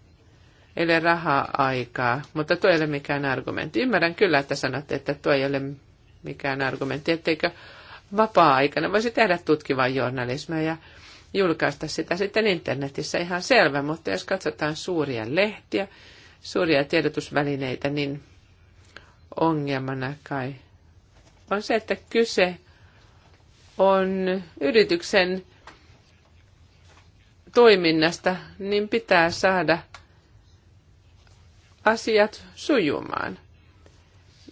Eli rahaa aikaa, mutta tuo ei ole mikään argumentti. Ymmärrän kyllä, että sanotte, että tuo ei ole mikään argumentti, etteikö vapaa-aikana voisi tehdä tutkivaa journalismia ja julkaista sitä sitten internetissä ihan selvä, mutta jos katsotaan suuria lehtiä, suuria tiedotusvälineitä, niin ongelmana kai on se, että kyse on yrityksen toiminnasta, niin pitää saada asiat sujumaan.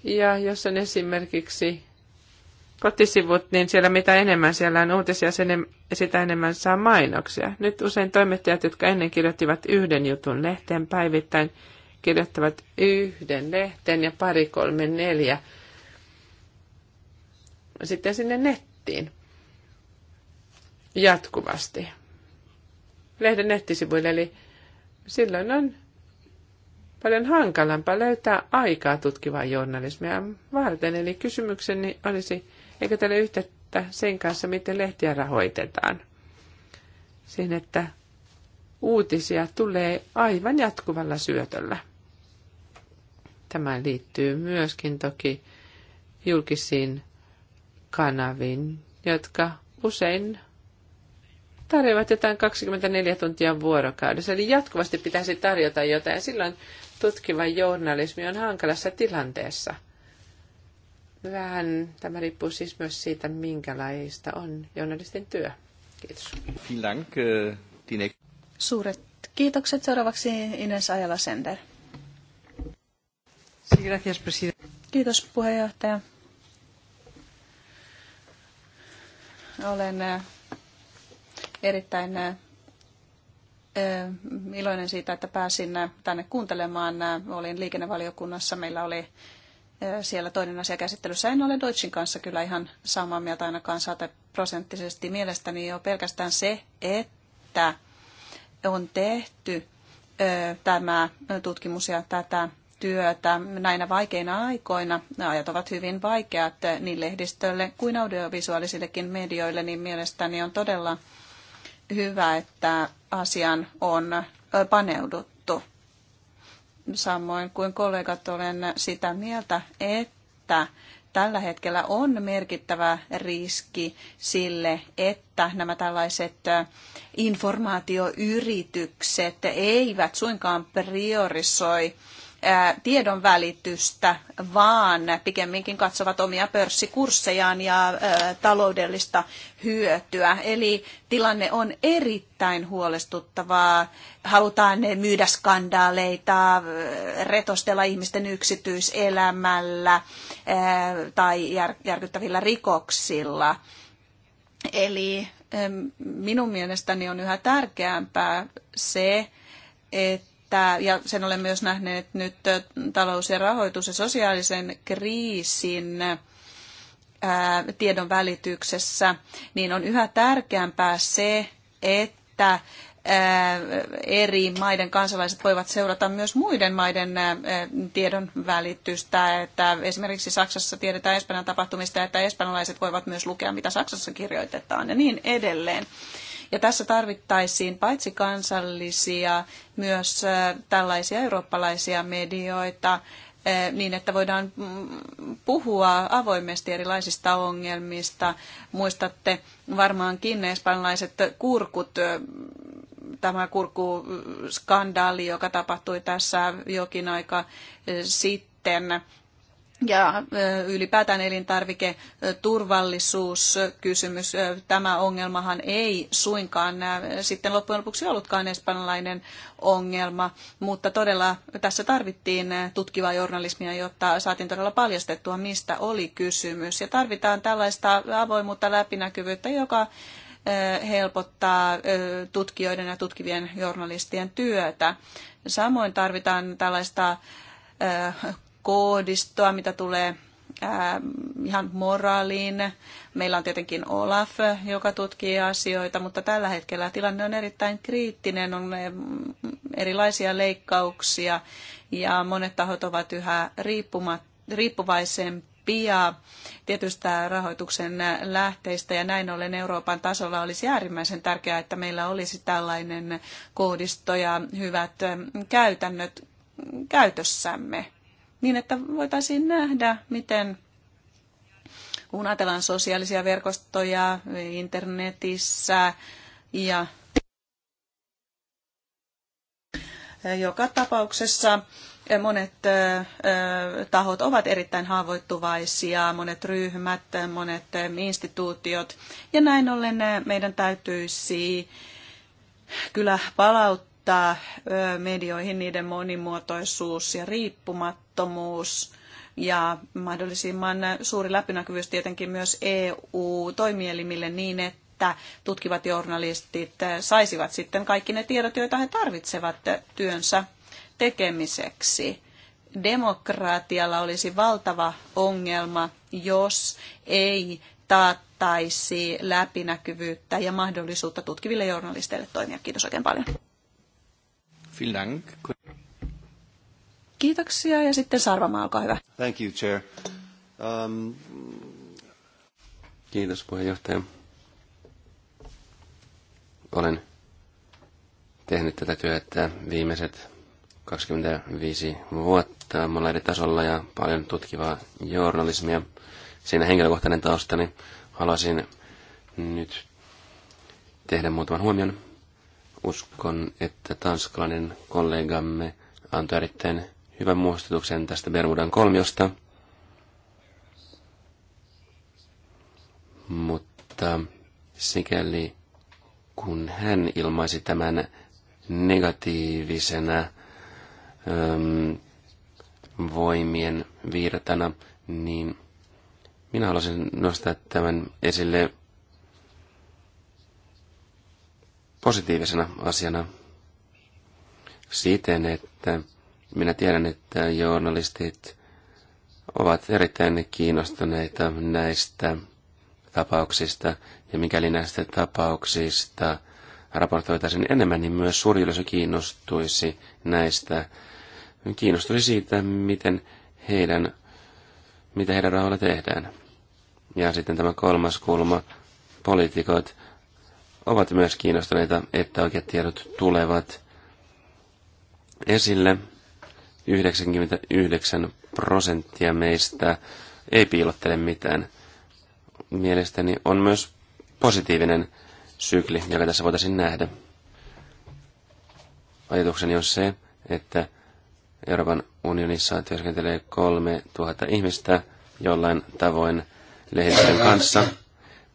Ja jos on esimerkiksi kotisivut, niin siellä mitä enemmän siellä on uutisia, sen sitä enemmän saa mainoksia. Nyt usein toimittajat, jotka ennen kirjoittivat yhden jutun lehteen päivittäin, kirjoittavat yhden lehteen ja pari, kolme, neljä sitten sinne nettiin jatkuvasti. Lehden nettisivuille, eli silloin on paljon hankalampaa löytää aikaa tutkivaa journalismia varten. Eli kysymykseni olisi, eikö tälle yhteyttä sen kanssa, miten lehtiä rahoitetaan. Siinä, että uutisia tulee aivan jatkuvalla syötöllä. Tämä liittyy myöskin toki julkisiin kanaviin, jotka usein tarjoavat jotain 24 tuntia vuorokaudessa. Eli jatkuvasti pitäisi tarjota jotain. Silloin tutkiva journalismi on hankalassa tilanteessa. Vähän tämä riippuu siis myös siitä, minkälaista on journalistin työ. Kiitos. Äh, Suuret kiitokset. Seuraavaksi Ines Ajala-Sender. Kiitos puheenjohtaja. Olen eh, erittäin eh, eh, iloinen siitä, että pääsin tänne kuuntelemaan. Olin liikennevaliokunnassa, meillä oli siellä toinen asia käsittelyssä. En ole Deutschin kanssa kyllä ihan samaa mieltä ainakaan prosenttisesti Mielestäni jo pelkästään se, että on tehty tämä tutkimus ja tätä työtä näinä vaikeina aikoina. Nämä ajat ovat hyvin vaikeat niin lehdistölle kuin audiovisuaalisillekin medioille, niin mielestäni on todella hyvä, että asian on paneuduttu. Samoin kuin kollegat olen sitä mieltä, että tällä hetkellä on merkittävä riski sille, että nämä tällaiset informaatioyritykset eivät suinkaan priorisoi tiedon välitystä, vaan pikemminkin katsovat omia pörssikurssejaan ja taloudellista hyötyä. Eli tilanne on erittäin huolestuttavaa. Halutaan myydä skandaaleita, retostella ihmisten yksityiselämällä tai järkyttävillä rikoksilla. Eli minun mielestäni on yhä tärkeämpää se, että että, ja sen olen myös nähnyt nyt talous- ja rahoitus- ja sosiaalisen kriisin tiedon välityksessä, niin on yhä tärkeämpää se, että eri maiden kansalaiset voivat seurata myös muiden maiden tiedon välitystä. Että esimerkiksi Saksassa tiedetään Espanjan tapahtumista, että espanjalaiset voivat myös lukea, mitä Saksassa kirjoitetaan ja niin edelleen. Ja tässä tarvittaisiin paitsi kansallisia, myös tällaisia eurooppalaisia medioita, niin, että voidaan mm, puhua avoimesti erilaisista ongelmista. Muistatte varmaankin ne espanjalaiset kurkut, tämä kurkuskandaali, joka tapahtui tässä jokin aika sitten ja ylipäätään elintarviketurvallisuuskysymys. Tämä ongelmahan ei suinkaan sitten loppujen lopuksi ollutkaan espanjalainen ongelma, mutta todella tässä tarvittiin tutkivaa journalismia, jotta saatiin todella paljastettua, mistä oli kysymys. Ja tarvitaan tällaista avoimuutta, läpinäkyvyyttä, joka helpottaa tutkijoiden ja tutkivien journalistien työtä. Samoin tarvitaan tällaista koodistoa, mitä tulee ihan moraaliin. Meillä on tietenkin Olaf, joka tutkii asioita, mutta tällä hetkellä tilanne on erittäin kriittinen, on erilaisia leikkauksia ja monet tahot ovat yhä riippuvaisempia tietystä rahoituksen lähteistä ja näin ollen Euroopan tasolla olisi äärimmäisen tärkeää, että meillä olisi tällainen koodisto ja hyvät käytännöt käytössämme niin että voitaisiin nähdä, miten kun ajatellaan sosiaalisia verkostoja internetissä ja joka tapauksessa monet tahot ovat erittäin haavoittuvaisia, monet ryhmät, monet instituutiot. Ja näin ollen meidän täytyisi kyllä palauttaa medioihin niiden monimuotoisuus ja riippumattomuus riippumattomuus ja mahdollisimman suuri läpinäkyvyys tietenkin myös EU-toimielimille niin, että tutkivat journalistit saisivat sitten kaikki ne tiedot, joita he tarvitsevat työnsä tekemiseksi. Demokraatialla olisi valtava ongelma, jos ei taattaisi läpinäkyvyyttä ja mahdollisuutta tutkiville journalisteille toimia. Kiitos oikein paljon. Vielen Dank. Kiitoksia ja sitten Sarvamaa, olkaa hyvä. Thank you, Chair. Um... Kiitos puheenjohtaja. Olen tehnyt tätä työtä viimeiset 25 vuotta mulla eri tasolla ja paljon tutkivaa journalismia. Siinä henkilökohtainen taustani haluaisin nyt tehdä muutaman huomion. Uskon, että tanskalainen kollegamme antoi erittäin hyvän muistutuksen tästä Bermudan kolmiosta. Mutta sikäli kun hän ilmaisi tämän negatiivisena öm, voimien virtana, niin minä haluaisin nostaa tämän esille positiivisena asiana siten, että minä tiedän, että journalistit ovat erittäin kiinnostuneita näistä tapauksista, ja mikäli näistä tapauksista raportoitaisiin enemmän, niin myös suuri yleisö kiinnostuisi näistä, kiinnostuisi siitä, miten heidän, mitä heidän rahoilla tehdään. Ja sitten tämä kolmas kulma, poliitikot ovat myös kiinnostuneita, että oikeat tiedot tulevat esille – 99 prosenttia meistä ei piilottele mitään. Mielestäni on myös positiivinen sykli, joka tässä voitaisiin nähdä. Ajatukseni on se, että Euroopan unionissa työskentelee 3000 ihmistä jollain tavoin lehdistön kanssa.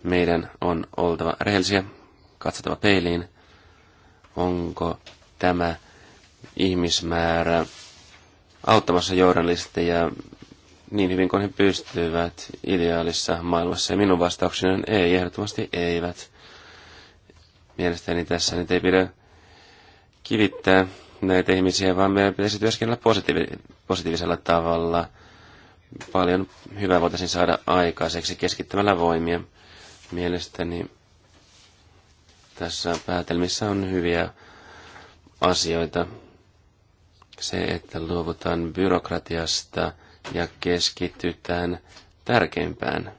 Meidän on oltava rehellisiä, katsottava peiliin, onko tämä ihmismäärä auttamassa journalisteja niin hyvin kuin he pystyvät ideaalissa maailmassa. Ja minun vastaukseni on ei, ehdottomasti eivät. Mielestäni tässä nyt ei pidä kivittää näitä ihmisiä, vaan meidän pitäisi työskennellä positiivi- positiivisella tavalla. Paljon hyvää voitaisiin saada aikaiseksi keskittämällä voimia. Mielestäni tässä päätelmissä on hyviä asioita se, että luovutaan byrokratiasta ja keskitytään tärkeimpään.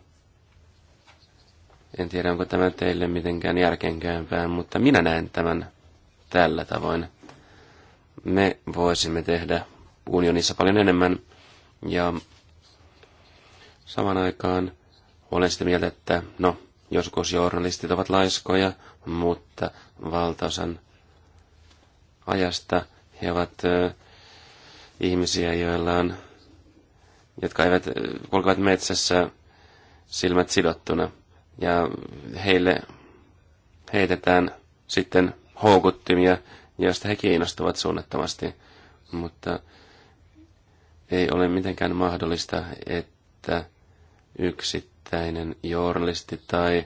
En tiedä, onko tämä teille mitenkään järkeenkäympään, mutta minä näen tämän tällä tavoin. Me voisimme tehdä unionissa paljon enemmän ja saman aikaan olen sitä mieltä, että no, joskus journalistit ovat laiskoja, mutta valtaosan ajasta he ovat ihmisiä, joilla on, jotka eivät, kulkevat metsässä silmät sidottuna. Ja heille heitetään sitten houkuttimia, joista he kiinnostuvat suunnattomasti. Mutta ei ole mitenkään mahdollista, että yksittäinen journalisti tai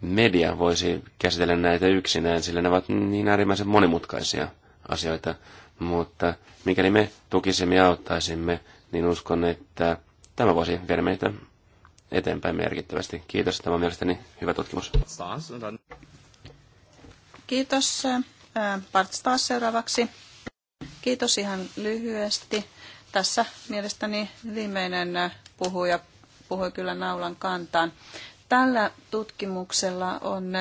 media voisi käsitellä näitä yksinään, sillä ne ovat niin äärimmäisen monimutkaisia asioita, mutta mikäli me tukisimme ja auttaisimme, niin uskon, että tämä voisi viedä meitä eteenpäin merkittävästi. Kiitos, tämä on mielestäni hyvä tutkimus. Kiitos. Bart taas seuraavaksi. Kiitos ihan lyhyesti. Tässä mielestäni viimeinen puhuja puhui kyllä naulan kantaan. Tällä tutkimuksella on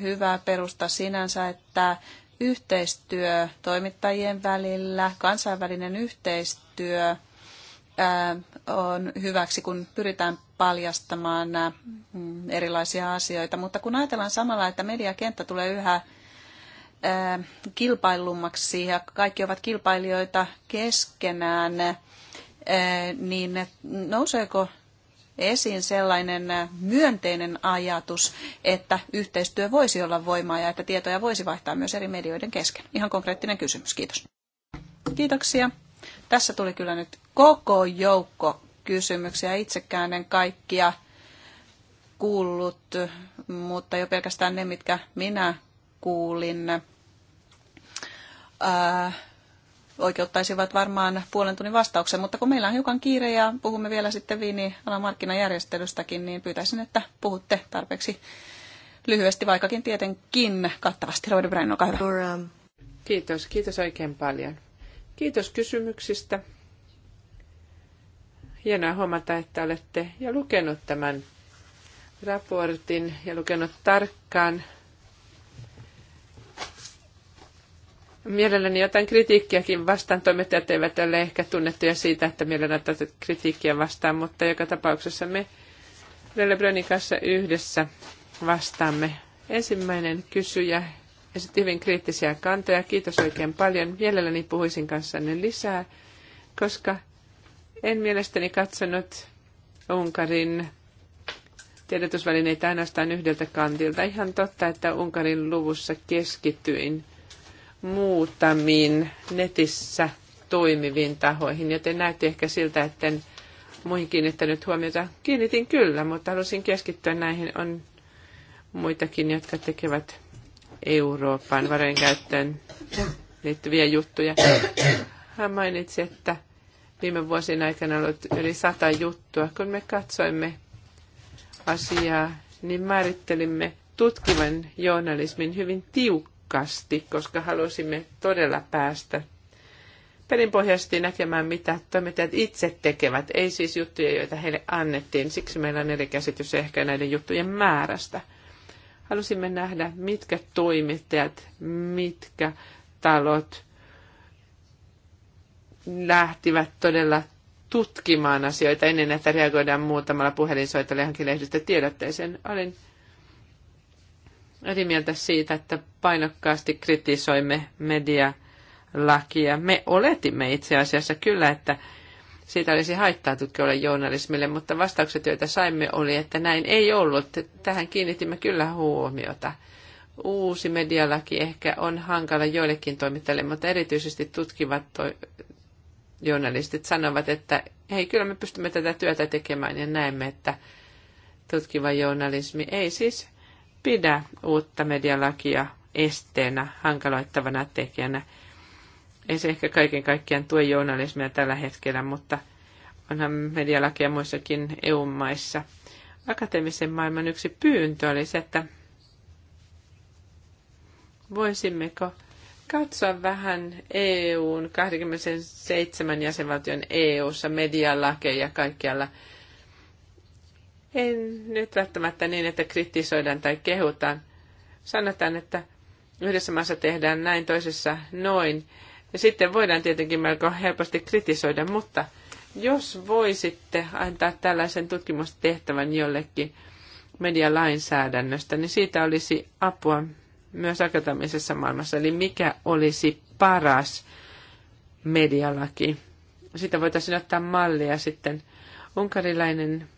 hyvä perusta sinänsä, että yhteistyö toimittajien välillä, kansainvälinen yhteistyö on hyväksi, kun pyritään paljastamaan erilaisia asioita. Mutta kun ajatellaan samalla, että mediakenttä tulee yhä kilpailummaksi ja kaikki ovat kilpailijoita keskenään, niin nouseeko esiin sellainen äh, myönteinen ajatus, että yhteistyö voisi olla voimaa ja että tietoja voisi vaihtaa myös eri medioiden kesken? Ihan konkreettinen kysymys. Kiitos. Kiitoksia. Tässä tuli kyllä nyt koko joukko kysymyksiä. Itsekään en kaikkia kuullut, mutta jo pelkästään ne, mitkä minä kuulin, äh, oikeuttaisivat varmaan puolen tunnin vastauksen, mutta kun meillä on hiukan kiire ja puhumme vielä sitten viinialan markkinajärjestelystäkin, niin pyytäisin, että puhutte tarpeeksi lyhyesti, vaikkakin tietenkin kattavasti. Roide Brain, olkaa hyvä. Um, kiitos, kiitos oikein paljon. Kiitos kysymyksistä. Hienoa huomata, että olette jo lukenut tämän raportin ja lukenut tarkkaan Mielelläni jotain kritiikkiäkin vastaan. Toimittajat eivät ole ehkä tunnettuja siitä, että mielellään tätä kritiikkiä vastaan, mutta joka tapauksessa me Lelle kanssa yhdessä vastaamme. Ensimmäinen kysyjä esitti hyvin kriittisiä kantoja. Kiitos oikein paljon. Mielelläni puhuisin kanssanne lisää, koska en mielestäni katsonut Unkarin tiedotusvälineitä ainoastaan yhdeltä kantilta. Ihan totta, että Unkarin luvussa keskityin muutamiin netissä toimiviin tahoihin, joten näytti ehkä siltä, että en muihin kiinnittänyt huomiota. Kiinnitin kyllä, mutta halusin keskittyä näihin. On muitakin, jotka tekevät Euroopan varojen käyttöön liittyviä juttuja. Hän mainitsi, että viime vuosien aikana ollut yli sata juttua. Kun me katsoimme asiaa, niin määrittelimme tutkivan journalismin hyvin tiukkaan tiukasti, koska halusimme todella päästä perinpohjaisesti näkemään, mitä toimittajat itse tekevät, ei siis juttuja, joita heille annettiin. Siksi meillä on eri käsitys ehkä näiden juttujen määrästä. Halusimme nähdä, mitkä toimittajat, mitkä talot lähtivät todella tutkimaan asioita ennen, että reagoidaan muutamalla puhelinsoitolla johonkin lehdistä tiedotteeseen. Olin eri mieltä siitä, että painokkaasti kritisoimme medialakia. Me oletimme itse asiassa kyllä, että siitä olisi haittaa tutkijoille journalismille, mutta vastaukset, joita saimme, oli, että näin ei ollut. Tähän kiinnitimme kyllä huomiota. Uusi medialaki ehkä on hankala joillekin toimittajille, mutta erityisesti tutkivat to- journalistit sanovat, että hei, kyllä me pystymme tätä työtä tekemään ja näemme, että tutkiva journalismi ei siis pidä uutta medialakia esteenä, hankaloittavana tekijänä. Ei se ehkä kaiken kaikkiaan tue journalismia tällä hetkellä, mutta onhan medialakia muissakin EU-maissa. Akateemisen maailman yksi pyyntö oli se, että voisimmeko katsoa vähän EUn 27 jäsenvaltion EU-ssa medialakeja kaikkialla – en nyt välttämättä niin, että kritisoidaan tai kehutaan. Sanotaan, että yhdessä maassa tehdään näin, toisessa noin. Ja sitten voidaan tietenkin melko helposti kritisoida, mutta jos voisitte antaa tällaisen tutkimustehtävän jollekin medialainsäädännöstä, niin siitä olisi apua myös akatamisessa maailmassa. Eli mikä olisi paras medialaki? Sitä voitaisiin ottaa mallia sitten. Unkarilainen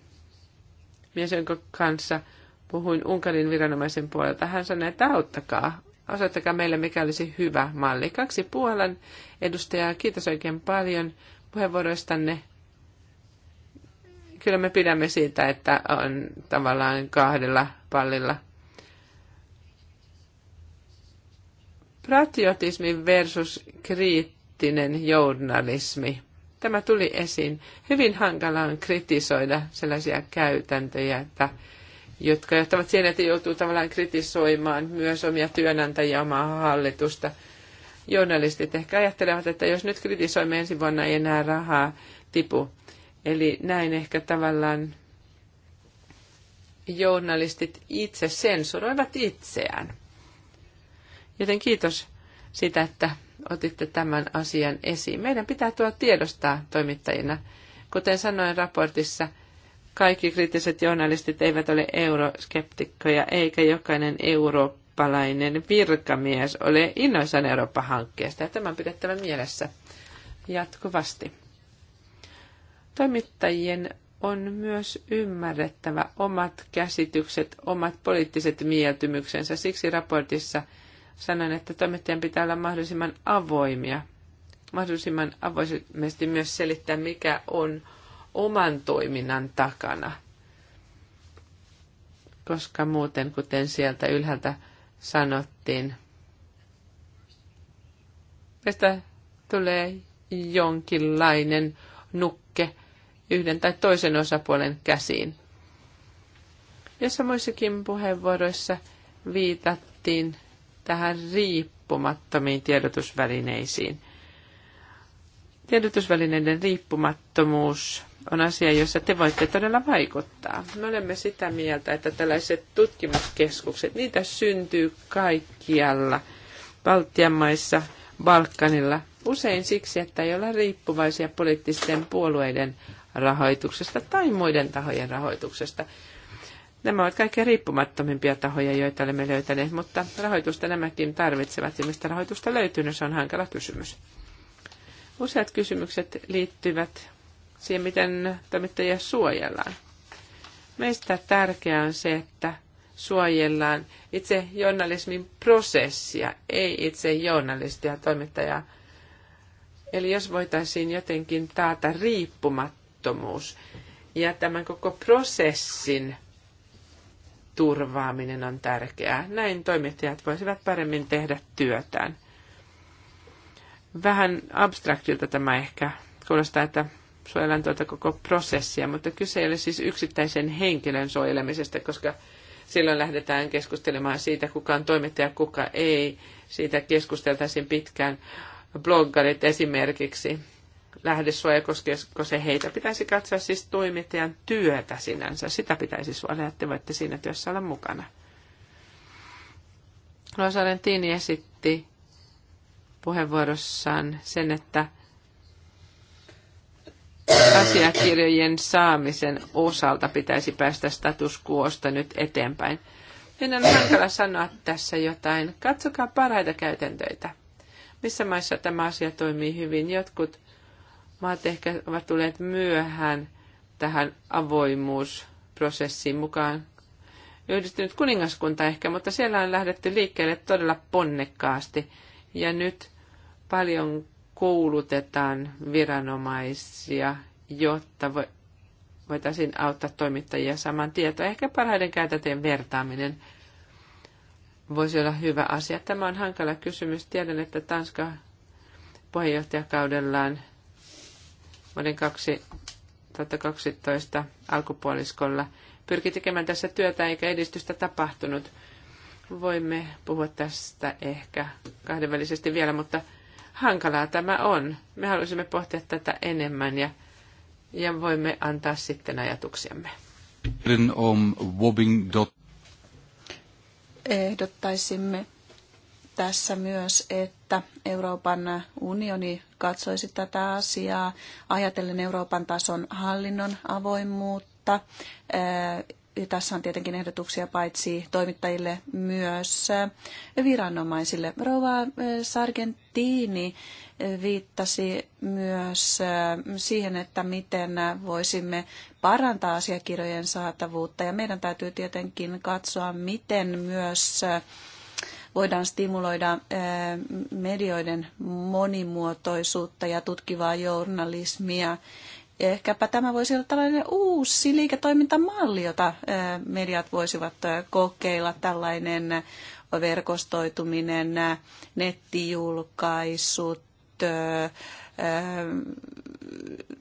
mies, jonka kanssa puhuin Unkarin viranomaisen puolelta, hän sanoi, että auttakaa, osoittakaa meille, mikä olisi hyvä malli. Kaksi Puolan edustajaa, kiitos oikein paljon puheenvuoroistanne. Kyllä me pidämme siitä, että on tavallaan kahdella pallilla. Pratiotismi versus kriittinen journalismi tämä tuli esiin. Hyvin hankala on kritisoida sellaisia käytäntöjä, että, jotka johtavat siihen, että joutuu tavallaan kritisoimaan myös omia työnantajia, omaa hallitusta. Journalistit ehkä ajattelevat, että jos nyt kritisoimme ensi vuonna, ei enää rahaa tipu. Eli näin ehkä tavallaan journalistit itse sensuroivat itseään. Joten kiitos sitä, että otitte tämän asian esiin. Meidän pitää tuo tiedostaa toimittajina. Kuten sanoin raportissa, kaikki kriittiset journalistit eivät ole euroskeptikkoja, eikä jokainen eurooppalainen virkamies ole innoissaan Eurooppa-hankkeesta. Ja tämä on pidettävä mielessä jatkuvasti. Toimittajien on myös ymmärrettävä omat käsitykset, omat poliittiset mieltymyksensä. Siksi raportissa – sanoin, että toimittajan pitää olla mahdollisimman avoimia, mahdollisimman avoimesti myös selittää, mikä on oman toiminnan takana. Koska muuten, kuten sieltä ylhäältä sanottiin, tästä tulee jonkinlainen nukke yhden tai toisen osapuolen käsiin. Ja samoissakin puheenvuoroissa viitattiin tähän riippumattomiin tiedotusvälineisiin. Tiedotusvälineiden riippumattomuus on asia, jossa te voitte todella vaikuttaa. Me olemme sitä mieltä, että tällaiset tutkimuskeskukset, niitä syntyy kaikkialla. Baltian maissa, Balkanilla, usein siksi, että ei olla riippuvaisia poliittisten puolueiden rahoituksesta tai muiden tahojen rahoituksesta. Nämä ovat kaikkein riippumattomimpia tahoja, joita olemme löytäneet, mutta rahoitusta nämäkin tarvitsevat ja mistä rahoitusta löytyy, niin se on hankala kysymys. Useat kysymykset liittyvät siihen, miten toimittajia suojellaan. Meistä tärkeää on se, että suojellaan itse journalismin prosessia, ei itse journalistia ja toimittajaa. Eli jos voitaisiin jotenkin taata riippumattomuus ja tämän koko prosessin turvaaminen on tärkeää. Näin toimittajat voisivat paremmin tehdä työtään. Vähän abstraktilta tämä ehkä kuulostaa, että suojellaan tuota koko prosessia, mutta kyse ei ole siis yksittäisen henkilön suojelemisesta, koska silloin lähdetään keskustelemaan siitä, kuka on toimittaja, kuka ei. Siitä keskusteltaisiin pitkään bloggarit esimerkiksi lähdesuoja, koska se heitä. Pitäisi katsoa siis toimittajan työtä sinänsä. Sitä pitäisi suojella, että voitte siinä työssä olla mukana. Rosalen Tiini esitti puheenvuorossaan sen, että asiakirjojen saamisen osalta pitäisi päästä status quoosta nyt eteenpäin. Meidän on hankala sanoa tässä jotain. Katsokaa parhaita käytäntöitä. Missä maissa tämä asia toimii hyvin? Jotkut Maat ehkä ovat tulleet myöhään tähän avoimuusprosessiin mukaan. Yhdistynyt kuningaskunta ehkä, mutta siellä on lähdetty liikkeelle todella ponnekkaasti. Ja nyt paljon koulutetaan viranomaisia, jotta voitaisiin auttaa toimittajia saman tietoa. Ehkä parhaiden käytäntöjen vertaaminen voisi olla hyvä asia. Tämä on hankala kysymys. Tiedän, että Tanska puheenjohtajakaudellaan vuoden 2012 alkupuoliskolla pyrki tekemään tässä työtä eikä edistystä tapahtunut. Voimme puhua tästä ehkä kahdenvälisesti vielä, mutta hankalaa tämä on. Me haluaisimme pohtia tätä enemmän ja, ja voimme antaa sitten ajatuksiamme. Ehdottaisimme tässä myös, että Euroopan unioni katsoisi tätä asiaa ajatellen Euroopan tason hallinnon avoimuutta. Tässä on tietenkin ehdotuksia paitsi toimittajille myös viranomaisille. Rova Sargentini viittasi myös siihen, että miten voisimme parantaa asiakirjojen saatavuutta. Ja meidän täytyy tietenkin katsoa, miten myös voidaan stimuloida eh, medioiden monimuotoisuutta ja tutkivaa journalismia. Ehkäpä tämä voisi olla tällainen uusi liiketoimintamalli, jota eh, mediat voisivat eh, kokeilla, tällainen verkostoituminen, nettijulkaisut,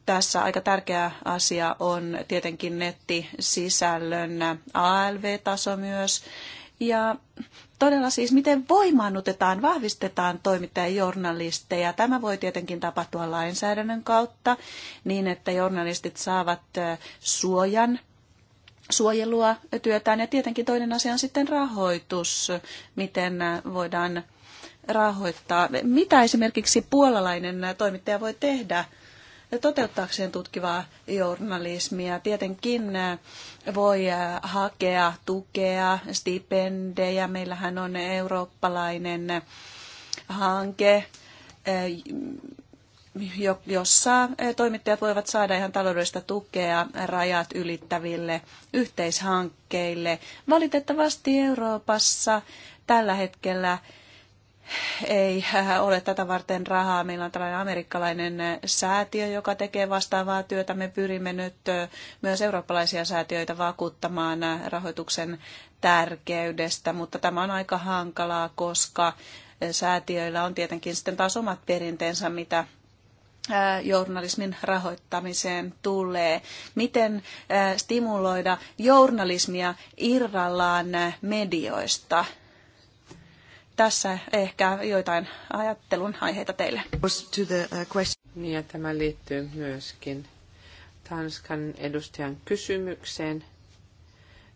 tässä aika tärkeä asia on tietenkin nettisisällön ALV-taso myös. Ja todella siis, miten voimaannutetaan, vahvistetaan toimittajajournalisteja, Tämä voi tietenkin tapahtua lainsäädännön kautta niin, että journalistit saavat suojan suojelua työtään. Ja tietenkin toinen asia on sitten rahoitus, miten voidaan rahoittaa. Mitä esimerkiksi puolalainen toimittaja voi tehdä toteuttaakseen tutkivaa journalismia. Tietenkin voi hakea tukea, stipendejä. Meillähän on eurooppalainen hanke, jossa toimittajat voivat saada ihan taloudellista tukea rajat ylittäville yhteishankkeille. Valitettavasti Euroopassa tällä hetkellä ei äh, ole tätä varten rahaa. Meillä on tällainen amerikkalainen äh, säätiö, joka tekee vastaavaa työtä. Me pyrimme nyt äh, myös eurooppalaisia säätiöitä vakuuttamaan rahoituksen tärkeydestä, mutta tämä on aika hankalaa, koska säätiöillä on tietenkin sitten taas omat perinteensä, mitä journalismin rahoittamiseen tulee. Miten stimuloida journalismia irrallaan medioista? Tässä ehkä joitain ajattelun aiheita teille. Uh, niin, ja tämä liittyy myöskin Tanskan edustajan kysymykseen.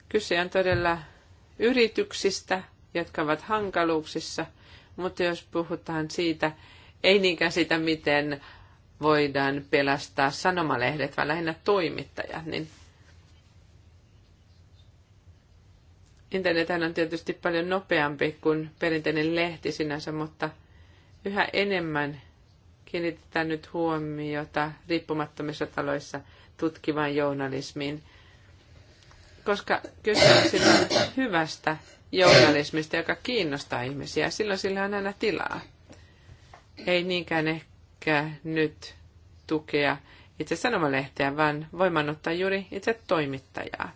Kyse on todella yrityksistä, jotka ovat hankaluuksissa, mutta jos puhutaan siitä, ei niinkään siitä, miten voidaan pelastaa sanomalehdet, vaan lähinnä toimittajat, niin Internet on tietysti paljon nopeampi kuin perinteinen lehti sinänsä, mutta yhä enemmän kiinnitetään nyt huomiota riippumattomissa taloissa tutkivaan journalismiin, koska kyse on silloin hyvästä journalismista, joka kiinnostaa ihmisiä. Silloin sillä on aina tilaa. Ei niinkään ehkä nyt tukea itse sanomalehteä, vaan voimannuttaa juuri itse toimittajaa.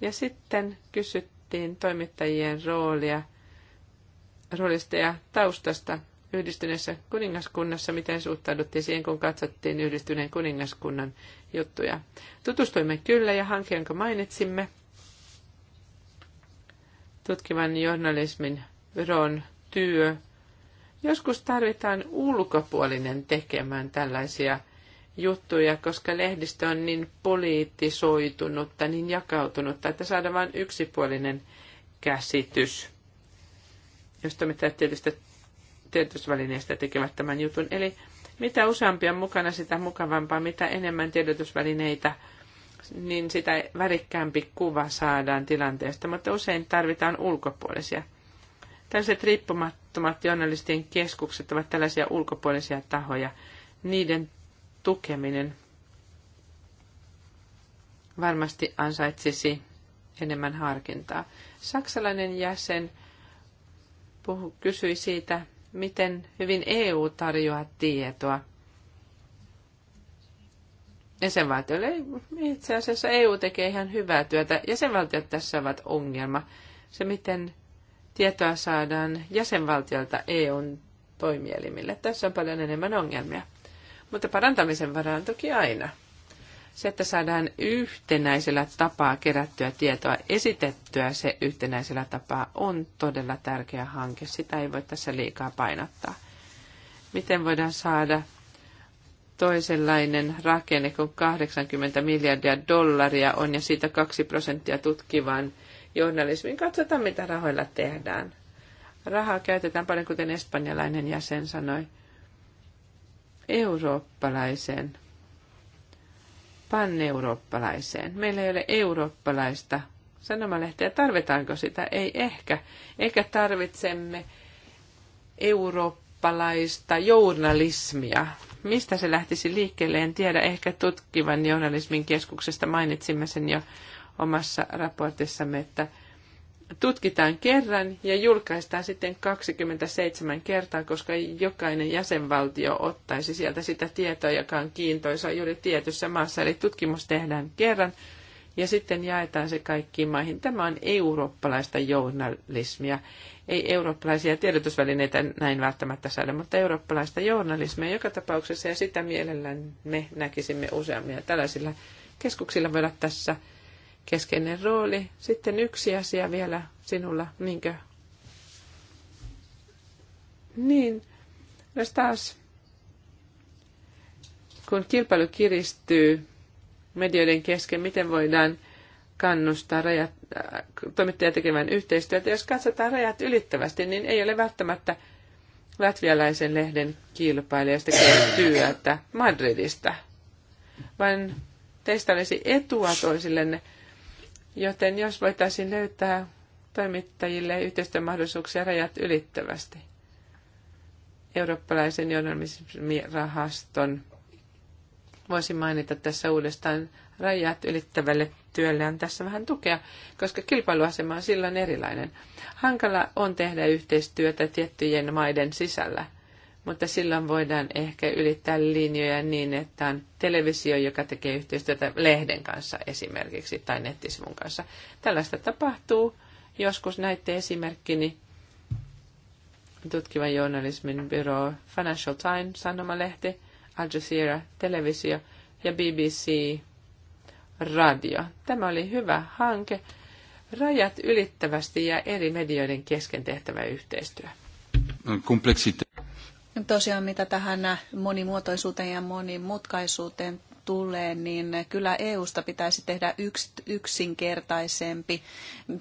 Ja sitten kysyttiin toimittajien roolia, roolista ja taustasta yhdistyneessä kuningaskunnassa, miten suhtauduttiin siihen, kun katsottiin yhdistyneen kuningaskunnan juttuja. Tutustuimme kyllä ja hanke, jonka mainitsimme, tutkivan journalismin ron työ. Joskus tarvitaan ulkopuolinen tekemään tällaisia – juttuja, koska lehdistö on niin poliittisoitunutta, niin jakautunutta, että saadaan vain yksipuolinen käsitys, jos me tietysti tiedotusvälineistä tekevät tämän jutun. Eli mitä useampia mukana, sitä mukavampaa, mitä enemmän tiedotusvälineitä, niin sitä värikkäämpi kuva saadaan tilanteesta, mutta usein tarvitaan ulkopuolisia. Tällaiset riippumattomat journalistien keskukset ovat tällaisia ulkopuolisia tahoja. Niiden tukeminen varmasti ansaitsisi enemmän harkintaa. Saksalainen jäsen puhu, kysyi siitä, miten hyvin EU tarjoaa tietoa jäsenvaltioille. Itse asiassa EU tekee ihan hyvää työtä. Jäsenvaltiot tässä ovat ongelma. Se, miten tietoa saadaan jäsenvaltiolta EUn toimielimille. Tässä on paljon enemmän ongelmia mutta parantamisen varaan toki aina. Se, että saadaan yhtenäisellä tapaa kerättyä tietoa, esitettyä se yhtenäisellä tapaa, on todella tärkeä hanke. Sitä ei voi tässä liikaa painottaa. Miten voidaan saada toisenlainen rakenne, kun 80 miljardia dollaria on ja siitä 2 prosenttia tutkivan journalismin. Katsotaan, mitä rahoilla tehdään. Rahaa käytetään paljon, kuten espanjalainen jäsen sanoi eurooppalaiseen, panneurooppalaiseen. Meillä ei ole eurooppalaista sanomalehteä. Tarvitaanko sitä? Ei ehkä. Ehkä tarvitsemme eurooppalaista journalismia. Mistä se lähtisi liikkeelle, en tiedä. Ehkä tutkivan journalismin keskuksesta mainitsimme sen jo omassa raportissamme, että – tutkitaan kerran ja julkaistaan sitten 27 kertaa, koska jokainen jäsenvaltio ottaisi sieltä sitä tietoa, joka on kiintoisa juuri tietyssä maassa. Eli tutkimus tehdään kerran ja sitten jaetaan se kaikkiin maihin. Tämä on eurooppalaista journalismia. Ei eurooppalaisia tiedotusvälineitä näin välttämättä saada, mutta eurooppalaista journalismia joka tapauksessa ja sitä mielellään me näkisimme useammin. Ja tällaisilla keskuksilla voi olla tässä keskeinen rooli. Sitten yksi asia vielä sinulla, niinkö? Niin, jos no taas kun kilpailu kiristyy medioiden kesken, miten voidaan kannustaa rajat, äh, toimittajia tekemään yhteistyötä. Jos katsotaan rajat ylittävästi, niin ei ole välttämättä latvialaisen lehden kilpailijasta työtä Madridista, vaan teistä olisi etua toisillenne – Joten jos voitaisiin löytää toimittajille yhteistyömahdollisuuksia rajat ylittävästi. Eurooppalaisen journalismirahaston voisi mainita tässä uudestaan rajat ylittävälle työlle on tässä vähän tukea, koska kilpailuasema on silloin erilainen. Hankala on tehdä yhteistyötä tiettyjen maiden sisällä mutta silloin voidaan ehkä ylittää linjoja niin, että on televisio, joka tekee yhteistyötä lehden kanssa esimerkiksi tai nettisivun kanssa. Tällaista tapahtuu. Joskus näitte esimerkkini tutkivan journalismin byro Financial Times, sanomalehti, Al Jazeera, televisio ja BBC radio. Tämä oli hyvä hanke, rajat ylittävästi ja eri medioiden kesken tehtävä yhteistyö. Kompleksite. Tosiaan mitä tähän monimuotoisuuteen ja monimutkaisuuteen tulee, niin kyllä EUsta pitäisi tehdä yks, yksinkertaisempi.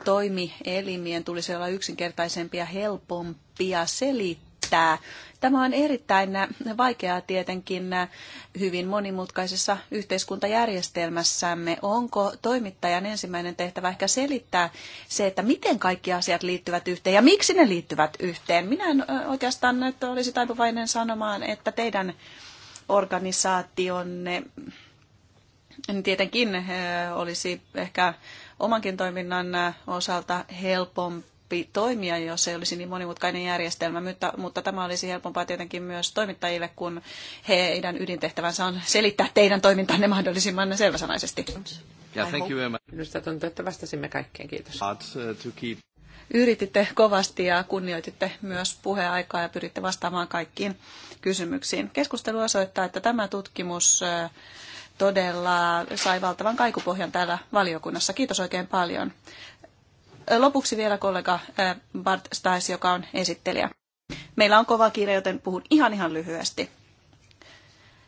Toimielimien tulisi olla yksinkertaisempi ja helpompi helpompia selittää pitää. Tämä on erittäin vaikeaa tietenkin hyvin monimutkaisessa yhteiskuntajärjestelmässämme. Onko toimittajan ensimmäinen tehtävä ehkä selittää se, että miten kaikki asiat liittyvät yhteen ja miksi ne liittyvät yhteen? Minä en oikeastaan nyt olisi taipuvainen sanomaan, että teidän organisaationne tietenkin olisi ehkä omankin toiminnan osalta helpompi helpompi toimia, jos se olisi niin monimutkainen järjestelmä, mutta, mutta tämä olisi helpompaa tietenkin myös toimittajille, kun heidän ydintehtävänsä on selittää teidän toimintanne mahdollisimman selväsanaisesti. Yeah, thank you, Minusta tuntuu, että vastasimme kaikkeen. Kiitos. Uh, Yrititte kovasti ja kunnioititte myös puheaikaa ja pyritte vastaamaan kaikkiin kysymyksiin. Keskustelu osoittaa, että tämä tutkimus uh, todella sai valtavan kaikupohjan täällä valiokunnassa. Kiitos oikein paljon. Lopuksi vielä kollega eh, Bart Stais, joka on esittelijä. Meillä on kova kiire, joten puhun ihan ihan lyhyesti.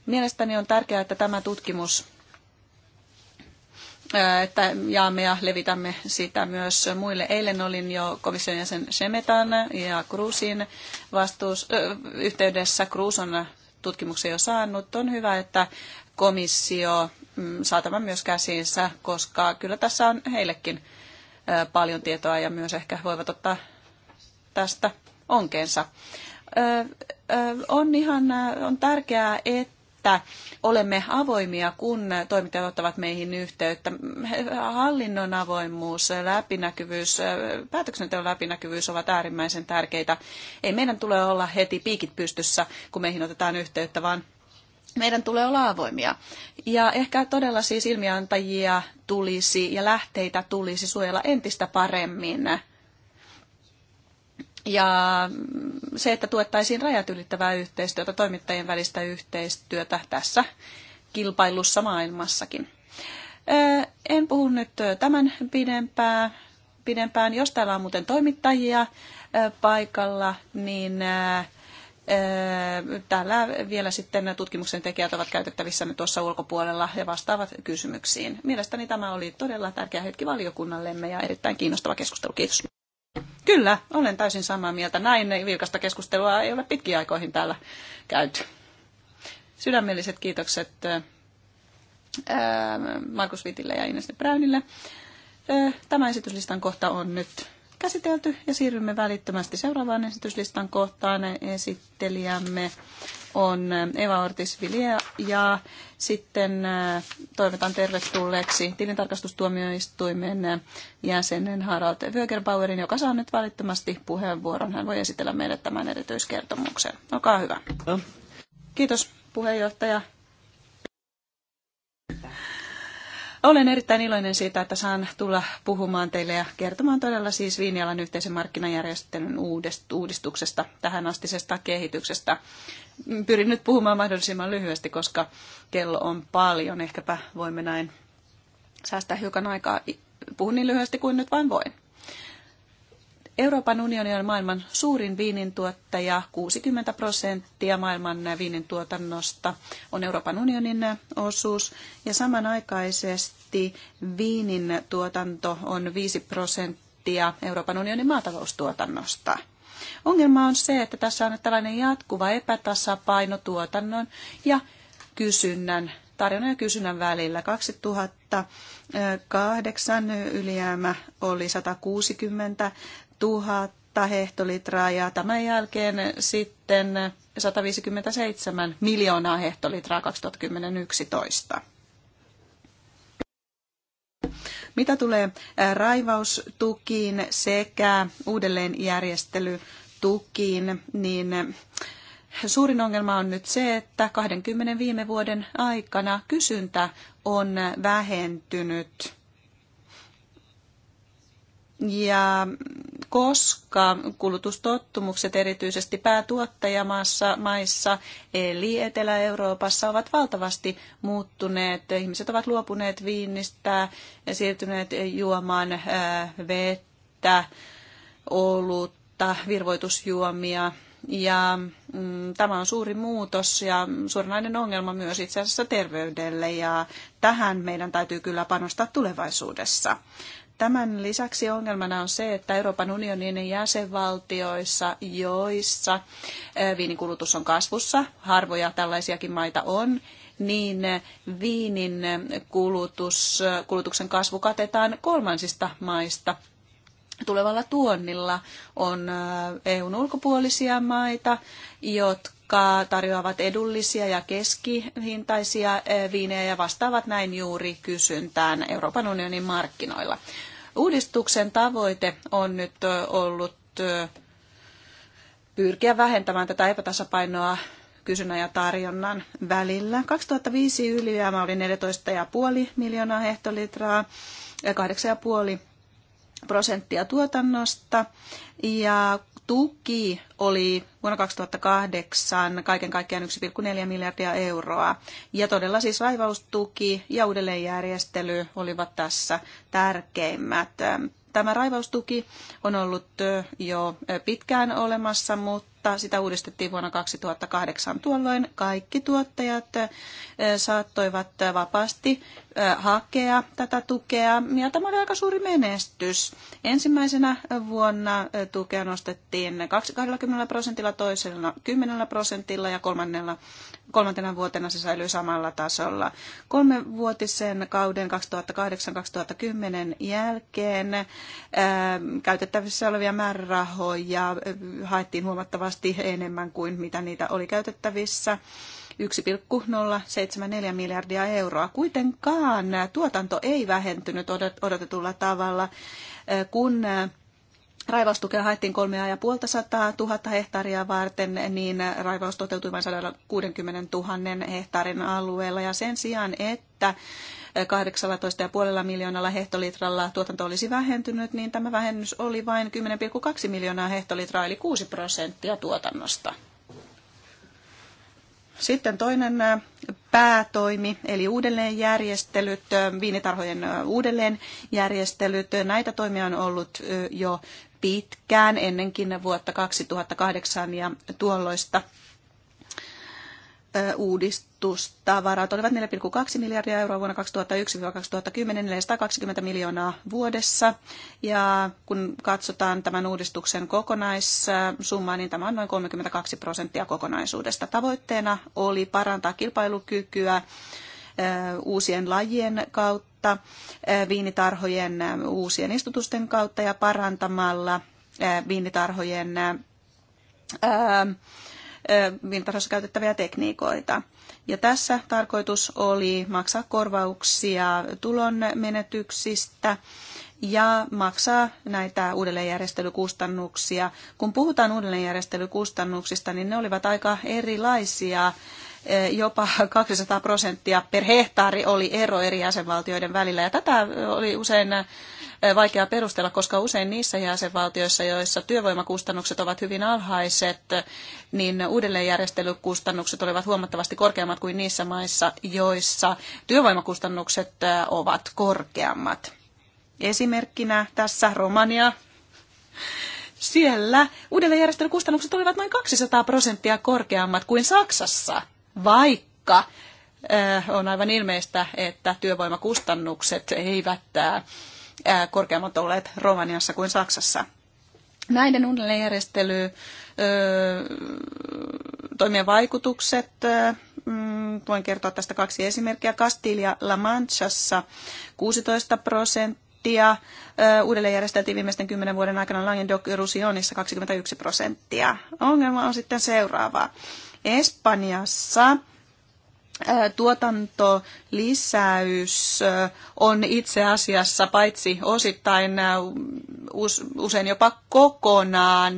Mielestäni on tärkeää, että tämä tutkimus eh, että jaamme ja levitämme sitä myös muille. Eilen olin jo komission jäsen Semetan ja Kruusin vastuus, äh, yhteydessä. Kruus on tutkimuksen jo saanut. On hyvä, että komissio mm, saa tämän myös käsiinsä, koska kyllä tässä on heillekin paljon tietoa ja myös ehkä voivat ottaa tästä onkeensa. On, ihan, on tärkeää, että että olemme avoimia, kun toimittajat ottavat meihin yhteyttä. Hallinnon avoimuus, läpinäkyvyys, päätöksenteon läpinäkyvyys ovat äärimmäisen tärkeitä. Ei meidän tule olla heti piikit pystyssä, kun meihin otetaan yhteyttä, vaan meidän tulee olla avoimia. Ja ehkä todella siis ilmiantajia tulisi ja lähteitä tulisi suojella entistä paremmin. Ja se, että tuettaisiin rajat ylittävää yhteistyötä, toimittajien välistä yhteistyötä tässä kilpailussa maailmassakin. En puhu nyt tämän pidempään. pidempään. Jos täällä on muuten toimittajia paikalla, niin Täällä vielä sitten tutkimuksen tekijät ovat käytettävissä tuossa ulkopuolella ja vastaavat kysymyksiin. Mielestäni tämä oli todella tärkeä hetki valiokunnallemme ja erittäin kiinnostava keskustelu. Kiitos. Kyllä, olen täysin samaa mieltä. Näin vilkasta keskustelua ei ole pitkiä aikoihin täällä käyty. Sydämelliset kiitokset Markus Vitille ja Ines Brownille. Tämä esityslistan kohta on nyt käsitelty ja siirrymme välittömästi seuraavaan esityslistan kohtaan. Esittelijämme on Eva ortis ja sitten äh, toivotan tervetulleeksi tilintarkastustuomioistuimen äh, jäsenen Harald Wögerbauerin, joka saa nyt välittömästi puheenvuoron. Hän voi esitellä meille tämän erityiskertomuksen. Olkaa hyvä. No. Kiitos puheenjohtaja. Olen erittäin iloinen siitä, että saan tulla puhumaan teille ja kertomaan todella siis viinialan yhteisen markkinajärjestelyn uudistuksesta, tähän astisesta kehityksestä. Pyrin nyt puhumaan mahdollisimman lyhyesti, koska kello on paljon. Ehkäpä voimme näin säästää hiukan aikaa. Puhun niin lyhyesti kuin nyt vain voin. Euroopan unioni on maailman suurin viinintuottaja. 60 prosenttia maailman viinintuotannosta on Euroopan unionin osuus. Ja samanaikaisesti viinin tuotanto on 5 prosenttia Euroopan unionin maataloustuotannosta. Ongelma on se, että tässä on tällainen jatkuva epätasapaino tuotannon ja kysynnän tarjonnan ja kysynnän välillä. 2008 ylijäämä oli 160 tuhatta hehtolitraa ja tämän jälkeen sitten 157 miljoonaa hehtolitraa 2011. Mitä tulee raivaustukiin sekä uudelleenjärjestelytukiin, niin suurin ongelma on nyt se, että 20 viime vuoden aikana kysyntä on vähentynyt ja koska kulutustottumukset erityisesti päätuottajamaassa maissa eli Etelä-Euroopassa ovat valtavasti muuttuneet, ihmiset ovat luopuneet viinistä ja siirtyneet juomaan äh, vettä, olutta, virvoitusjuomia. Ja mm, tämä on suuri muutos ja suoranainen ongelma myös itse asiassa terveydelle ja tähän meidän täytyy kyllä panostaa tulevaisuudessa. Tämän lisäksi ongelmana on se, että Euroopan unionin jäsenvaltioissa, joissa viinikulutus on kasvussa, harvoja tällaisiakin maita on, niin viinin kulutus, kulutuksen kasvu katetaan kolmansista maista. Tulevalla tuonnilla on EUn ulkopuolisia maita, jotka jotka tarjoavat edullisia ja keskihintaisia eh, viinejä ja vastaavat näin juuri kysyntään Euroopan unionin markkinoilla. Uudistuksen tavoite on nyt eh, ollut eh, pyrkiä vähentämään tätä epätasapainoa kysynnän ja tarjonnan välillä. 2005 ylijäämä oli 14,5 miljoonaa hehtolitraa, 8,5 prosenttia tuotannosta ja tuki oli vuonna 2008 kaiken kaikkiaan 1,4 miljardia euroa. Ja todella siis raivaustuki ja uudelleenjärjestely olivat tässä tärkeimmät. Tämä raivaustuki on ollut jo pitkään olemassa, mutta mutta sitä uudistettiin vuonna 2008. Tuolloin kaikki tuottajat saattoivat vapaasti hakea tätä tukea ja tämä oli aika suuri menestys. Ensimmäisenä vuonna tukea nostettiin 20 prosentilla, toisella 10 prosentilla ja kolmannella, kolmantena vuotena se säilyi samalla tasolla. Kolmenvuotisen kauden 2008-2010 jälkeen ää, käytettävissä olevia määrärahoja haettiin huomattavasti huomattavasti enemmän kuin mitä niitä oli käytettävissä. 1,074 miljardia euroa. Kuitenkaan tuotanto ei vähentynyt odotetulla tavalla, kun Raivaustukea haettiin 350 000 hehtaaria varten, niin raivaus toteutui vain 160 000 hehtaarin alueella. Ja sen sijaan, että 18,5 miljoonalla hehtolitralla tuotanto olisi vähentynyt, niin tämä vähennys oli vain 10,2 miljoonaa hehtolitraa, eli 6 prosenttia tuotannosta. Sitten toinen päätoimi, eli uudelleenjärjestelyt, viinitarhojen uudelleenjärjestelyt. Näitä toimia on ollut jo pitkään, ennenkin vuotta 2008 ja tuolloista uudistusta. Varat olivat 4,2 miljardia euroa vuonna 2001-2010, 420 miljoonaa vuodessa. Ja kun katsotaan tämän uudistuksen kokonaissummaa, niin tämä on noin 32 prosenttia kokonaisuudesta. Tavoitteena oli parantaa kilpailukykyä uusien lajien kautta, viinitarhojen uusien istutusten kautta ja parantamalla viinitarhojen vintarassa käytettäviä tekniikoita. Ja tässä tarkoitus oli maksaa korvauksia tulon menetyksistä ja maksaa näitä uudelleenjärjestelykustannuksia. Kun puhutaan uudelleenjärjestelykustannuksista, niin ne olivat aika erilaisia jopa 200 prosenttia per hehtaari oli ero eri jäsenvaltioiden välillä. Ja tätä oli usein vaikea perustella, koska usein niissä jäsenvaltioissa, joissa työvoimakustannukset ovat hyvin alhaiset, niin uudelleenjärjestelykustannukset olivat huomattavasti korkeammat kuin niissä maissa, joissa työvoimakustannukset ovat korkeammat. Esimerkkinä tässä Romania. Siellä uudelleenjärjestelykustannukset olivat noin 200 prosenttia korkeammat kuin Saksassa, vaikka on aivan ilmeistä, että työvoimakustannukset eivät korkeammat olleet Romaniassa kuin Saksassa. Näiden uudelleenjärjestely toimien vaikutukset. Mm, voin kertoa tästä kaksi esimerkkiä. Kastilia La Manchassa 16 prosenttia. Uudelleen järjesteltiin viimeisten kymmenen vuoden aikana Languedoc Roussillonissa 21 prosenttia. Ongelma on sitten seuraava. Espanjassa tuotantolisäys on itse asiassa paitsi osittain usein jopa kokonaan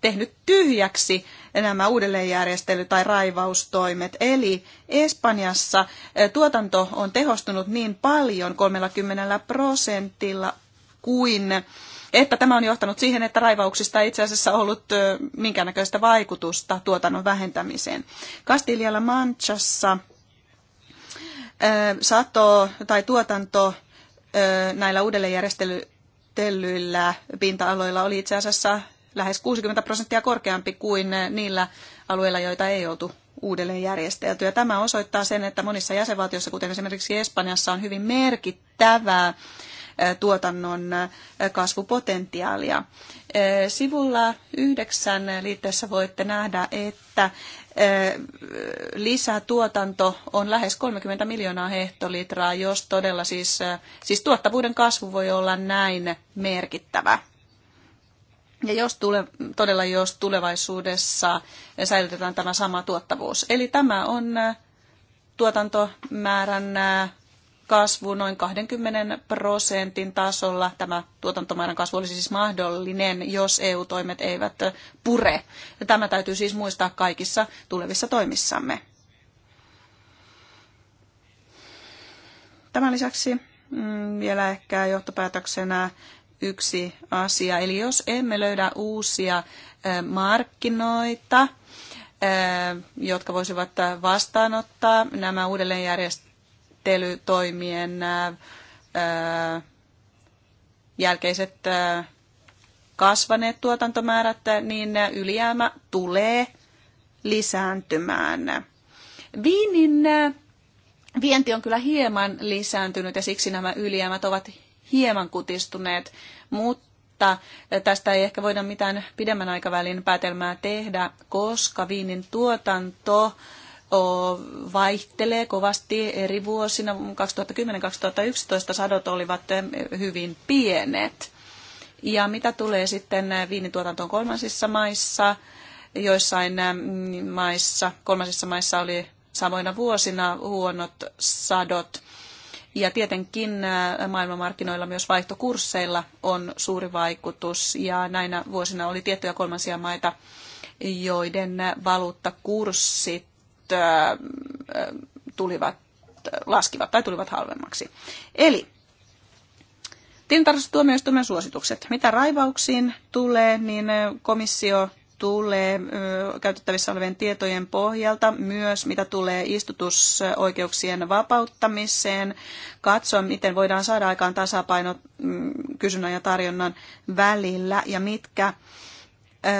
tehnyt tyhjäksi nämä uudelleenjärjestely- tai raivaustoimet. Eli Espanjassa tuotanto on tehostunut niin paljon 30 prosentilla kuin että tämä on johtanut siihen, että raivauksista ei itse asiassa ollut minkäännäköistä vaikutusta tuotannon vähentämiseen. Kastilialla Manchassa sato- tai tuotanto näillä uudelleenjärjestelyillä pinta-aloilla oli itse asiassa lähes 60 prosenttia korkeampi kuin niillä alueilla, joita ei oltu uudelleenjärjestelty. Ja tämä osoittaa sen, että monissa jäsenvaltioissa, kuten esimerkiksi Espanjassa, on hyvin merkittävää tuotannon kasvupotentiaalia. Sivulla yhdeksän liitteessä voitte nähdä, että lisätuotanto on lähes 30 miljoonaa hehtolitraa, jos todella siis, siis tuottavuuden kasvu voi olla näin merkittävä. Ja jos tule, todella jos tulevaisuudessa säilytetään tämä sama tuottavuus. Eli tämä on tuotantomäärän kasvu noin 20 prosentin tasolla. Tämä tuotantomäärän kasvu olisi siis mahdollinen, jos EU-toimet eivät pure. Ja tämä täytyy siis muistaa kaikissa tulevissa toimissamme. Tämän lisäksi mm, vielä ehkä johtopäätöksenä yksi asia. Eli jos emme löydä uusia markkinoita, jotka voisivat vastaanottaa nämä uudelleenjärjestelmät, ää, jälkeiset kasvaneet tuotantomäärät, niin ylijäämä tulee lisääntymään. Viinin vienti on kyllä hieman lisääntynyt ja siksi nämä ylijäämät ovat hieman kutistuneet, mutta tästä ei ehkä voida mitään pidemmän aikavälin päätelmää tehdä, koska viinin tuotanto vaihtelee kovasti eri vuosina. 2010-2011 sadot olivat eh, hyvin pienet. Ja mitä tulee sitten eh, viinituotantoon kolmansissa maissa, joissain eh, maissa, kolmansissa maissa oli samoina vuosina huonot sadot. Ja tietenkin maailmanmarkkinoilla myös vaihtokursseilla on suuri vaikutus ja näinä vuosina oli tiettyjä kolmansia maita, joiden valuuttakurssit tulivat, laskivat tai tulivat halvemmaksi. Eli tilintarkastustuomioistuimen suositukset. Mitä raivauksiin tulee, niin komissio tulee käytettävissä olevien tietojen pohjalta myös, mitä tulee istutusoikeuksien vapauttamiseen, katsoa, miten voidaan saada aikaan tasapaino mm, kysynnän ja tarjonnan välillä ja mitkä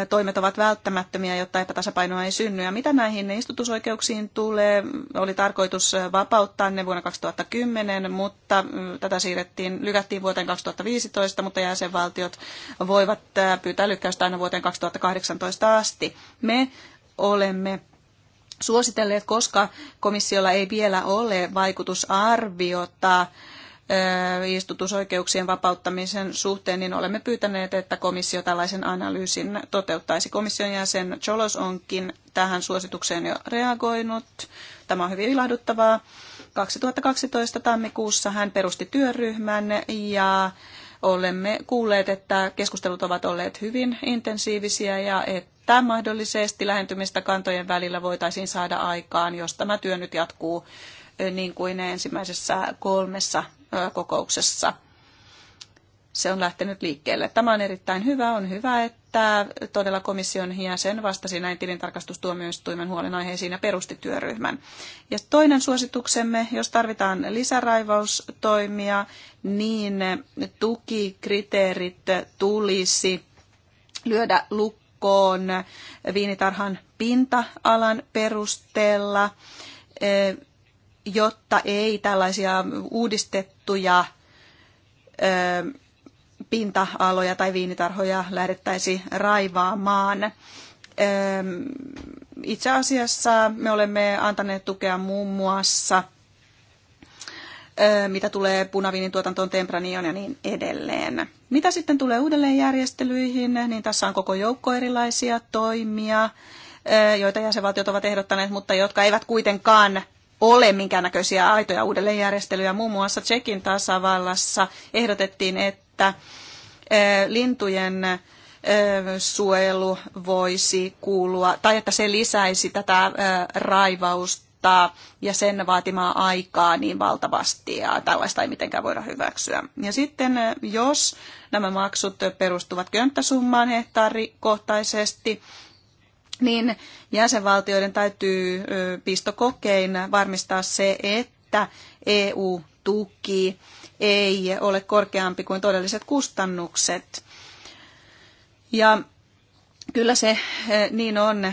toimet ovat välttämättömiä, jotta epätasapainoa ei synny. Ja mitä näihin istutusoikeuksiin tulee, oli tarkoitus vapauttaa ne vuonna 2010, mutta tätä siirrettiin, lykättiin vuoteen 2015, mutta jäsenvaltiot voivat pyytää lykkäystä aina vuoteen 2018 asti. Me olemme suositelleet, koska komissiolla ei vielä ole vaikutusarviota Eh, istutusoikeuksien vapauttamisen suhteen, niin olemme pyytäneet, että komissio tällaisen analyysin toteuttaisi. Komission jäsen Cholos onkin tähän suositukseen jo reagoinut. Tämä on hyvin ilahduttavaa. 2012 tammikuussa hän perusti työryhmän ja olemme kuulleet, että keskustelut ovat olleet hyvin intensiivisiä ja että mahdollisesti lähentymistä kantojen välillä voitaisiin saada aikaan, jos tämä työ nyt jatkuu eh, niin kuin ensimmäisessä kolmessa kokouksessa. Se on lähtenyt liikkeelle. Tämä on erittäin hyvä. On hyvä, että todella komission jäsen vastasi näin tilintarkastustuomioistuimen huolenaiheisiin ja perusti työryhmän. Ja toinen suosituksemme, jos tarvitaan lisäraivaustoimia, niin tukikriteerit tulisi lyödä lukkoon viinitarhan pinta-alan perusteella jotta ei tällaisia uudistettuja pinta-aloja tai viinitarhoja lähdettäisi raivaamaan. Itse asiassa me olemme antaneet tukea muun muassa, mitä tulee punaviinin tuotantoon, tempranion ja niin edelleen. Mitä sitten tulee uudelleenjärjestelyihin, niin tässä on koko joukko erilaisia toimia, joita jäsenvaltiot ovat ehdottaneet, mutta jotka eivät kuitenkaan ole minkäännäköisiä aitoja uudelleenjärjestelyjä. Muun muassa Tsekin tasavallassa ehdotettiin, että lintujen suojelu voisi kuulua, tai että se lisäisi tätä raivausta ja sen vaatimaa aikaa niin valtavasti, ja tällaista ei mitenkään voida hyväksyä. Ja sitten jos nämä maksut perustuvat könttäsummaan hehtaarikohtaisesti, niin jäsenvaltioiden täytyy pistokokein varmistaa se, että EU-tuki ei ole korkeampi kuin todelliset kustannukset. Ja kyllä se niin on,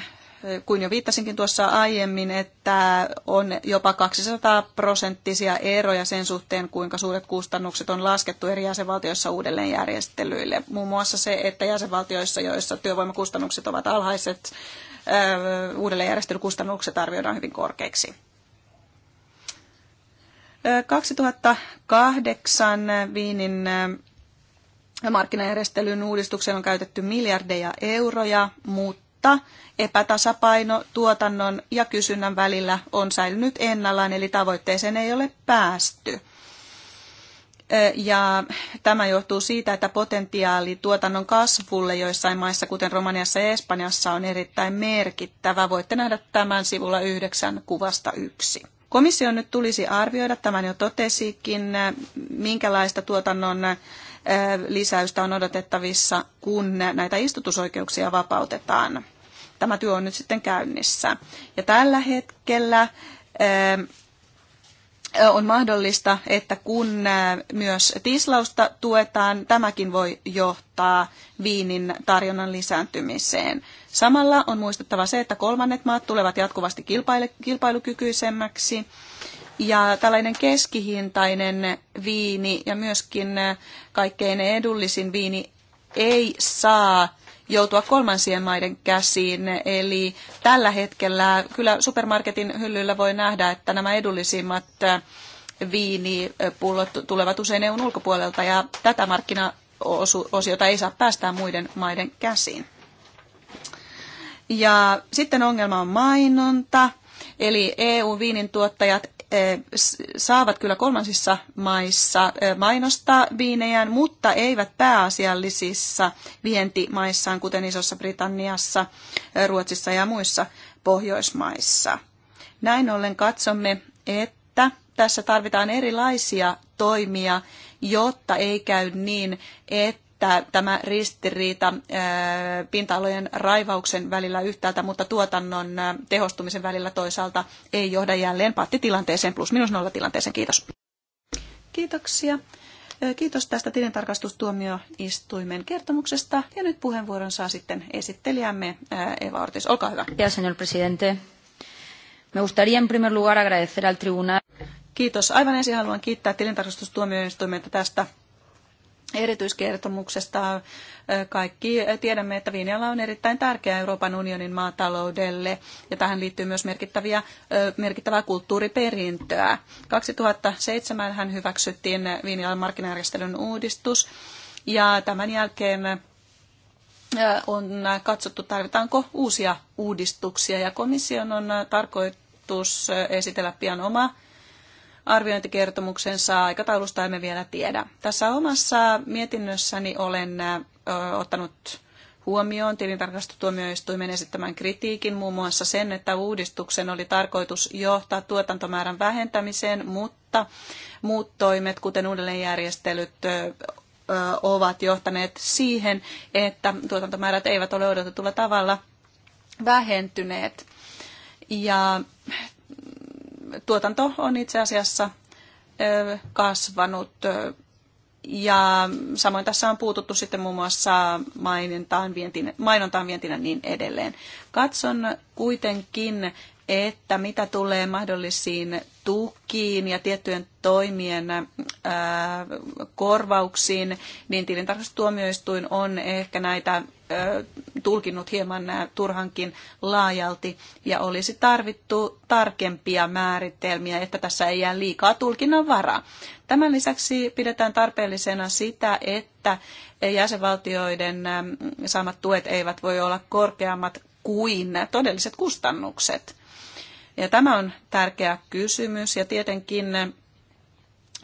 kuin jo viittasinkin tuossa aiemmin, että on jopa 200 prosenttisia eroja sen suhteen, kuinka suuret kustannukset on laskettu eri jäsenvaltioissa uudelleenjärjestelyille. Muun muassa se, että jäsenvaltioissa, joissa työvoimakustannukset ovat alhaiset, uudelleenjärjestelykustannukset arvioidaan hyvin korkeiksi. 2008 Viinin markkinajärjestelyn uudistukseen on käytetty miljardeja euroja, mutta mutta epätasapaino tuotannon ja kysynnän välillä on säilynyt ennallaan, eli tavoitteeseen ei ole päästy. Ja tämä johtuu siitä, että potentiaali tuotannon kasvulle joissain maissa, kuten Romaniassa ja Espanjassa, on erittäin merkittävä. Voitte nähdä tämän sivulla 9 kuvasta yksi. Komissio nyt tulisi arvioida, tämän jo totesikin, minkälaista tuotannon lisäystä on odotettavissa, kun näitä istutusoikeuksia vapautetaan tämä työ on nyt sitten käynnissä. Ja tällä hetkellä ähm, äh, on mahdollista, että kun äh, myös tislausta tuetaan, tämäkin voi johtaa viinin tarjonnan lisääntymiseen. Samalla on muistettava se, että kolmannet maat tulevat jatkuvasti kilpailukykyisemmäksi. Ja tällainen keskihintainen viini ja myöskin äh, kaikkein edullisin viini ei saa joutua kolmansien maiden käsiin. Eli tällä hetkellä kyllä supermarketin hyllyllä voi nähdä, että nämä edullisimmat äh, viinipullot tulevat usein EUn ulkopuolelta ja tätä markkinaosiota ei saa päästää muiden maiden käsiin. Ja sitten ongelma on mainonta. Eli EU-viinin tuottajat saavat kyllä kolmansissa maissa mainostaa viinejään, mutta eivät pääasiallisissa vientimaissaan, kuten Isossa Britanniassa, Ruotsissa ja muissa Pohjoismaissa. Näin ollen katsomme, että tässä tarvitaan erilaisia toimia, jotta ei käy niin, että että tämä ristiriita pinta-alojen raivauksen välillä yhtäältä, mutta tuotannon tehostumisen välillä toisaalta ei johda jälleen pattitilanteeseen, plus minus nolla tilanteeseen. Kiitos. Kiitoksia. Kiitos tästä tilintarkastustuomioistuimen kertomuksesta. Ja nyt puheenvuoron saa sitten esittelijämme Eva Ortiz. Olkaa hyvä. Kiitos, señor presidente. Me gustaría en primer lugar agradecer al tribunal. Kiitos. Aivan ensin haluan kiittää tilintarkastustuomioistuimen tästä erityiskertomuksesta. Kaikki tiedämme, että viiniala on erittäin tärkeä Euroopan unionin maataloudelle ja tähän liittyy myös merkittäviä, merkittävää kulttuuriperintöä. 2007 hän hyväksyttiin viinialan markkinajärjestelyn uudistus ja tämän jälkeen on katsottu, tarvitaanko uusia uudistuksia ja komission on tarkoitus esitellä pian oma arviointikertomuksensa. Aikataulusta emme vielä tiedä. Tässä omassa mietinnössäni olen ö, ottanut huomioon tilintarkastustuomioistuimen esittämän kritiikin, muun muassa sen, että uudistuksen oli tarkoitus johtaa tuotantomäärän vähentämiseen, mutta muut toimet, kuten uudelleenjärjestelyt, ovat johtaneet siihen, että tuotantomäärät eivät ole odotetulla tavalla vähentyneet. Ja tuotanto on itse asiassa kasvanut. Ja samoin tässä on puututtu sitten muun muassa mainontaan vientinä, mainontaan vientinä niin edelleen. Katson kuitenkin, että mitä tulee mahdollisiin tukiin ja tiettyjen toimien ää, korvauksiin, niin tilintarkastustuomioistuin on ehkä näitä ää, tulkinnut hieman ää, turhankin laajalti ja olisi tarvittu tarkempia määritelmiä, että tässä ei jää liikaa tulkinnan varaa. Tämän lisäksi pidetään tarpeellisena sitä, että jäsenvaltioiden ää, saamat tuet eivät voi olla korkeammat kuin todelliset kustannukset ja tämä on tärkeä kysymys ja tietenkin eh,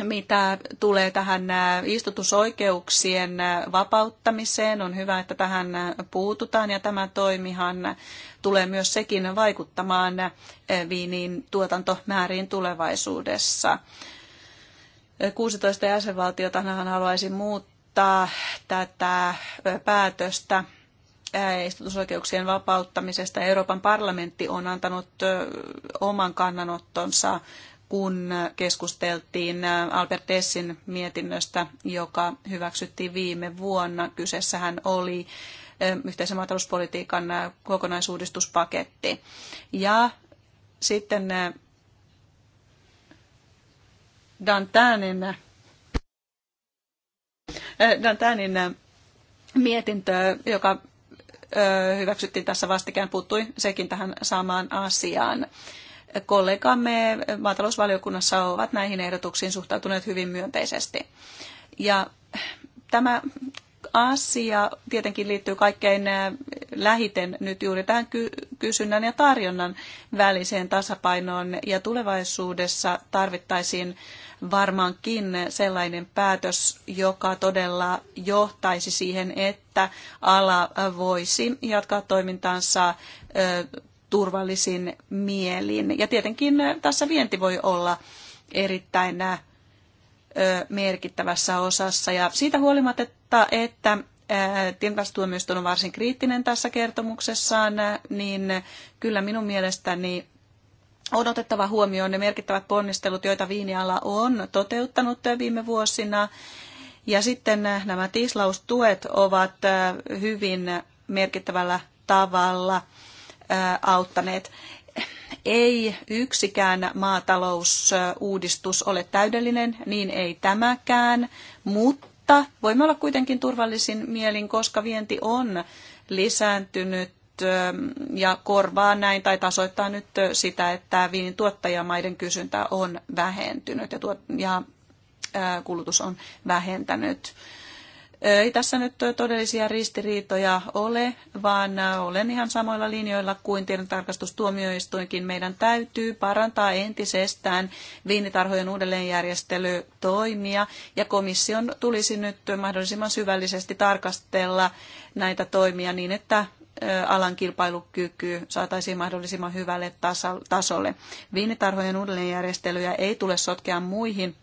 mitä tulee tähän eh, istutusoikeuksien eh, vapauttamiseen, on hyvä, että tähän puututaan ja tämä toimihan tulee myös sekin vaikuttamaan viinin tuotantomääriin tulevaisuudessa. 16 jäsenvaltiotahan haluaisi muuttaa tätä päätöstä istutusoikeuksien vapauttamisesta. Euroopan parlamentti on antanut oman kannanottonsa, kun keskusteltiin Albert Dessin mietinnöstä, joka hyväksyttiin viime vuonna. Kyseessähän oli yhteisen maatalouspolitiikan kokonaisuudistuspaketti. Ja sitten Dantanin, Dantanin mietintö, joka hyväksyttiin tässä vastikään, puuttui sekin tähän samaan asiaan. Kollegamme maatalousvaliokunnassa ovat näihin ehdotuksiin suhtautuneet hyvin myönteisesti. Ja tämä asia tietenkin liittyy kaikkein lähiten nyt juuri tähän kysynnän ja tarjonnan väliseen tasapainoon ja tulevaisuudessa tarvittaisiin varmaankin sellainen päätös, joka todella johtaisi siihen, että ala voisi jatkaa toimintaansa turvallisin mielin. Ja tietenkin tässä vienti voi olla erittäin merkittävässä osassa. Ja siitä huolimatta, että mutta että myös on varsin kriittinen tässä kertomuksessaan, niin kyllä minun mielestäni on otettava huomioon ne merkittävät ponnistelut, joita viiniala on toteuttanut viime vuosina. Ja sitten nämä tislaustuet ovat hyvin merkittävällä tavalla auttaneet. Ei yksikään maatalousuudistus ole täydellinen, niin ei tämäkään, mutta mutta voimme olla kuitenkin turvallisin mielin, koska vienti on lisääntynyt ähm, ja korvaa näin tai tasoittaa nyt sitä, että viinin tuottajamaiden kysyntä on vähentynyt ja, tuot- ja äh, kulutus on vähentänyt. Ei tässä nyt todellisia ristiriitoja ole, vaan olen ihan samoilla linjoilla kuin tiedontarkastustuomioistuinkin. Meidän täytyy parantaa entisestään viinitarhojen uudelleenjärjestelytoimia ja komission tulisi nyt mahdollisimman syvällisesti tarkastella näitä toimia niin, että alan kilpailukyky saataisiin mahdollisimman hyvälle tasolle. Viinitarhojen uudelleenjärjestelyjä ei tule sotkea muihin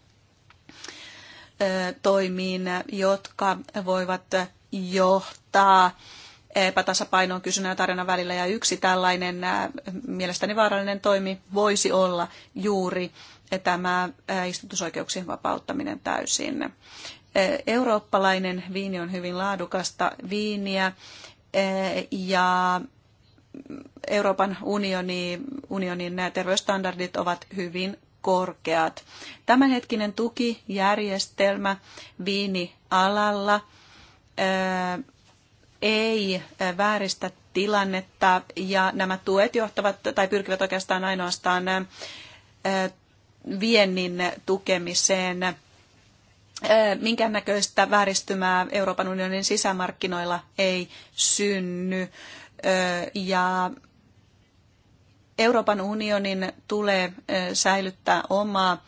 toimiin, jotka voivat johtaa epätasapainoon kysynnän ja tarjonnan välillä. Ja yksi tällainen mielestäni vaarallinen toimi voisi olla juuri tämä istutusoikeuksien vapauttaminen täysin. Eurooppalainen viini on hyvin laadukasta viiniä ja Euroopan unioni, unionin terveysstandardit ovat hyvin korkeat. Tämänhetkinen tukijärjestelmä viinialalla ei vääristä tilannetta ja nämä tuet johtavat tai pyrkivät oikeastaan ainoastaan viennin tukemiseen. Minkäännäköistä vääristymää Euroopan unionin sisämarkkinoilla ei synny ja Euroopan unionin tulee säilyttää omaa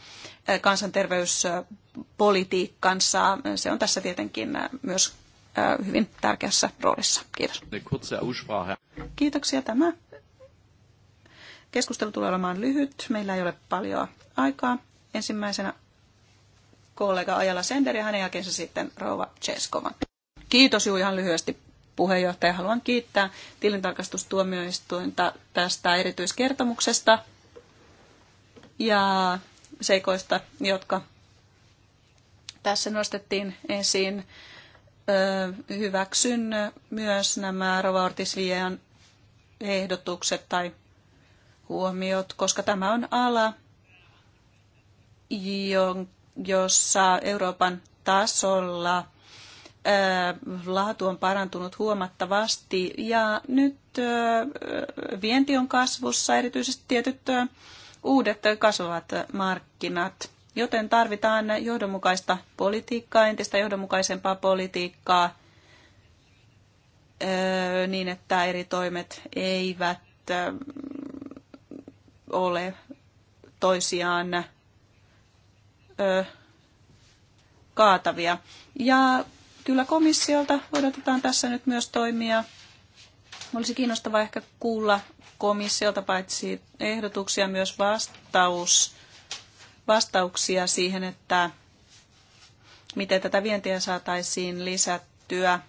kansanterveyspolitiikkansa. Se on tässä tietenkin myös hyvin tärkeässä roolissa. Kiitos. Kiitoksia. Tämä keskustelu tulee olemaan lyhyt. Meillä ei ole paljon aikaa. Ensimmäisenä kollega Ajala Sender ja hänen jälkeensä sitten rouva Cheskova. Kiitos juu ihan lyhyesti puheenjohtaja. Haluan kiittää tilintarkastustuomioistuinta tästä erityiskertomuksesta ja seikoista, jotka tässä nostettiin esiin. Hyväksyn myös nämä Rova ehdotukset tai huomiot, koska tämä on ala, jossa Euroopan tasolla – laatu on parantunut huomattavasti ja nyt vienti on kasvussa, erityisesti tietyt uudet kasvavat markkinat. Joten tarvitaan johdonmukaista politiikkaa, entistä johdonmukaisempaa politiikkaa niin, että eri toimet eivät ole toisiaan kaatavia. Ja kyllä komissiolta odotetaan tässä nyt myös toimia. Olisi kiinnostavaa ehkä kuulla komissiolta paitsi ehdotuksia, myös vastaus, vastauksia siihen, että miten tätä vientiä saataisiin lisättyä.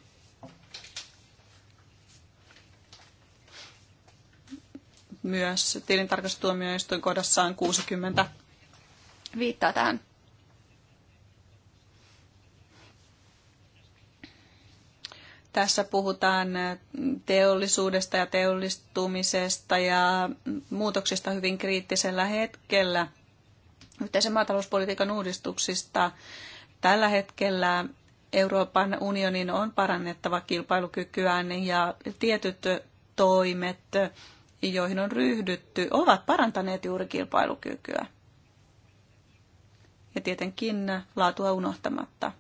Myös tilintarkastustuomioistuin kohdassaan 60 viittaa tähän Tässä puhutaan teollisuudesta ja teollistumisesta ja muutoksista hyvin kriittisellä hetkellä, yhteisen maatalouspolitiikan uudistuksista. Tällä hetkellä Euroopan unionin on parannettava kilpailukykyään ja tietyt toimet, joihin on ryhdytty, ovat parantaneet juuri kilpailukykyä. Ja tietenkin laatua unohtamatta.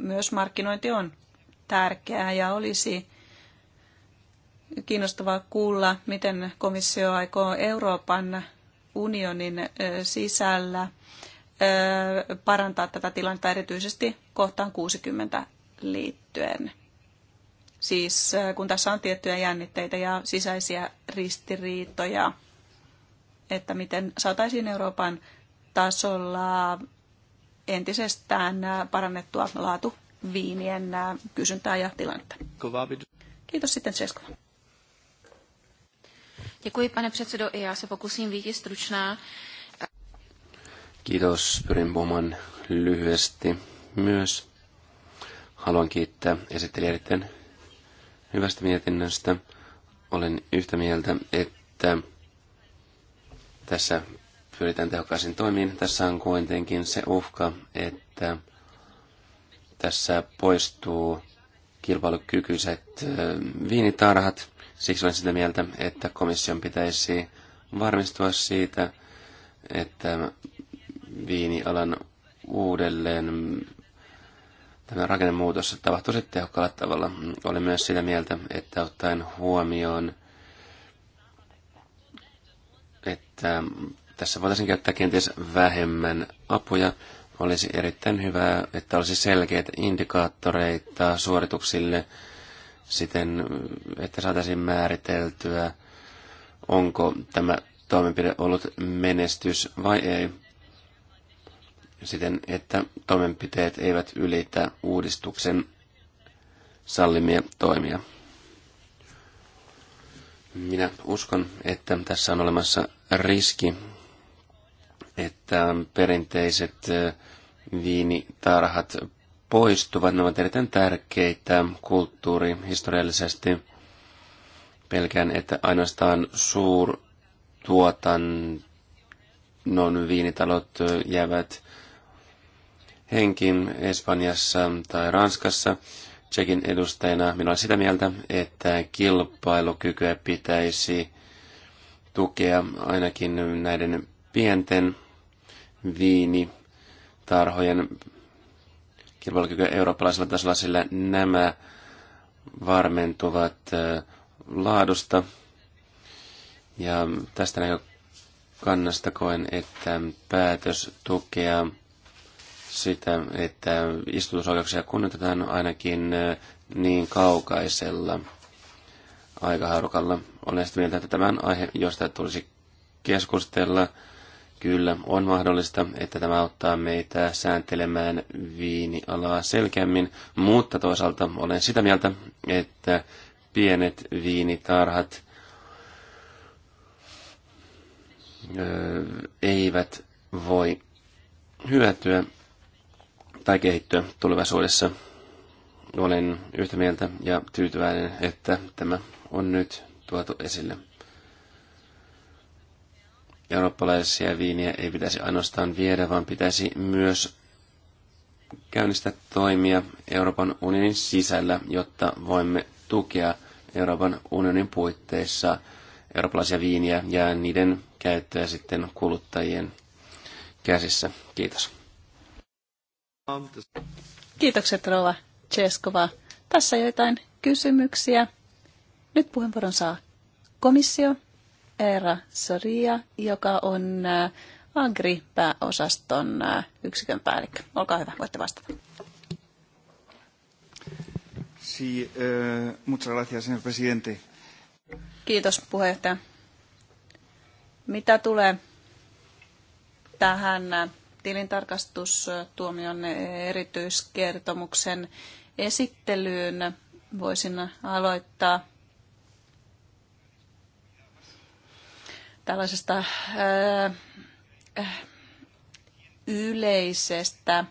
Myös markkinointi on tärkeää ja olisi kiinnostavaa kuulla, miten komissio aikoo Euroopan unionin sisällä parantaa tätä tilannetta erityisesti kohtaan 60 liittyen. Siis kun tässä on tiettyjä jännitteitä ja sisäisiä ristiriitoja, että miten saataisiin Euroopan tasolla entisestään parannettua laatu- viinien äh, kysyntää ja tilannetta. Kiitos sitten Cesko. Děkuji, pane předsedo, i já se pokusím být stručná. Kiitos, pyrin puhumaan lyhyesti myös. Haluan kiittää esittelijöiden hyvästä mietinnöstä. Olen yhtä mieltä, että tässä pyritään tehokkaisiin toimiin. Tässä on kuitenkin se uhka, että tässä poistuu kilpailukykyiset viinitarhat. Siksi olen sitä mieltä, että komission pitäisi varmistua siitä, että viinialan uudelleen tämä rakennemuutos tapahtuisi tehokkaalla tavalla. Olen myös sitä mieltä, että ottaen huomioon, että tässä voitaisiin käyttää kenties vähemmän apuja, olisi erittäin hyvä, että olisi selkeitä indikaattoreita suorituksille siten, että saataisiin määriteltyä, onko tämä toimenpide ollut menestys vai ei siten, että toimenpiteet eivät ylitä uudistuksen sallimia toimia. Minä uskon, että tässä on olemassa riski, että perinteiset viinitarhat poistuvat. Ne ovat erittäin tärkeitä kulttuurihistoriallisesti. Pelkään, että ainoastaan suurtuotannon viinitalot jäävät henkin Espanjassa tai Ranskassa. Tsekin edustajana minä olen sitä mieltä, että kilpailukykyä pitäisi tukea ainakin näiden pienten viini tarhojen kilpailukyky eurooppalaisella tasolla, sillä nämä varmentuvat laadusta. Ja tästä näkökannasta koen, että päätös tukea sitä, että istutusoikeuksia kunnioitetaan ainakin niin kaukaisella aikahaarukalla. Olen sitä mieltä, että tämän aihe, josta tulisi keskustella, Kyllä, on mahdollista, että tämä auttaa meitä sääntelemään viinialaa selkeämmin, mutta toisaalta olen sitä mieltä, että pienet viinitarhat eivät voi hyötyä tai kehittyä tulevaisuudessa. Olen yhtä mieltä ja tyytyväinen, että tämä on nyt tuotu esille eurooppalaisia viiniä ei pitäisi ainoastaan viedä, vaan pitäisi myös käynnistää toimia Euroopan unionin sisällä, jotta voimme tukea Euroopan unionin puitteissa eurooppalaisia viiniä ja niiden käyttöä sitten kuluttajien käsissä. Kiitos. Kiitokset Rova Cheskova. Tässä joitain kysymyksiä. Nyt puheenvuoron saa komissio. Eera Soria, joka on äh, Agri-pääosaston äh, yksikön päällikkö. Olkaa hyvä, voitte vastata. Sí, eh, muchas gracias, señor presidente. Kiitos puheenjohtaja. Mitä tulee tähän äh, tilintarkastustuomion erityiskertomuksen esittelyyn, voisin aloittaa tällaisesta äh, äh, yleisestä äh,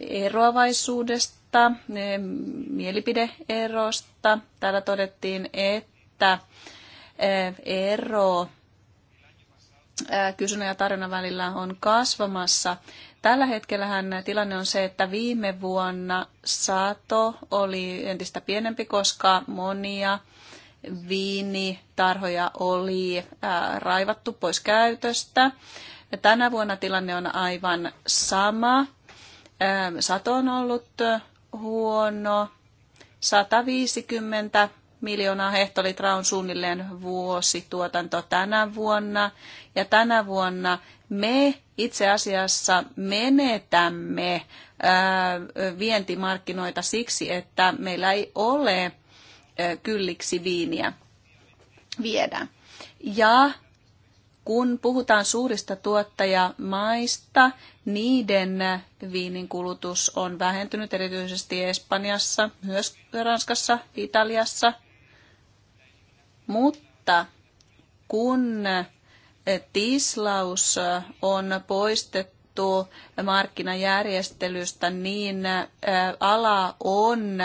eroavaisuudesta, mielipideerosta. Täällä todettiin, että ero kysynnän ja tarjonnan välillä on kasvamassa. Tällä hetkellähän tilanne on se, että viime vuonna sato oli entistä pienempi, koska monia viinitarhoja oli raivattu pois käytöstä. Tänä vuonna tilanne on aivan sama. Sato on ollut huono. 150 miljoonaa hehtolitraa on suunnilleen vuosituotanto tänä vuonna. Ja tänä vuonna me itse asiassa menetämme vientimarkkinoita siksi, että meillä ei ole kylliksi viiniä viedään Ja kun puhutaan suurista tuottajamaista, niiden viinin kulutus on vähentynyt erityisesti Espanjassa, myös Ranskassa, Italiassa. Mutta kun tislaus on poistettu markkinajärjestelystä, niin ala on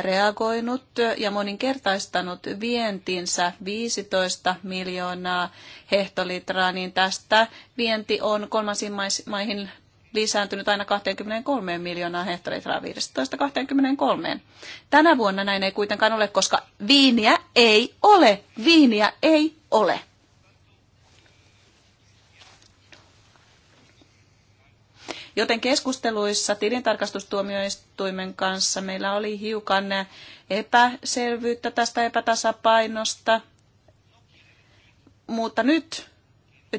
reagoinut ja moninkertaistanut vientinsä 15 miljoonaa hehtolitraa, niin tästä vienti on kolmansiin maihin lisääntynyt aina 23 miljoonaa hehtolitraa 15-23. Tänä vuonna näin ei kuitenkaan ole, koska viiniä ei ole. Viiniä ei ole. Joten keskusteluissa tilintarkastustuomioistuimen kanssa meillä oli hiukan epäselvyyttä tästä epätasapainosta, mutta nyt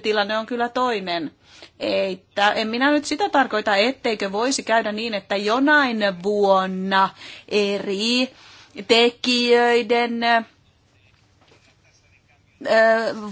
tilanne on kyllä toinen. Ei, en minä nyt sitä tarkoita, etteikö voisi käydä niin, että jonain vuonna eri tekijöiden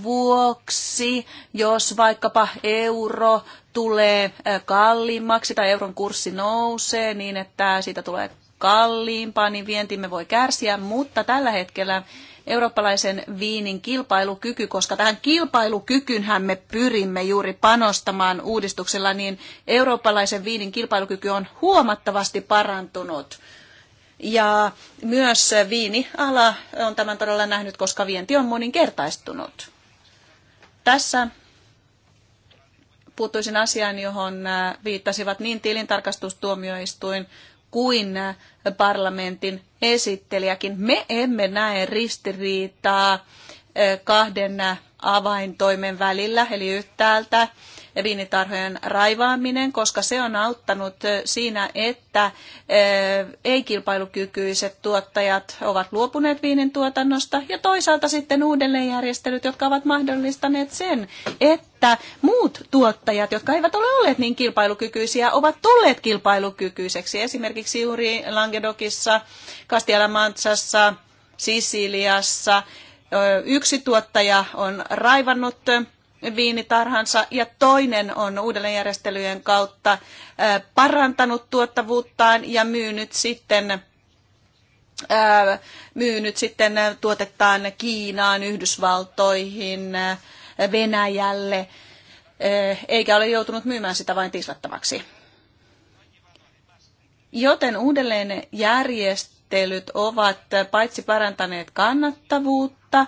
vuoksi, jos vaikkapa euro tulee kalliimmaksi tai euron kurssi nousee niin, että siitä tulee kalliimpaa, niin vientimme voi kärsiä, mutta tällä hetkellä eurooppalaisen viinin kilpailukyky, koska tähän kilpailukykynhän me pyrimme juuri panostamaan uudistuksella, niin eurooppalaisen viinin kilpailukyky on huomattavasti parantunut. Ja myös viiniala on tämän todella nähnyt, koska vienti on moninkertaistunut. Tässä puuttuisin asiaan, johon äh, viittasivat niin tilintarkastustuomioistuin kuin äh, parlamentin esittelijäkin. Me emme näe ristiriitaa äh, kahden avaintoimen välillä, eli yhtäältä viinitarhojen raivaaminen, koska se on auttanut siinä, että eh, ei-kilpailukykyiset tuottajat ovat luopuneet viinin tuotannosta ja toisaalta sitten uudelleenjärjestelyt, jotka ovat mahdollistaneet sen, että muut tuottajat, jotka eivät ole olleet niin kilpailukykyisiä, ovat tulleet kilpailukykyiseksi. Esimerkiksi juuri Langedokissa, Kastialamantsassa, Sisiliassa, eh, yksi tuottaja on raivannut viinitarhansa ja toinen on uudelleenjärjestelyjen kautta parantanut tuottavuuttaan ja myynyt sitten myynyt sitten tuotettaan Kiinaan, Yhdysvaltoihin, Venäjälle, eikä ole joutunut myymään sitä vain tislattavaksi. Joten uudelleen järjestelyt ovat paitsi parantaneet kannattavuutta,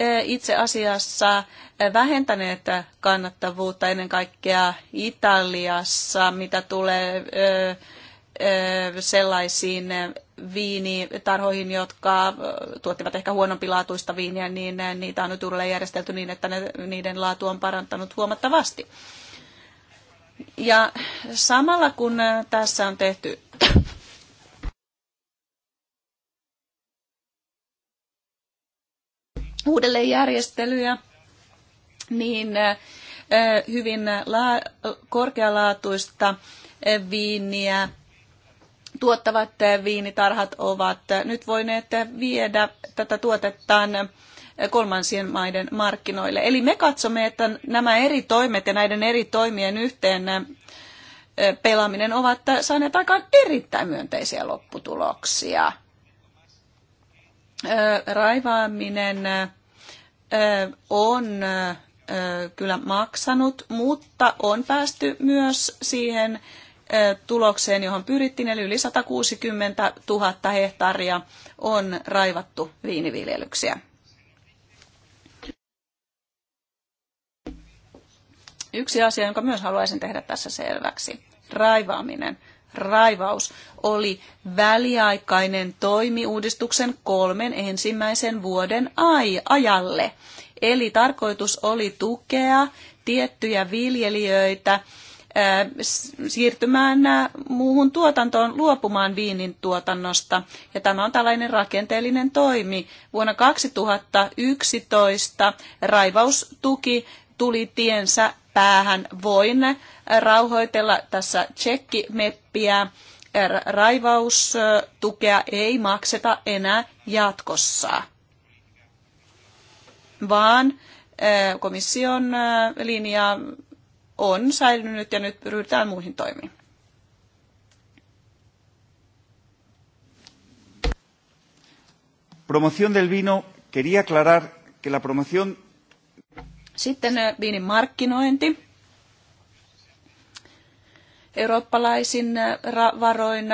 Eh, itse asiassa eh, vähentäneet kannattavuutta ennen kaikkea Italiassa, mitä tulee eh, sellaisiin viinitarhoihin, jotka tuottivat ehkä huonompilaatuista viiniä, niin niitä on nyt uudelleen järjestelty niin, että ne, niiden laatu on parantanut huomattavasti. Ja samalla kun tässä on tehty uudelleenjärjestelyjä, niin hyvin la- korkealaatuista viiniä tuottavat viinitarhat ovat nyt voineet viedä tätä tuotettaan kolmansien maiden markkinoille. Eli me katsomme, että nämä eri toimet ja näiden eri toimien yhteen pelaaminen ovat saaneet aikaan erittäin myönteisiä lopputuloksia. Raivaaminen on kyllä maksanut, mutta on päästy myös siihen tulokseen, johon pyrittiin, eli yli 160 000 hehtaaria on raivattu viiniviljelyksiä. Yksi asia, jonka myös haluaisin tehdä tässä selväksi, raivaaminen raivaus oli väliaikainen toimi uudistuksen kolmen ensimmäisen vuoden ajalle. Eli tarkoitus oli tukea tiettyjä viljelijöitä siirtymään muuhun tuotantoon, luopumaan viinin tuotannosta. Ja tämä on tällainen rakenteellinen toimi. Vuonna 2011 raivaustuki tuli tiensä päähän. Voin äh, rauhoitella tässä tsekkimeppiä. Äh, raivaustukea ei makseta enää jatkossa, vaan äh, komission linja on säilynyt ja nyt ryhdytään muihin toimiin. Promoción del vino. Quería aclarar que la promoción sitten viinin markkinointi eurooppalaisin varoin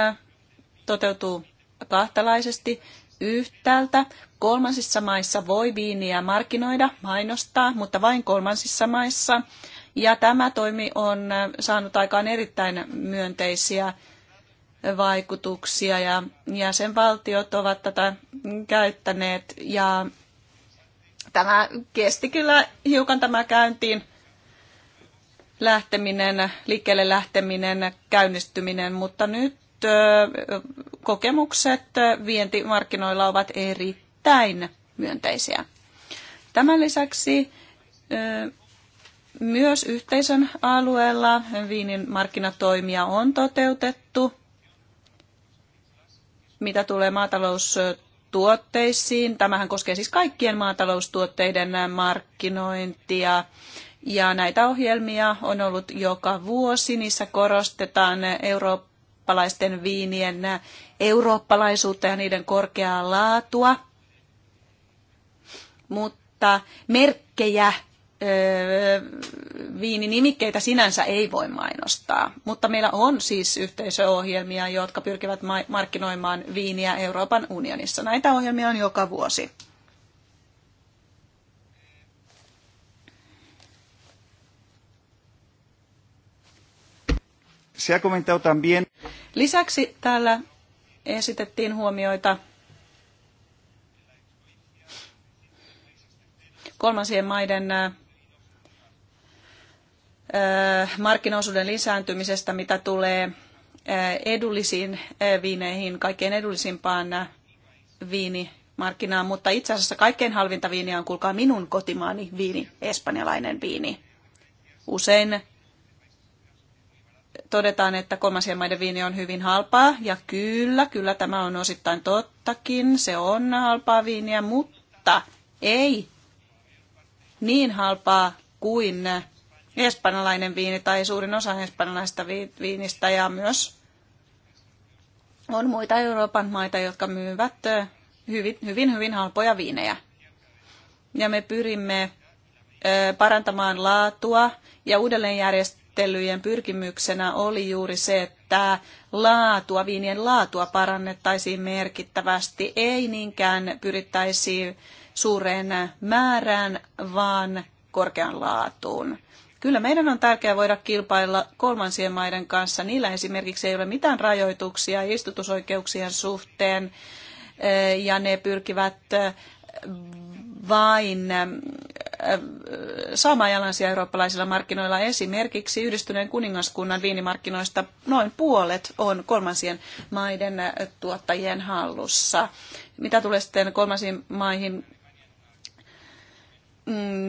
toteutuu kahtalaisesti yhtäältä. Kolmansissa maissa voi viiniä markkinoida, mainostaa, mutta vain kolmansissa maissa. Ja tämä toimi on saanut aikaan erittäin myönteisiä vaikutuksia ja jäsenvaltiot ovat tätä käyttäneet ja tämä kesti kyllä hiukan tämä käyntiin lähteminen, liikkeelle lähteminen, käynnistyminen, mutta nyt kokemukset vientimarkkinoilla ovat erittäin myönteisiä. Tämän lisäksi myös yhteisön alueella viinin markkinatoimia on toteutettu. Mitä tulee maatalous tuotteisiin. Tämähän koskee siis kaikkien maataloustuotteiden markkinointia. Ja näitä ohjelmia on ollut joka vuosi. Niissä korostetaan eurooppalaisten viinien eurooppalaisuutta ja niiden korkeaa laatua. Mutta merkkejä viininimikkeitä sinänsä ei voi mainostaa, mutta meillä on siis yhteisöohjelmia, jotka pyrkivät markkinoimaan viiniä Euroopan unionissa. Näitä ohjelmia on joka vuosi. Lisäksi täällä esitettiin huomioita kolmansien maiden markkinaosuuden lisääntymisestä, mitä tulee edullisiin viineihin, kaikkein edullisimpaan viinimarkkinaan, mutta itse asiassa kaikkein halvinta viiniä on, kuulkaa, minun kotimaani viini, espanjalainen viini. Usein todetaan, että kolmansien maiden viini on hyvin halpaa, ja kyllä, kyllä tämä on osittain tottakin, se on halpaa viiniä, mutta ei niin halpaa kuin espanjalainen viini tai suurin osa espanjalaista viinistä ja myös on muita Euroopan maita, jotka myyvät hyvin, hyvin, hyvin halpoja viinejä. Ja me pyrimme parantamaan laatua ja uudelleenjärjestelyjen pyrkimyksenä oli juuri se, että laatua, viinien laatua parannettaisiin merkittävästi. Ei niinkään pyrittäisi suureen määrään, vaan korkean laatuun. Kyllä meidän on tärkeää voida kilpailla kolmansien maiden kanssa. Niillä esimerkiksi ei ole mitään rajoituksia istutusoikeuksien suhteen eh, ja ne pyrkivät eh, vain eh, saamaan jalansia eurooppalaisilla markkinoilla. Esimerkiksi yhdistyneen kuningaskunnan viinimarkkinoista noin puolet on kolmansien maiden tuottajien hallussa. Mitä tulee sitten kolmansiin maihin,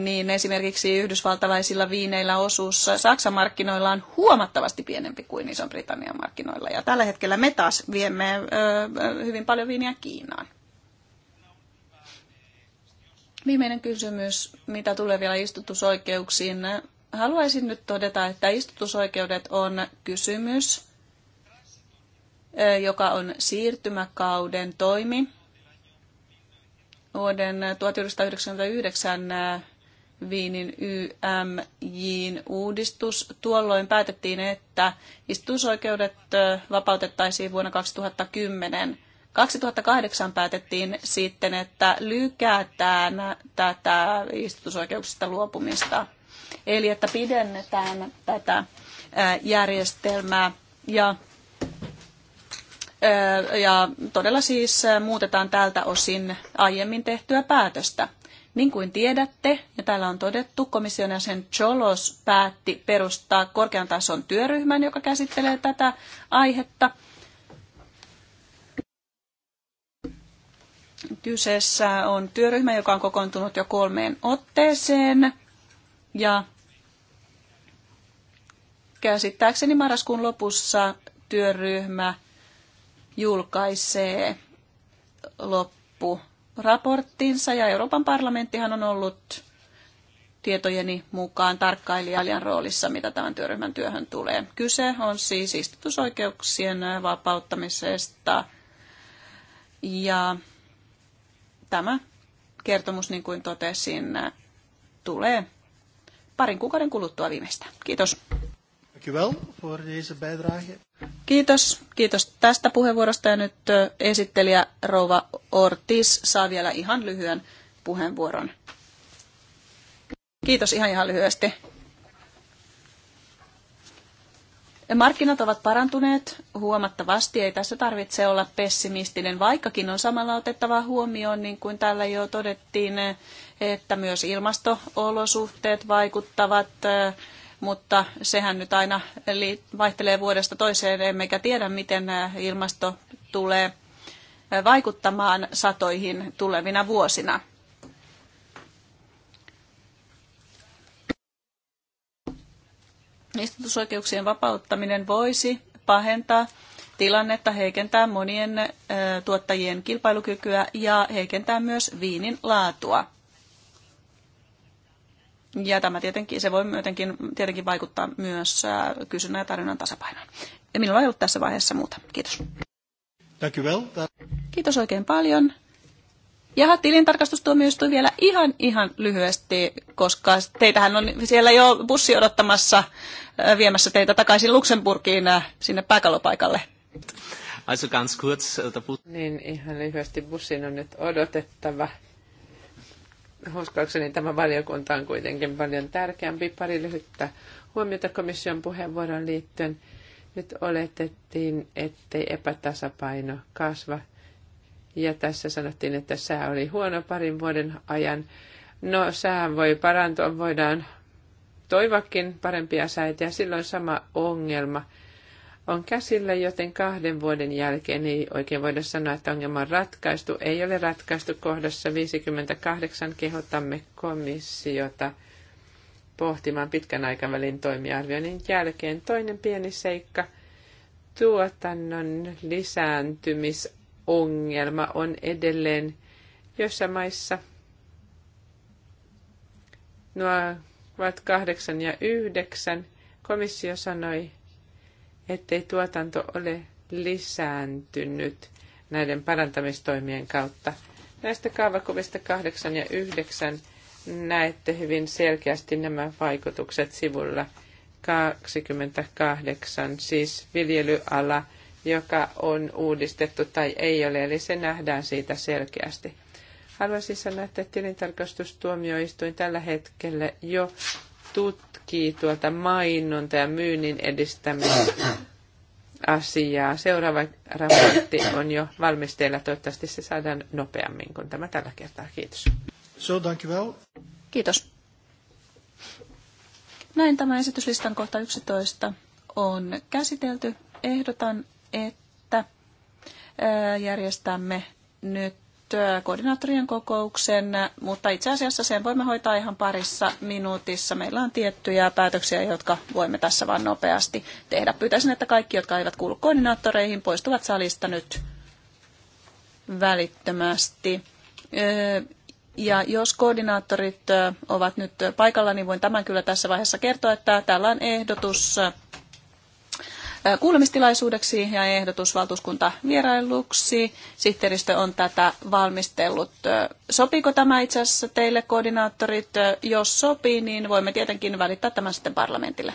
niin esimerkiksi yhdysvaltalaisilla viineillä osuus Saksan markkinoilla on huomattavasti pienempi kuin Iso-Britannian markkinoilla. Ja tällä hetkellä me taas viemme ö, hyvin paljon viiniä Kiinaan. Viimeinen kysymys, mitä tulee vielä istutusoikeuksiin. Haluaisin nyt todeta, että istutusoikeudet on kysymys, joka on siirtymäkauden toimi vuoden 1999 äh, Viinin YMJin uudistus. Tuolloin päätettiin, että istutusoikeudet äh, vapautettaisiin vuonna 2010. 2008 päätettiin sitten, että lykätään tätä istutusoikeuksista luopumista. Eli että pidennetään tätä äh, järjestelmää ja ja todella siis muutetaan tältä osin aiemmin tehtyä päätöstä. Niin kuin tiedätte, ja täällä on todettu, komission jäsen Cholos päätti perustaa korkean tason työryhmän, joka käsittelee tätä aihetta. Kyseessä on työryhmä, joka on kokoontunut jo kolmeen otteeseen ja käsittääkseni marraskuun lopussa työryhmä – julkaisee loppuraporttinsa ja Euroopan parlamenttihan on ollut tietojeni mukaan tarkkailijan roolissa, mitä tämän työryhmän työhön tulee. Kyse on siis istutusoikeuksien vapauttamisesta ja tämä kertomus, niin kuin totesin, tulee parin kuukauden kuluttua viimeistään. Kiitos. Kiitos. Kiitos tästä puheenvuorosta. Ja nyt esittelijä Rouva Ortiz saa vielä ihan lyhyen puheenvuoron. Kiitos ihan ihan lyhyesti. Markkinat ovat parantuneet huomattavasti, ei tässä tarvitse olla pessimistinen, vaikkakin on samalla otettava huomioon, niin kuin täällä jo todettiin, että myös ilmastoolosuhteet vaikuttavat mutta sehän nyt aina vaihtelee vuodesta toiseen, emmekä tiedä, miten ilmasto tulee vaikuttamaan satoihin tulevina vuosina. Istutusoikeuksien vapauttaminen voisi pahentaa tilannetta, heikentää monien tuottajien kilpailukykyä ja heikentää myös viinin laatua. Ja tämä tietenkin, se voi jotenkin, tietenkin vaikuttaa myös äh, kysynnän ja tarjonnan tasapainoon. Ja minulla ei ollut tässä vaiheessa muuta. Kiitos. Kiitos oikein paljon. Jaha, tilintarkastustuomioistuin vielä ihan, ihan lyhyesti, koska teitähän on siellä jo bussi odottamassa äh, viemässä teitä takaisin Luxemburgiin äh, sinne pääkalopaikalle. Also ganz kurz, Bus... Niin, ihan lyhyesti bussin on nyt odotettava uskoakseni tämä valiokunta on kuitenkin paljon tärkeämpi. Pari lyhyttä huomiota komission puheenvuoron liittyen. Nyt oletettiin, ettei epätasapaino kasva. Ja tässä sanottiin, että sää oli huono parin vuoden ajan. No, sää voi parantua, voidaan toivakin parempia säitä ja silloin sama ongelma – on käsillä, joten kahden vuoden jälkeen ei oikein voida sanoa, että ongelma on ratkaistu. Ei ole ratkaistu kohdassa 58. Kehotamme komissiota pohtimaan pitkän aikavälin toimiarvioinnin jälkeen. Toinen pieni seikka, tuotannon lisääntymisongelma on edelleen joissa maissa. Nuo ovat kahdeksan ja yhdeksän. Komissio sanoi, ettei tuotanto ole lisääntynyt näiden parantamistoimien kautta. Näistä kaavakuvista 8 ja 9 näette hyvin selkeästi nämä vaikutukset sivulla 28, siis viljelyala, joka on uudistettu tai ei ole, eli se nähdään siitä selkeästi. Haluaisin sanoa, että tilintarkastustuomioistuin tällä hetkellä jo tut- kaikki tuota mainonta ja myynnin Asiaa. Seuraava raportti on jo valmisteilla. Toivottavasti se saadaan nopeammin kuin tämä tällä kertaa. Kiitos. So, well. Kiitos. Näin tämä esityslistan kohta 11 on käsitelty. Ehdotan, että järjestämme nyt Äh, koordinaattorien kokouksen, mutta itse asiassa sen voimme hoitaa ihan parissa minuutissa. Meillä on tiettyjä päätöksiä, jotka voimme tässä vain nopeasti tehdä. Pyytäisin, että kaikki, jotka eivät kuulu koordinaattoreihin, poistuvat salista nyt välittömästi. Ja jos koordinaattorit ovat nyt paikalla, niin voin tämän kyllä tässä vaiheessa kertoa, että täällä on ehdotus kuulemistilaisuudeksi ja ehdotus valtuuskuntavierailuksi. Sihteeristö on tätä valmistellut. Sopiiko tämä itse asiassa teille koordinaattorit? Jos sopii, niin voimme tietenkin välittää tämän sitten parlamentille.